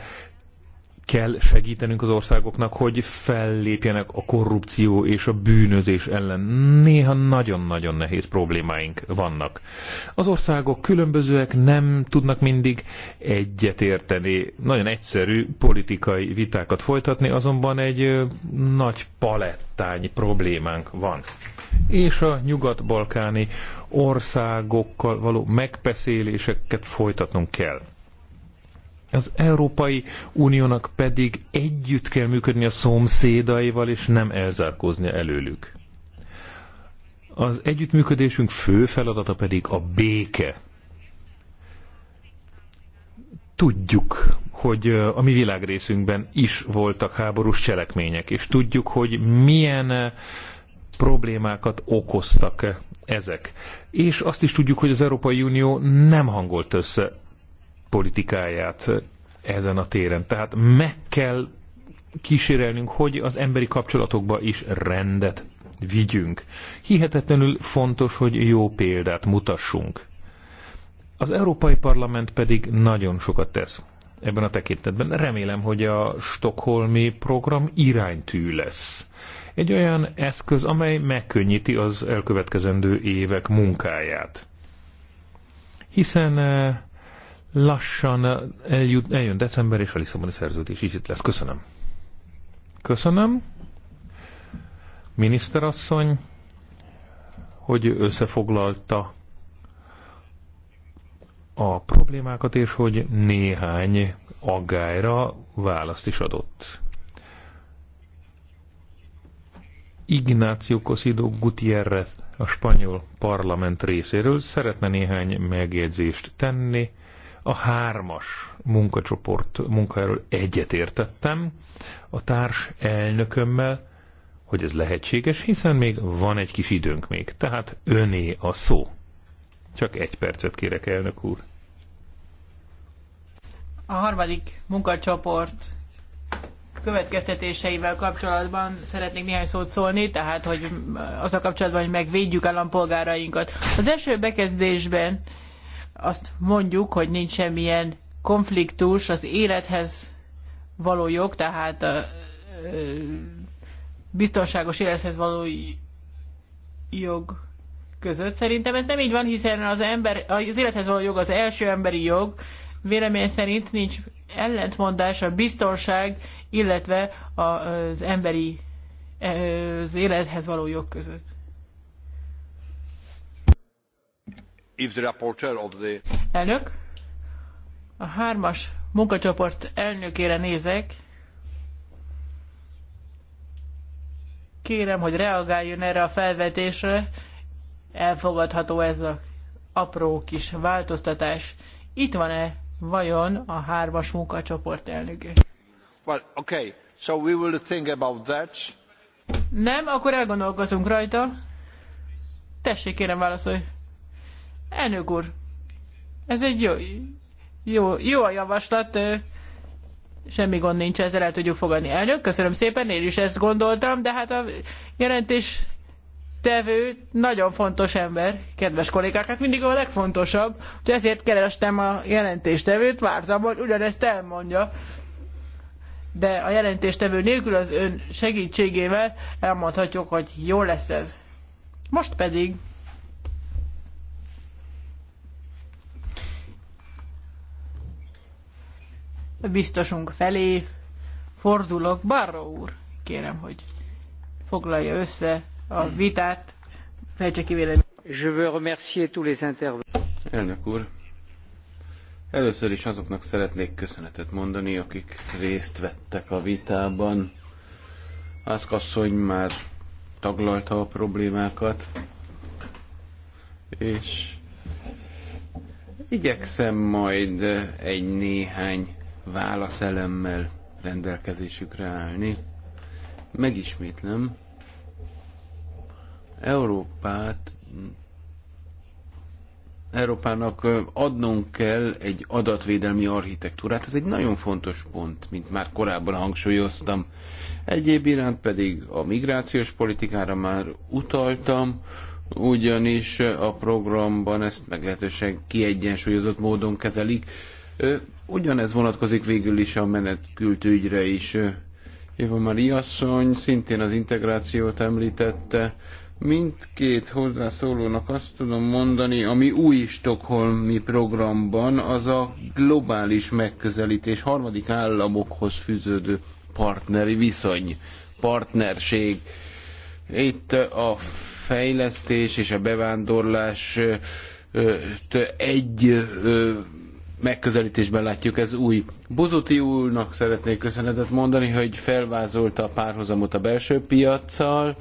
C: kell segítenünk az országoknak, hogy fellépjenek a korrupció és a bűnözés ellen. Néha nagyon-nagyon nehéz problémáink vannak. Az országok különbözőek nem tudnak mindig egyetérteni, nagyon egyszerű politikai vitákat folytatni, azonban egy nagy palettányi problémánk van. És a nyugat-balkáni országokkal való megbeszéléseket folytatnunk kell. Az Európai Uniónak pedig együtt kell működni a szomszédaival, és nem elzárkózni előlük. Az együttműködésünk fő feladata pedig a béke. Tudjuk, hogy a mi világrészünkben is voltak háborús cselekmények, és tudjuk, hogy milyen problémákat okoztak ezek. És azt is tudjuk, hogy az Európai Unió nem hangolt össze politikáját ezen a téren. Tehát meg kell kísérelnünk, hogy az emberi kapcsolatokba is rendet vigyünk. Hihetetlenül fontos, hogy jó példát mutassunk. Az Európai Parlament pedig nagyon sokat tesz ebben a tekintetben. Remélem, hogy a stokholmi program iránytű lesz. Egy olyan eszköz, amely megkönnyíti az elkövetkezendő évek munkáját. Hiszen eh, lassan eljut, eljön december, és a Lisszaboni szerződés is itt lesz. Köszönöm. Köszönöm, miniszterasszony, hogy összefoglalta a problémákat, és hogy néhány aggályra választ is adott. Ignácio Cosido Gutiérrez a spanyol parlament részéről szeretne néhány megjegyzést tenni a hármas munkacsoport munkájáról egyetértettem a társ elnökömmel, hogy ez lehetséges, hiszen még van egy kis időnk még. Tehát öné a szó. Csak egy percet kérek, elnök úr.
B: A harmadik munkacsoport következtetéseivel kapcsolatban szeretnék néhány szót szólni, tehát hogy az a kapcsolatban, hogy megvédjük állampolgárainkat. Az első bekezdésben azt mondjuk, hogy nincs semmilyen konfliktus az élethez való jog, tehát a biztonságos élethez való jog között. Szerintem ez nem így van, hiszen az, ember, az élethez való jog az első emberi jog. Vélemény szerint nincs ellentmondás a biztonság, illetve az emberi az élethez való jog között. Elnök, a hármas munkacsoport elnökére nézek. Kérem, hogy reagáljon erre a felvetésre. Elfogadható ez a apró kis változtatás. Itt van-e vajon a hármas munkacsoport elnöke?
A: Well, okay. So we will think about that.
B: Nem, akkor elgondolkozunk rajta. Tessék, kérem válaszolj. Elnök úr, ez egy jó, jó, jó a javaslat, semmi gond nincs, ezzel el tudjuk fogadni. Elnök, köszönöm szépen, én is ezt gondoltam, de hát a jelentés tevő nagyon fontos ember, kedves kollégák, hát mindig a legfontosabb, hogy ezért kerestem a jelentéstevőt, vártam, hogy ugyanezt elmondja, de a jelentéstevő nélkül az ön segítségével elmondhatjuk, hogy jó lesz ez. Most pedig biztosunk felé fordulok. Barró úr, kérem, hogy foglalja össze a vitát, fejtse ki vélemény. Je veux remercier tous les Elnök úr,
A: először is azoknak szeretnék köszönetet mondani, akik részt vettek a vitában. Az kasszony már taglalta a problémákat, és igyekszem majd egy néhány válaszelemmel rendelkezésükre állni. Megismétlem, Európát Európának adnunk kell egy adatvédelmi architektúrát. Ez egy nagyon fontos pont, mint már korábban hangsúlyoztam. Egyéb iránt pedig a migrációs politikára már utaltam, ugyanis a programban ezt meglehetősen kiegyensúlyozott módon kezelik. Ugyanez vonatkozik végül is a menekült ügyre is. Éva Maria asszony szintén az integrációt említette. Mindkét hozzászólónak azt tudom mondani, ami új stokholmi programban, az a globális megközelítés, harmadik államokhoz fűződő partneri viszony, partnerség. Itt a fejlesztés és a bevándorlás egy megközelítésben látjuk, ez új. Buzuti úrnak szeretnék köszönetet mondani, hogy felvázolta a párhuzamot a belső piaccal.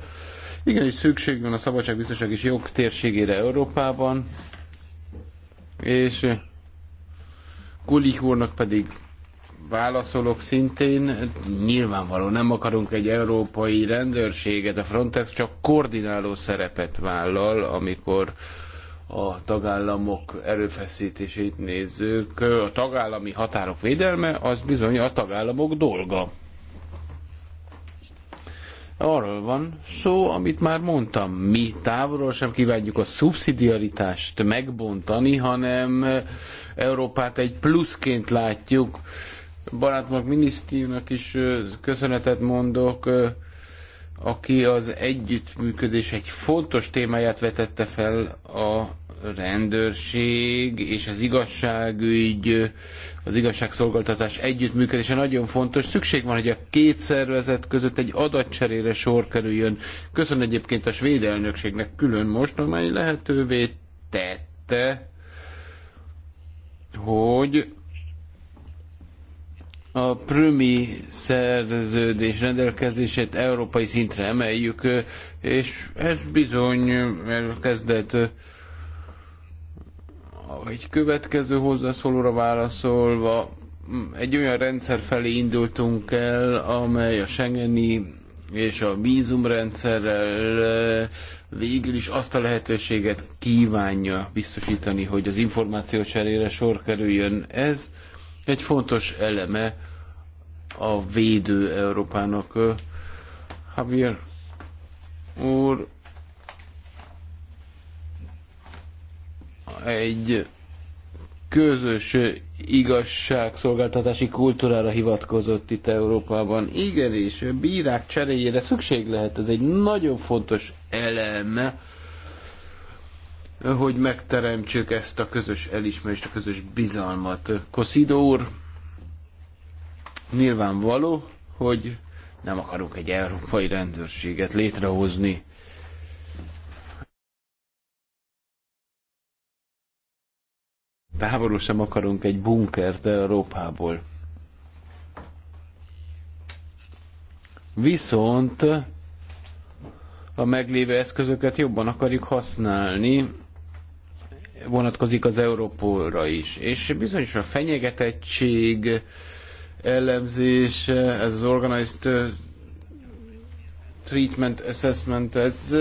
A: Igenis szükség van a szabadságbiztonság és jog térségére Európában. És eh, Kulik úrnak pedig válaszolok szintén, nyilvánvaló, nem akarunk egy európai rendőrséget, a Frontex csak koordináló szerepet vállal, amikor a tagállamok erőfeszítését nézzük, a tagállami határok védelme az bizony a tagállamok dolga. Arról van szó, amit már mondtam, mi távolról sem kívánjuk a szubszidiaritást megbontani, hanem Európát egy pluszként látjuk. Barátnak, minisztériumnak is köszönetet mondok, aki az együttműködés egy fontos témáját vetette fel a rendőrség és az igazságügy, az igazságszolgáltatás együttműködése nagyon fontos. Szükség van, hogy a két szervezet között egy adatcserére sor kerüljön. Köszönöm egyébként a svéd elnökségnek külön most, amely lehetővé tette, hogy a prümi szerződés rendelkezését európai szintre emeljük, és ez bizony elkezdett eh, egy következő hozzászólóra válaszolva, mm, egy olyan rendszer felé indultunk el, amely a Schengeni és a vízumrendszerrel eh, végül is azt a lehetőséget kívánja biztosítani, hogy az információ cserére sor kerüljön. Ez egy fontos eleme a védő Európának. Javier úr egy közös igazságszolgáltatási kultúrára hivatkozott itt Európában. Igen, és bírák cseréjére szükség lehet. Ez egy nagyon fontos eleme, hogy megteremtsük ezt a közös elismerést, a közös bizalmat. Koszidó úr, Nyilvánvaló, hogy nem akarunk egy európai rendőrséget létrehozni. Távolul sem akarunk egy bunkert Európából. Viszont a meglévő eszközöket jobban akarjuk használni, vonatkozik az Európóra is. És bizonyos a fenyegetettség, elemzés, ez az Organized Treatment Assessment, ez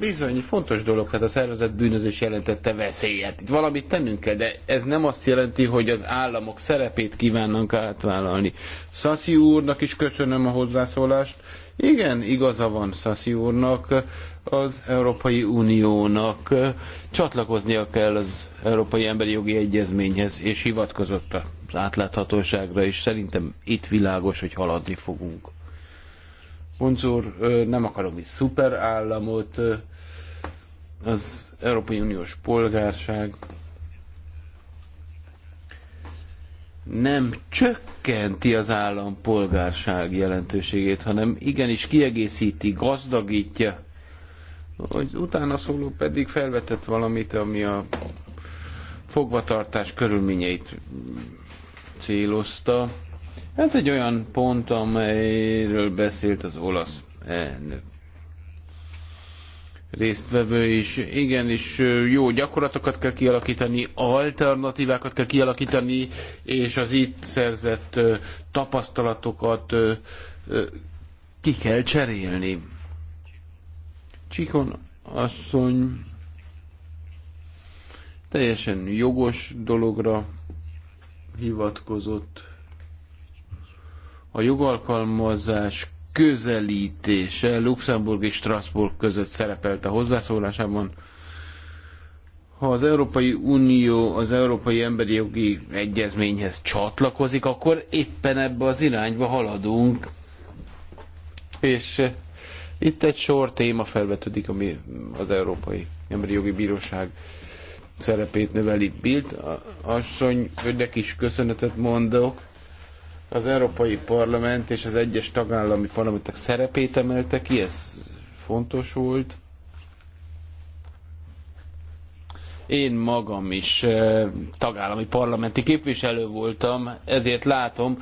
A: bizony fontos dolog, tehát a szervezet bűnözés jelentette veszélyet. Itt valamit tennünk kell, de ez nem azt jelenti, hogy az államok szerepét kívánnak átvállalni. Szaszi úrnak is köszönöm a hozzászólást. Igen, igaza van Szaszi úrnak, az Európai Uniónak csatlakoznia kell az Európai Emberi Jogi Egyezményhez, és hivatkozott a átláthatóságra, és szerintem itt világos, hogy haladni fogunk. Bonzor, nem akarom egy szuperállamot, az Európai Uniós polgárság nem csökkenti az állampolgárság jelentőségét, hanem igenis kiegészíti, gazdagítja. Hogy utána szóló pedig felvetett valamit, ami a fogvatartás körülményeit célozta. Ez egy olyan pont, amelyről beszélt az olasz elnök résztvevő is. Igen, és jó gyakorlatokat kell kialakítani, alternatívákat kell kialakítani, és az itt szerzett tapasztalatokat ki kell cserélni. Csikon asszony Teljesen jogos dologra hivatkozott. A jogalkalmazás közelítése Luxemburg és Strasbourg között szerepelt a hozzászólásában. Ha az Európai Unió az Európai Emberi Jogi Egyezményhez csatlakozik, akkor éppen ebbe az irányba haladunk. És eh, itt egy sor téma felvetődik, ami az Európai Emberi Jogi Bíróság szerepét növeli. Bild asszony, önnek is köszönetet mondok. Az Európai Parlament és az egyes tagállami parlamentek szerepét emelte ki, ez fontos volt. Én magam is eh, tagállami parlamenti képviselő voltam, ezért látom,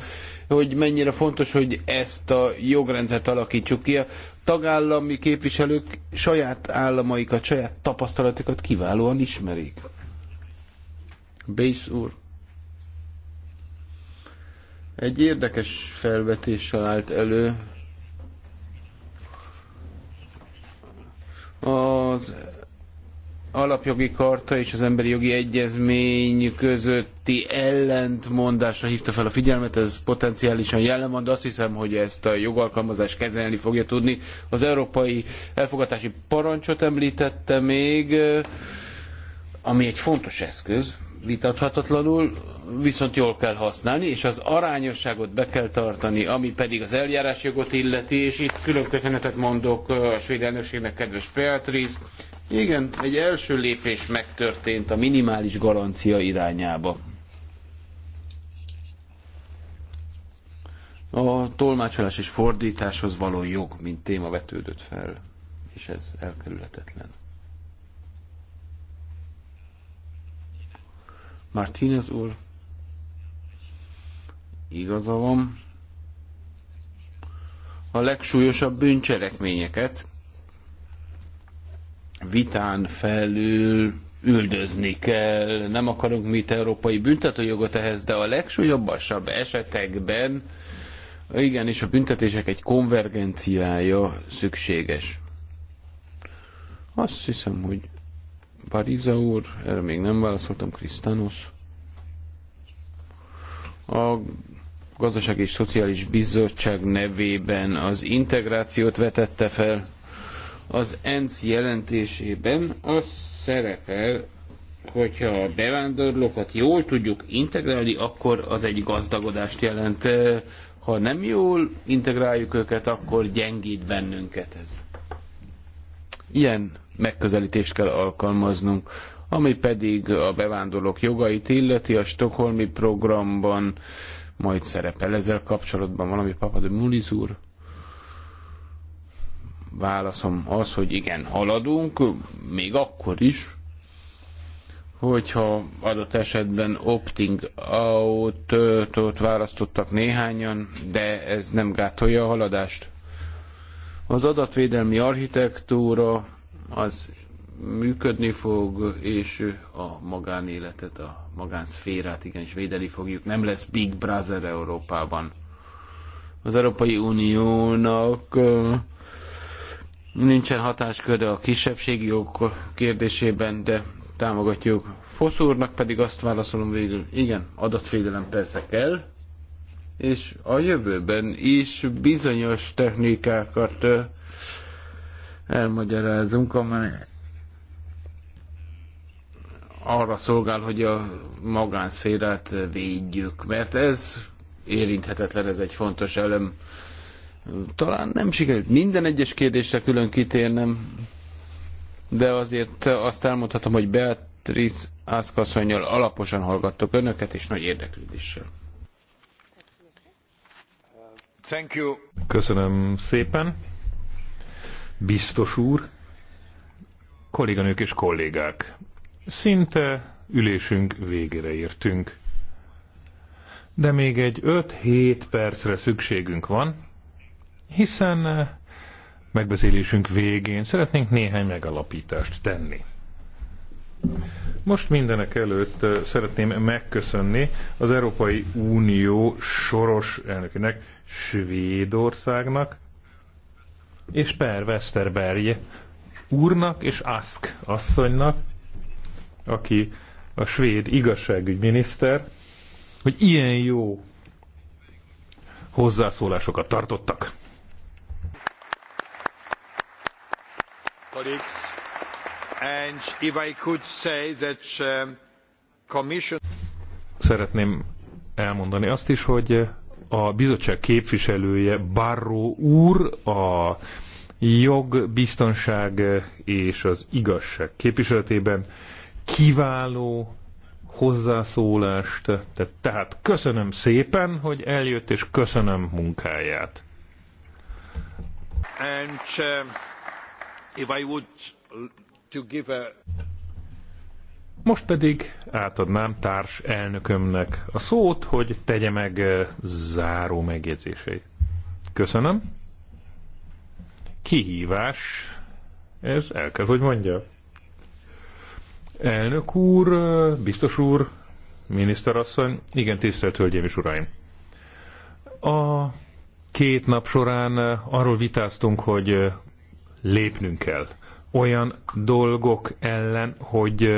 A: hogy mennyire fontos, hogy ezt a jogrendszert alakítsuk ki tagállami képviselők saját államaikat, saját tapasztalatokat kiválóan ismerik. Bész úr. Egy érdekes felvetéssel állt elő az alapjogi karta és az emberi jogi egyezmény közötti ellentmondásra hívta fel a figyelmet, ez potenciálisan jelen van, de azt hiszem, hogy ezt a jogalkalmazás kezelni fogja tudni. Az európai elfogatási parancsot említette még, ami egy fontos eszköz, vitathatatlanul, viszont jól kell használni, és az arányosságot be kell tartani, ami pedig az eljárásjogot illeti, és itt külön köszönetet mondok a svéd elnökségnek, kedves Beatrice. Igen, egy első lépés megtörtént a minimális garancia irányába. A tolmácsolás és fordításhoz való jog, mint téma vetődött fel, és ez elkerülhetetlen. Martínez úr, igaza van, a legsúlyosabb bűncselekményeket vitán felül üldözni kell, nem akarunk mit európai büntetőjogot ehhez, de a legsúlyosabb esetekben igenis a büntetések egy konvergenciája szükséges. Azt hiszem, hogy Pariza úr, erre még nem válaszoltam, Krisztános. A Gazdasági és Szociális Bizottság nevében az integrációt vetette fel. Az ENSZ jelentésében az szerepel, hogyha a bevándorlókat jól tudjuk integrálni, akkor az egy gazdagodást jelent. Ha nem jól integráljuk őket, akkor gyengít bennünket ez. Ilyen megközelítést kell alkalmaznunk. Ami pedig a bevándorlók jogait illeti, a Stockholmi programban majd szerepel ezzel kapcsolatban valami Papadomulis úr? Válaszom az, hogy igen, haladunk, még akkor is, hogyha adott esetben opting out-ot választottak néhányan, de ez nem gátolja a haladást. Az adatvédelmi architektúra az működni fog, és a magánéletet, a magánszférát igenis védeli fogjuk. Nem lesz Big Brother Európában. Az Európai Uniónak nincsen hatásköre a kisebbségi jog kérdésében, de támogatjuk. Foszúrnak pedig azt válaszolom végül, igen, adatvédelem persze kell, és a jövőben is bizonyos technikákat elmagyarázunk, amely arra szolgál, hogy a magánszférát védjük, mert ez érinthetetlen, ez egy fontos elem. Talán nem sikerült minden egyes kérdésre külön kitérnem, de azért azt elmondhatom, hogy Beatrice Ászkaszonyjal alaposan hallgattok önöket, és nagy
C: érdeklődéssel. Thank you. Köszönöm szépen biztos úr, kolléganők és kollégák, szinte ülésünk végére értünk. De még egy 5-7 percre szükségünk van, hiszen eh, megbeszélésünk végén szeretnénk néhány megalapítást tenni. Most mindenek előtt eh, szeretném megköszönni az Európai Unió soros elnökének, Svédországnak, és Per Westerberg úrnak és Ask asszonynak, aki a svéd igazságügyminiszter, hogy ilyen jó hozzászólásokat tartottak. Colleagues, and
A: if I could say that um, commission...
C: Szeretném elmondani azt is, hogy a bizottság képviselője Barró úr, a jog, biztonság és az igazság képviseletében kiváló hozzászólást. Tehát köszönöm szépen, hogy eljött, és köszönöm munkáját. And, uh, if I would to give a... Most pedig átadnám társ elnökömnek a szót, hogy tegye meg záró megjegyzéseit. Köszönöm. Kihívás, ez el kell, hogy mondja. Elnök úr, biztos úr, miniszterasszony, igen, tisztelt hölgyeim és uraim. A két nap során arról vitáztunk, hogy lépnünk kell olyan dolgok ellen, hogy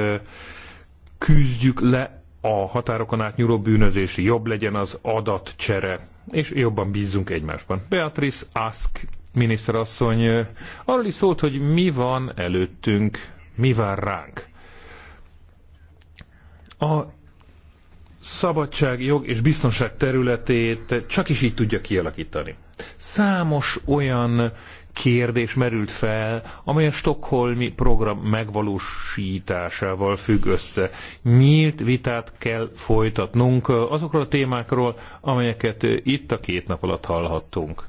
C: küzdjük le a határokon átnyúló bűnözés, jobb legyen az adatcsere, és jobban bízzunk egymásban. Beatrice Ask, miniszterasszony, arról is szólt, hogy mi van előttünk, mi vár ránk. A szabadság, jog és biztonság területét csak is így tudja kialakítani. Számos olyan kérdés merült fel, amely a Stockholmi program megvalósításával függ össze. Nyílt vitát kell folytatnunk azokról a témákról, amelyeket itt a két nap alatt hallhattunk.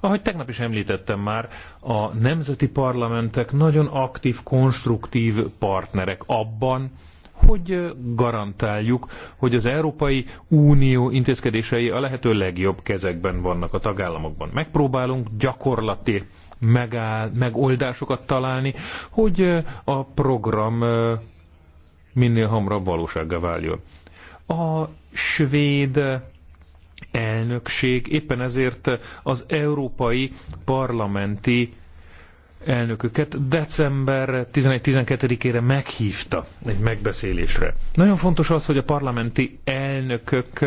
C: Ahogy tegnap is említettem már, a nemzeti parlamentek nagyon aktív, konstruktív partnerek abban, hogy garantáljuk, hogy az Európai Unió intézkedései a lehető legjobb kezekben vannak a tagállamokban. Megpróbálunk gyakorlati megáll, megoldásokat találni, hogy a program minél hamarabb valósággá váljon. A svéd elnökség éppen ezért az európai parlamenti elnököket december 11-12-ére meghívta egy megbeszélésre. Nagyon fontos az, hogy a parlamenti elnökök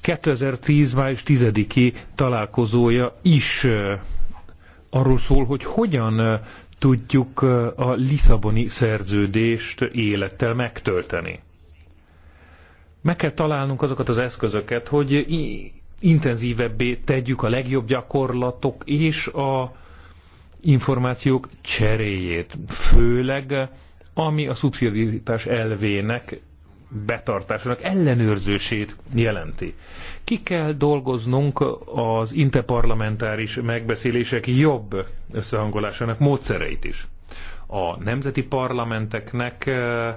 C: 2010. május 10-i találkozója is arról szól, hogy hogyan tudjuk a Lisszaboni szerződést élettel megtölteni. Meg kell találnunk azokat az eszközöket, hogy intenzívebbé tegyük a legjobb gyakorlatok és a információk cseréjét, főleg ami a szubszidiaritás elvének betartásának ellenőrzését jelenti. Ki kell dolgoznunk az interparlamentáris megbeszélések jobb összehangolásának módszereit is. A nemzeti parlamenteknek eh,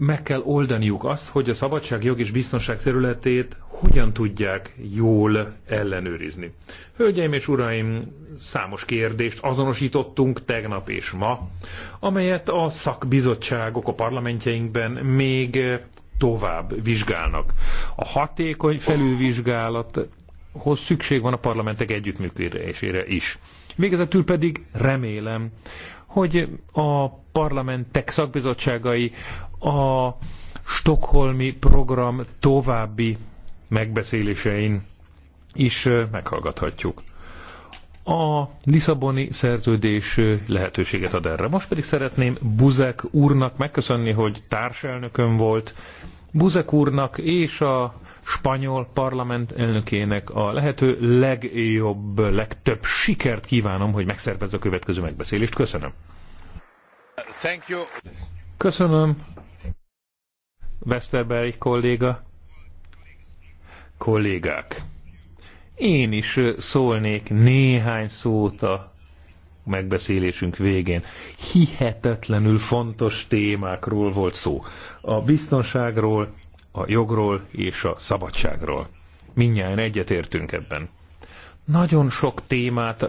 C: meg kell oldaniuk azt, hogy a szabadság, jog és biztonság területét hogyan tudják jól ellenőrizni. Hölgyeim és uraim, számos kérdést azonosítottunk tegnap és ma, amelyet a szakbizottságok a parlamentjeinkben még tovább vizsgálnak. A hatékony felülvizsgálathoz szükség van a parlamentek együttműködésére is. Végezetül pedig remélem, hogy a parlamentek szakbizottságai a Stockholmi program további megbeszélésein is meghallgathatjuk. A Lisszaboni szerződés lehetőséget ad erre. Most pedig szeretném Buzek úrnak megköszönni, hogy társelnökön volt, Buzek úrnak és a spanyol parlament elnökének a lehető legjobb, legtöbb sikert kívánom, hogy megszervezze a következő megbeszélést. Köszönöm. Thank you. Köszönöm. Westerberg kolléga, kollégák, én is szólnék néhány szót a megbeszélésünk végén. Hihetetlenül fontos témákról volt szó. A biztonságról, a jogról és a szabadságról. Mindjárt egyetértünk ebben. Nagyon sok témát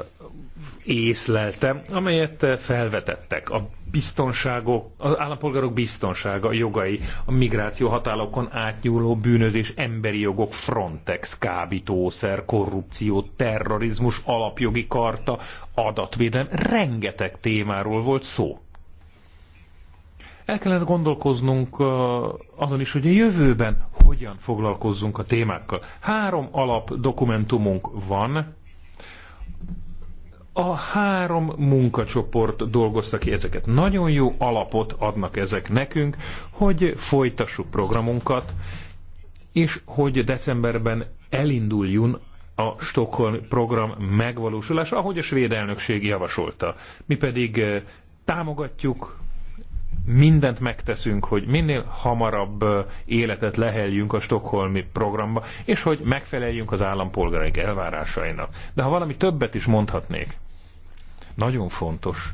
C: észleltem, amelyet felvetettek. A biztonságok, az állampolgárok biztonsága, a jogai, a migráció határokon átnyúló bűnözés, emberi jogok, Frontex, kábítószer, korrupció, terrorizmus, alapjogi karta, adatvédelem, rengeteg témáról volt szó. El kellene gondolkoznunk azon is, hogy a jövőben hogyan foglalkozzunk a témákkal. Három alap dokumentumunk van, a három munkacsoport dolgozta ki ezeket. Nagyon jó alapot adnak ezek nekünk, hogy folytassuk programunkat, és hogy decemberben elinduljon a Stockholm program megvalósulása, ahogy a svéd elnökség javasolta. Mi pedig eh, támogatjuk mindent megteszünk, hogy minél hamarabb életet leheljünk a stokholmi programba, és hogy megfeleljünk az állampolgáraink elvárásainak. De ha valami többet is mondhatnék, nagyon fontos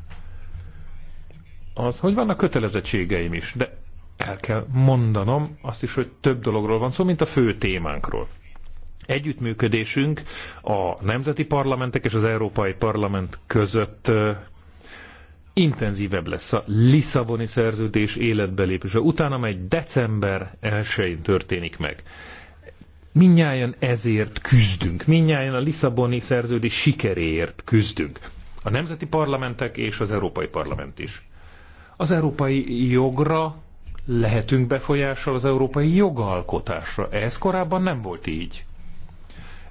C: az, hogy vannak kötelezettségeim is, de el kell mondanom azt is, hogy több dologról van szó, mint a fő témánkról. Együttműködésünk a nemzeti parlamentek és az Európai Parlament között intenzívebb lesz a Lisszaboni szerződés életbelépése. Utána amely december 1-én történik meg. Minnyáján ezért küzdünk, minnyáján a Lisszaboni szerződés sikeréért küzdünk. A nemzeti parlamentek és az Európai Parlament is. Az európai jogra lehetünk befolyással az európai jogalkotásra. Ez korábban nem volt így.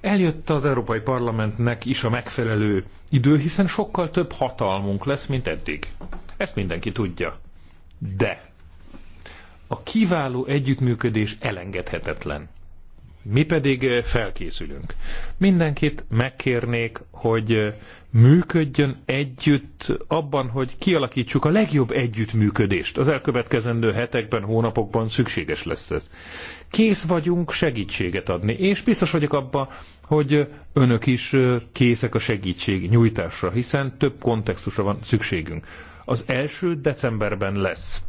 C: Eljött az Európai Parlamentnek is a megfelelő idő, hiszen sokkal több hatalmunk lesz, mint eddig. Ezt mindenki tudja. De a kiváló együttműködés elengedhetetlen. Mi pedig eh, felkészülünk. Mindenkit megkérnék, hogy eh, működjön együtt abban, hogy kialakítsuk a legjobb együttműködést. Az elkövetkezendő hetekben, hónapokban szükséges lesz ez. Kész vagyunk segítséget adni, és biztos vagyok abban, hogy önök is készek a segítség nyújtásra, hiszen több kontextusra van szükségünk. Az első decemberben lesz.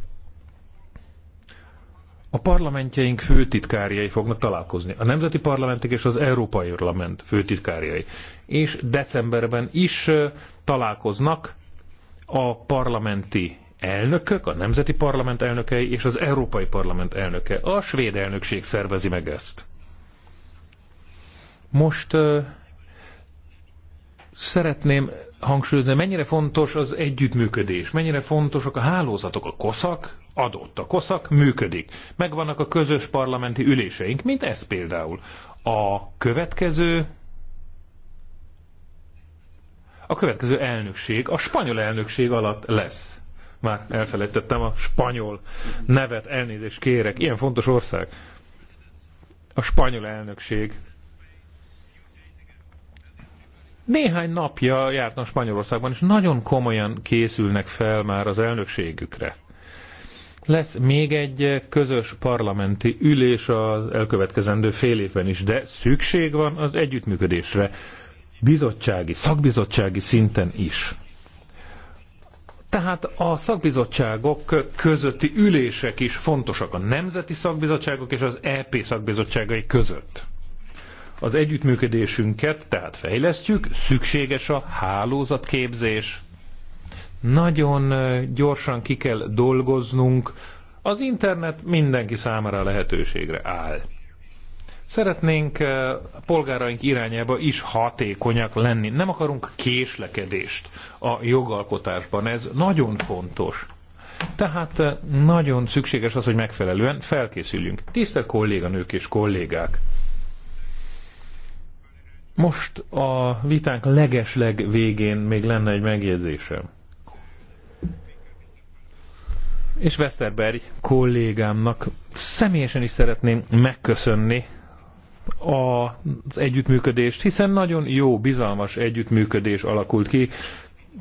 C: A parlamentjeink főtitkárjai fognak találkozni. A nemzeti parlamentek és az Európai Parlament főtitkárjai. És decemberben is találkoznak a parlamenti elnökök, a nemzeti parlament elnökei és az Európai Parlament elnöke. A svéd elnökség szervezi meg ezt. Most uh, szeretném hangsúlyozni, mennyire fontos az együttműködés, mennyire fontosak a hálózatok, a koszak, adott. A koszak működik. Megvannak a közös parlamenti üléseink, mint ez például. A következő a következő elnökség a spanyol elnökség alatt lesz. Már elfelejtettem a spanyol nevet, elnézést kérek. Ilyen fontos ország. A spanyol elnökség néhány napja jártam Spanyolországban, és nagyon komolyan készülnek fel már az elnökségükre. Lesz még egy közös parlamenti ülés az elkövetkezendő fél évben is, de szükség van az együttműködésre, bizottsági, szakbizottsági szinten is. Tehát a szakbizottságok közötti ülések is fontosak a nemzeti szakbizottságok és az EP szakbizottságai között. Az együttműködésünket tehát fejlesztjük, szükséges a hálózatképzés. Nagyon gyorsan ki kell dolgoznunk, az internet mindenki számára lehetőségre áll. Szeretnénk a eh, polgáraink irányába is hatékonyak lenni. Nem akarunk késlekedést a jogalkotásban. Ez nagyon fontos. Tehát eh, nagyon szükséges az, hogy megfelelően felkészüljünk. Tisztelt kolléganők és kollégák! Most a vitánk legesleg végén még lenne egy megjegyzésem. És Westerberg kollégámnak személyesen is szeretném megköszönni az együttműködést, hiszen nagyon jó, bizalmas együttműködés alakult ki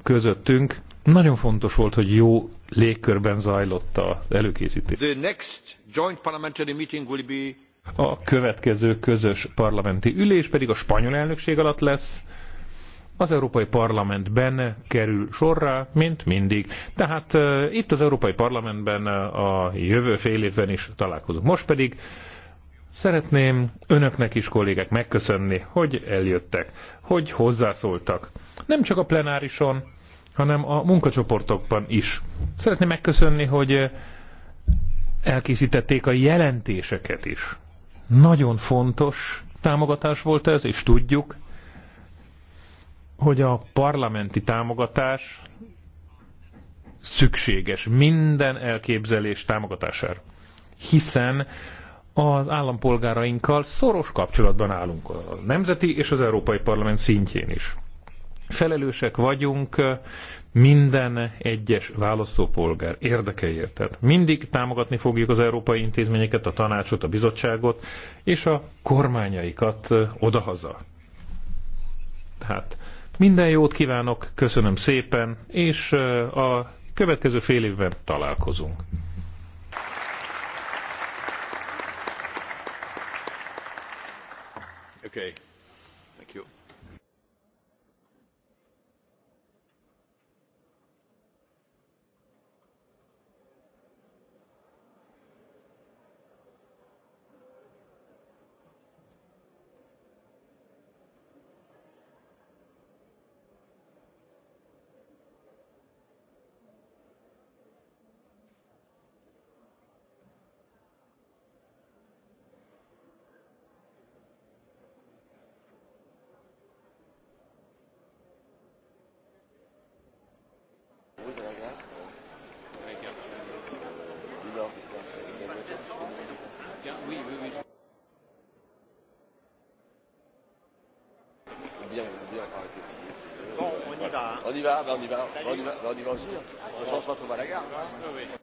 C: közöttünk. Nagyon fontos volt, hogy jó légkörben zajlott az előkészítés. The
A: next joint parliamentary meeting will
C: be... A következő közös parlamenti ülés pedig a spanyol elnökség alatt lesz. Az Európai Parlamentben kerül sorra, mint mindig. Tehát uh, itt az Európai Parlamentben uh, a jövő fél évben is találkozunk. Most pedig Szeretném önöknek is, kollégek, megköszönni, hogy eljöttek, hogy hozzászóltak. Nem csak a plenárison, hanem a munkacsoportokban is. Szeretném megköszönni, hogy eh, elkészítették a jelentéseket is. Nagyon fontos támogatás volt ez, és tudjuk, hogy a parlamenti támogatás szükséges minden elképzelés támogatására. Hiszen az állampolgárainkkal szoros kapcsolatban állunk a nemzeti és az Európai Parlament szintjén is. Felelősek vagyunk minden egyes választópolgár érdekeért. Tehát mindig támogatni fogjuk az európai intézményeket, a tanácsot, a bizottságot és a kormányaikat odahaza. Tehát minden jót kívánok, köszönöm szépen, és a következő fél évben találkozunk.
B: Okay.
A: ben on y va, ben on y va, ben on y va au sud. De toute façon, on se à
C: la